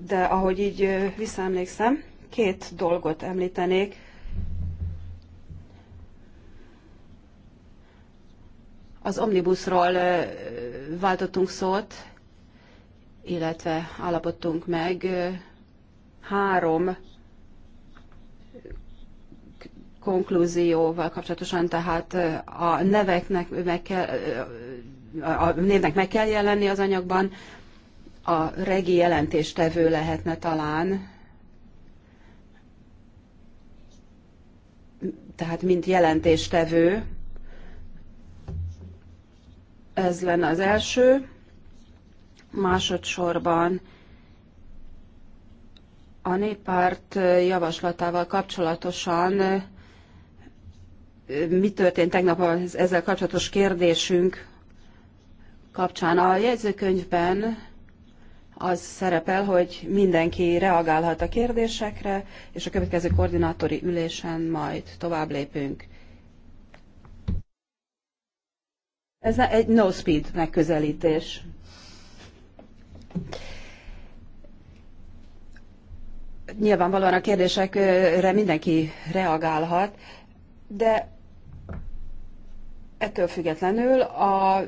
de ahogy így visszaemlékszem, két dolgot említenék. Az omnibusról váltottunk szót, illetve állapodtunk meg három konklúzióval kapcsolatosan, tehát a neveknek meg kell, a névnek meg kell jelenni az anyagban, a regi jelentéstevő lehetne talán, tehát mint jelentéstevő, ez lenne az első. Másodszorban a néppárt javaslatával kapcsolatosan mi történt tegnap az ezzel kapcsolatos kérdésünk kapcsán. A jegyzőkönyvben az szerepel, hogy mindenki reagálhat a kérdésekre, és a következő koordinátori ülésen majd tovább lépünk. Ez egy no speed megközelítés. Nyilvánvalóan a kérdésekre mindenki reagálhat, de Ettől függetlenül a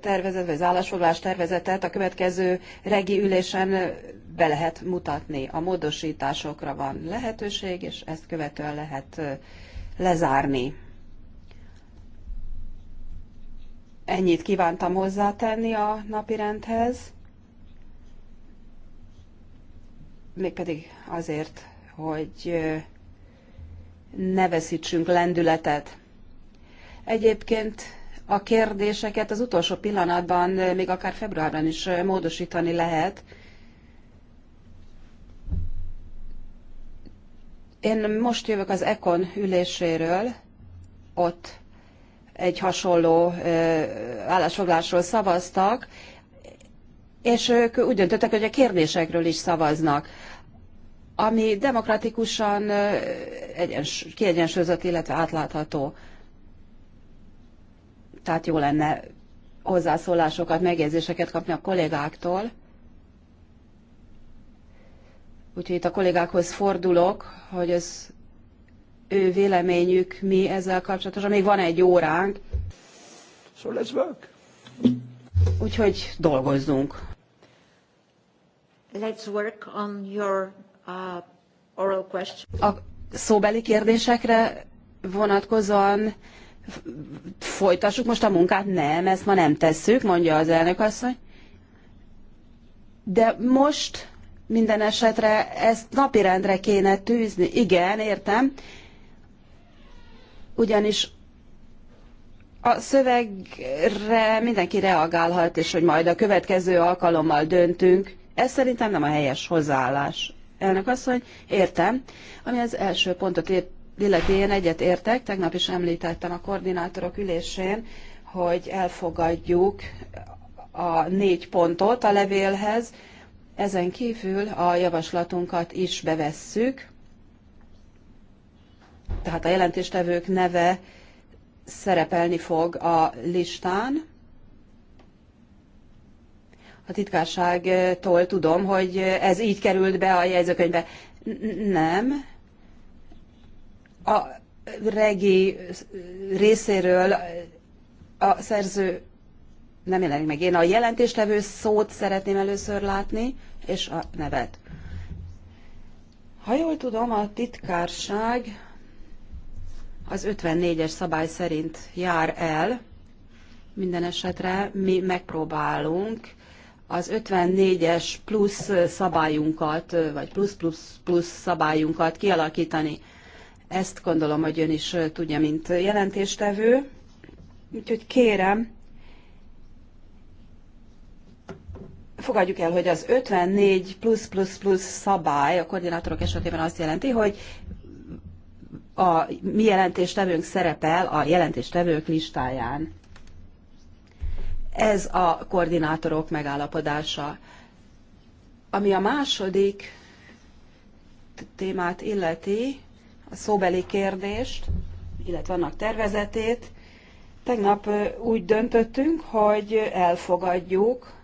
tervezet, vagy az állásfoglalás tervezetet a következő regi ülésen be lehet mutatni. A módosításokra van lehetőség, és ezt követően lehet lezárni. Ennyit kívántam hozzátenni a napirendhez, mégpedig azért, hogy ne veszítsünk lendületet. Egyébként a kérdéseket az utolsó pillanatban, még akár februárban is módosítani lehet. Én most jövök az Econ üléséről, ott egy hasonló állásfoglásról szavaztak, és ők úgy döntöttek, hogy a kérdésekről is szavaznak, ami demokratikusan kiegyensúlyozott, illetve átlátható tehát jó lenne hozzászólásokat, megjegyzéseket kapni a kollégáktól. Úgyhogy itt a kollégákhoz fordulok, hogy az ő véleményük mi ezzel kapcsolatosan. Még van egy óránk. So let's work. Úgyhogy dolgozzunk. Let's work on your uh, oral question. A szóbeli kérdésekre vonatkozóan folytassuk most a munkát. Nem, ezt ma nem tesszük, mondja az elnök asszony. De most minden esetre ezt napirendre kéne tűzni. Igen, értem. Ugyanis a szövegre mindenki reagálhat, és hogy majd a következő alkalommal döntünk. Ez szerintem nem a helyes hozzáállás. Elnök asszony, értem. Ami az első pontot ért, illetve én egyet értek, tegnap is említettem a koordinátorok ülésén, hogy elfogadjuk a négy pontot a levélhez, ezen kívül a javaslatunkat is bevesszük, tehát a jelentéstevők neve szerepelni fog a listán. A titkárságtól tudom, hogy ez így került be a jegyzőkönyvbe. Nem, a regi részéről a szerző nem jelenik meg. Én a jelentéstevő szót szeretném először látni, és a nevet. Ha jól tudom, a titkárság az 54-es szabály szerint jár el. Minden esetre mi megpróbálunk az 54-es plusz szabályunkat, vagy plusz plusz plusz szabályunkat kialakítani. Ezt gondolom, hogy ön is tudja, mint jelentéstevő. Úgyhogy kérem, fogadjuk el, hogy az 54 plusz plusz plusz szabály a koordinátorok esetében azt jelenti, hogy a mi jelentéstevőnk szerepel a jelentéstevők listáján. Ez a koordinátorok megállapodása. Ami a második témát illeti, a szóbeli kérdést, illetve annak tervezetét. Tegnap úgy döntöttünk, hogy elfogadjuk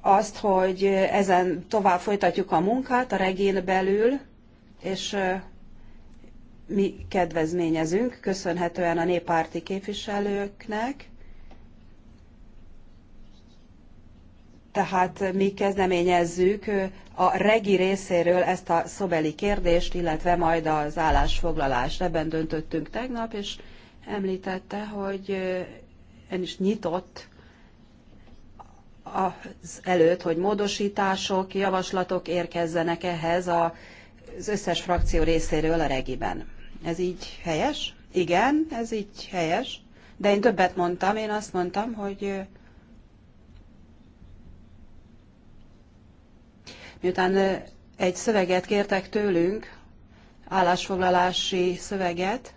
azt, hogy ezen tovább folytatjuk a munkát a regén belül, és mi kedvezményezünk, köszönhetően a néppárti képviselőknek. Tehát mi kezdeményezzük a regi részéről ezt a szobeli kérdést, illetve majd az állásfoglalást. Ebben döntöttünk tegnap, és említette, hogy én is nyitott az előtt, hogy módosítások, javaslatok érkezzenek ehhez az összes frakció részéről a regiben. Ez így helyes? Igen, ez így helyes. De én többet mondtam, én azt mondtam, hogy Miután egy szöveget kértek tőlünk, állásfoglalási szöveget,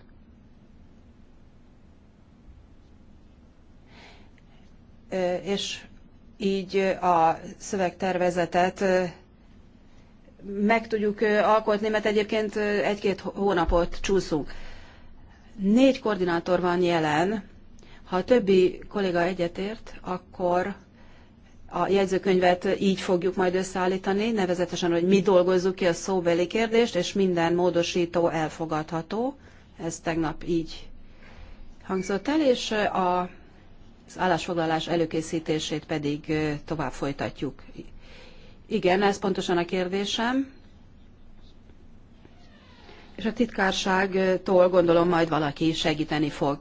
és így a szövegtervezetet meg tudjuk alkotni, mert egyébként egy-két hónapot csúszunk. Négy koordinátor van jelen. Ha a többi kolléga egyetért, akkor a jegyzőkönyvet így fogjuk majd összeállítani, nevezetesen, hogy mi dolgozzuk ki a szóbeli kérdést, és minden módosító elfogadható. Ez tegnap így hangzott el, és a, az állásfoglalás előkészítését pedig tovább folytatjuk. Igen, ez pontosan a kérdésem. És a titkárságtól gondolom majd valaki segíteni fog.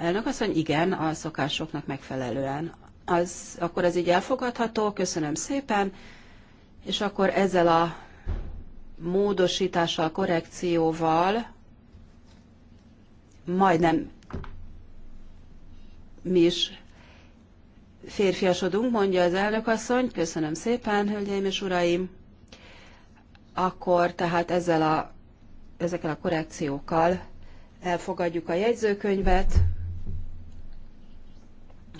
Elnök azt mondja, igen, a szokásoknak megfelelően az, akkor ez így elfogadható, köszönöm szépen, és akkor ezzel a módosítással, korrekcióval majdnem mi is férfiasodunk, mondja az elnök asszony, Köszönöm szépen, hölgyeim és uraim. Akkor tehát ezzel a, ezekkel a korrekciókkal elfogadjuk a jegyzőkönyvet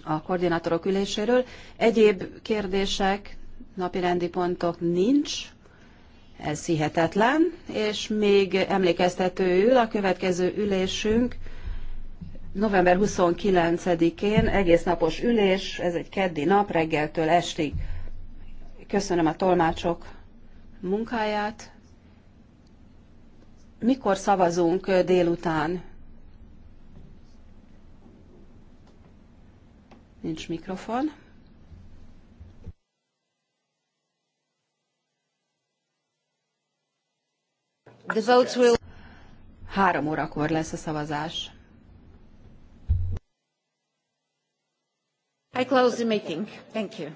a koordinátorok üléséről. Egyéb kérdések, napirendi pontok nincs, ez hihetetlen, és még emlékeztetőül a következő ülésünk november 29-én egész napos ülés, ez egy keddi nap reggeltől estig. Köszönöm a tolmácsok munkáját. Mikor szavazunk délután? Nincs mikrofon. The votes will... Három órakor lesz a szavazás. I close the meeting. Thank you.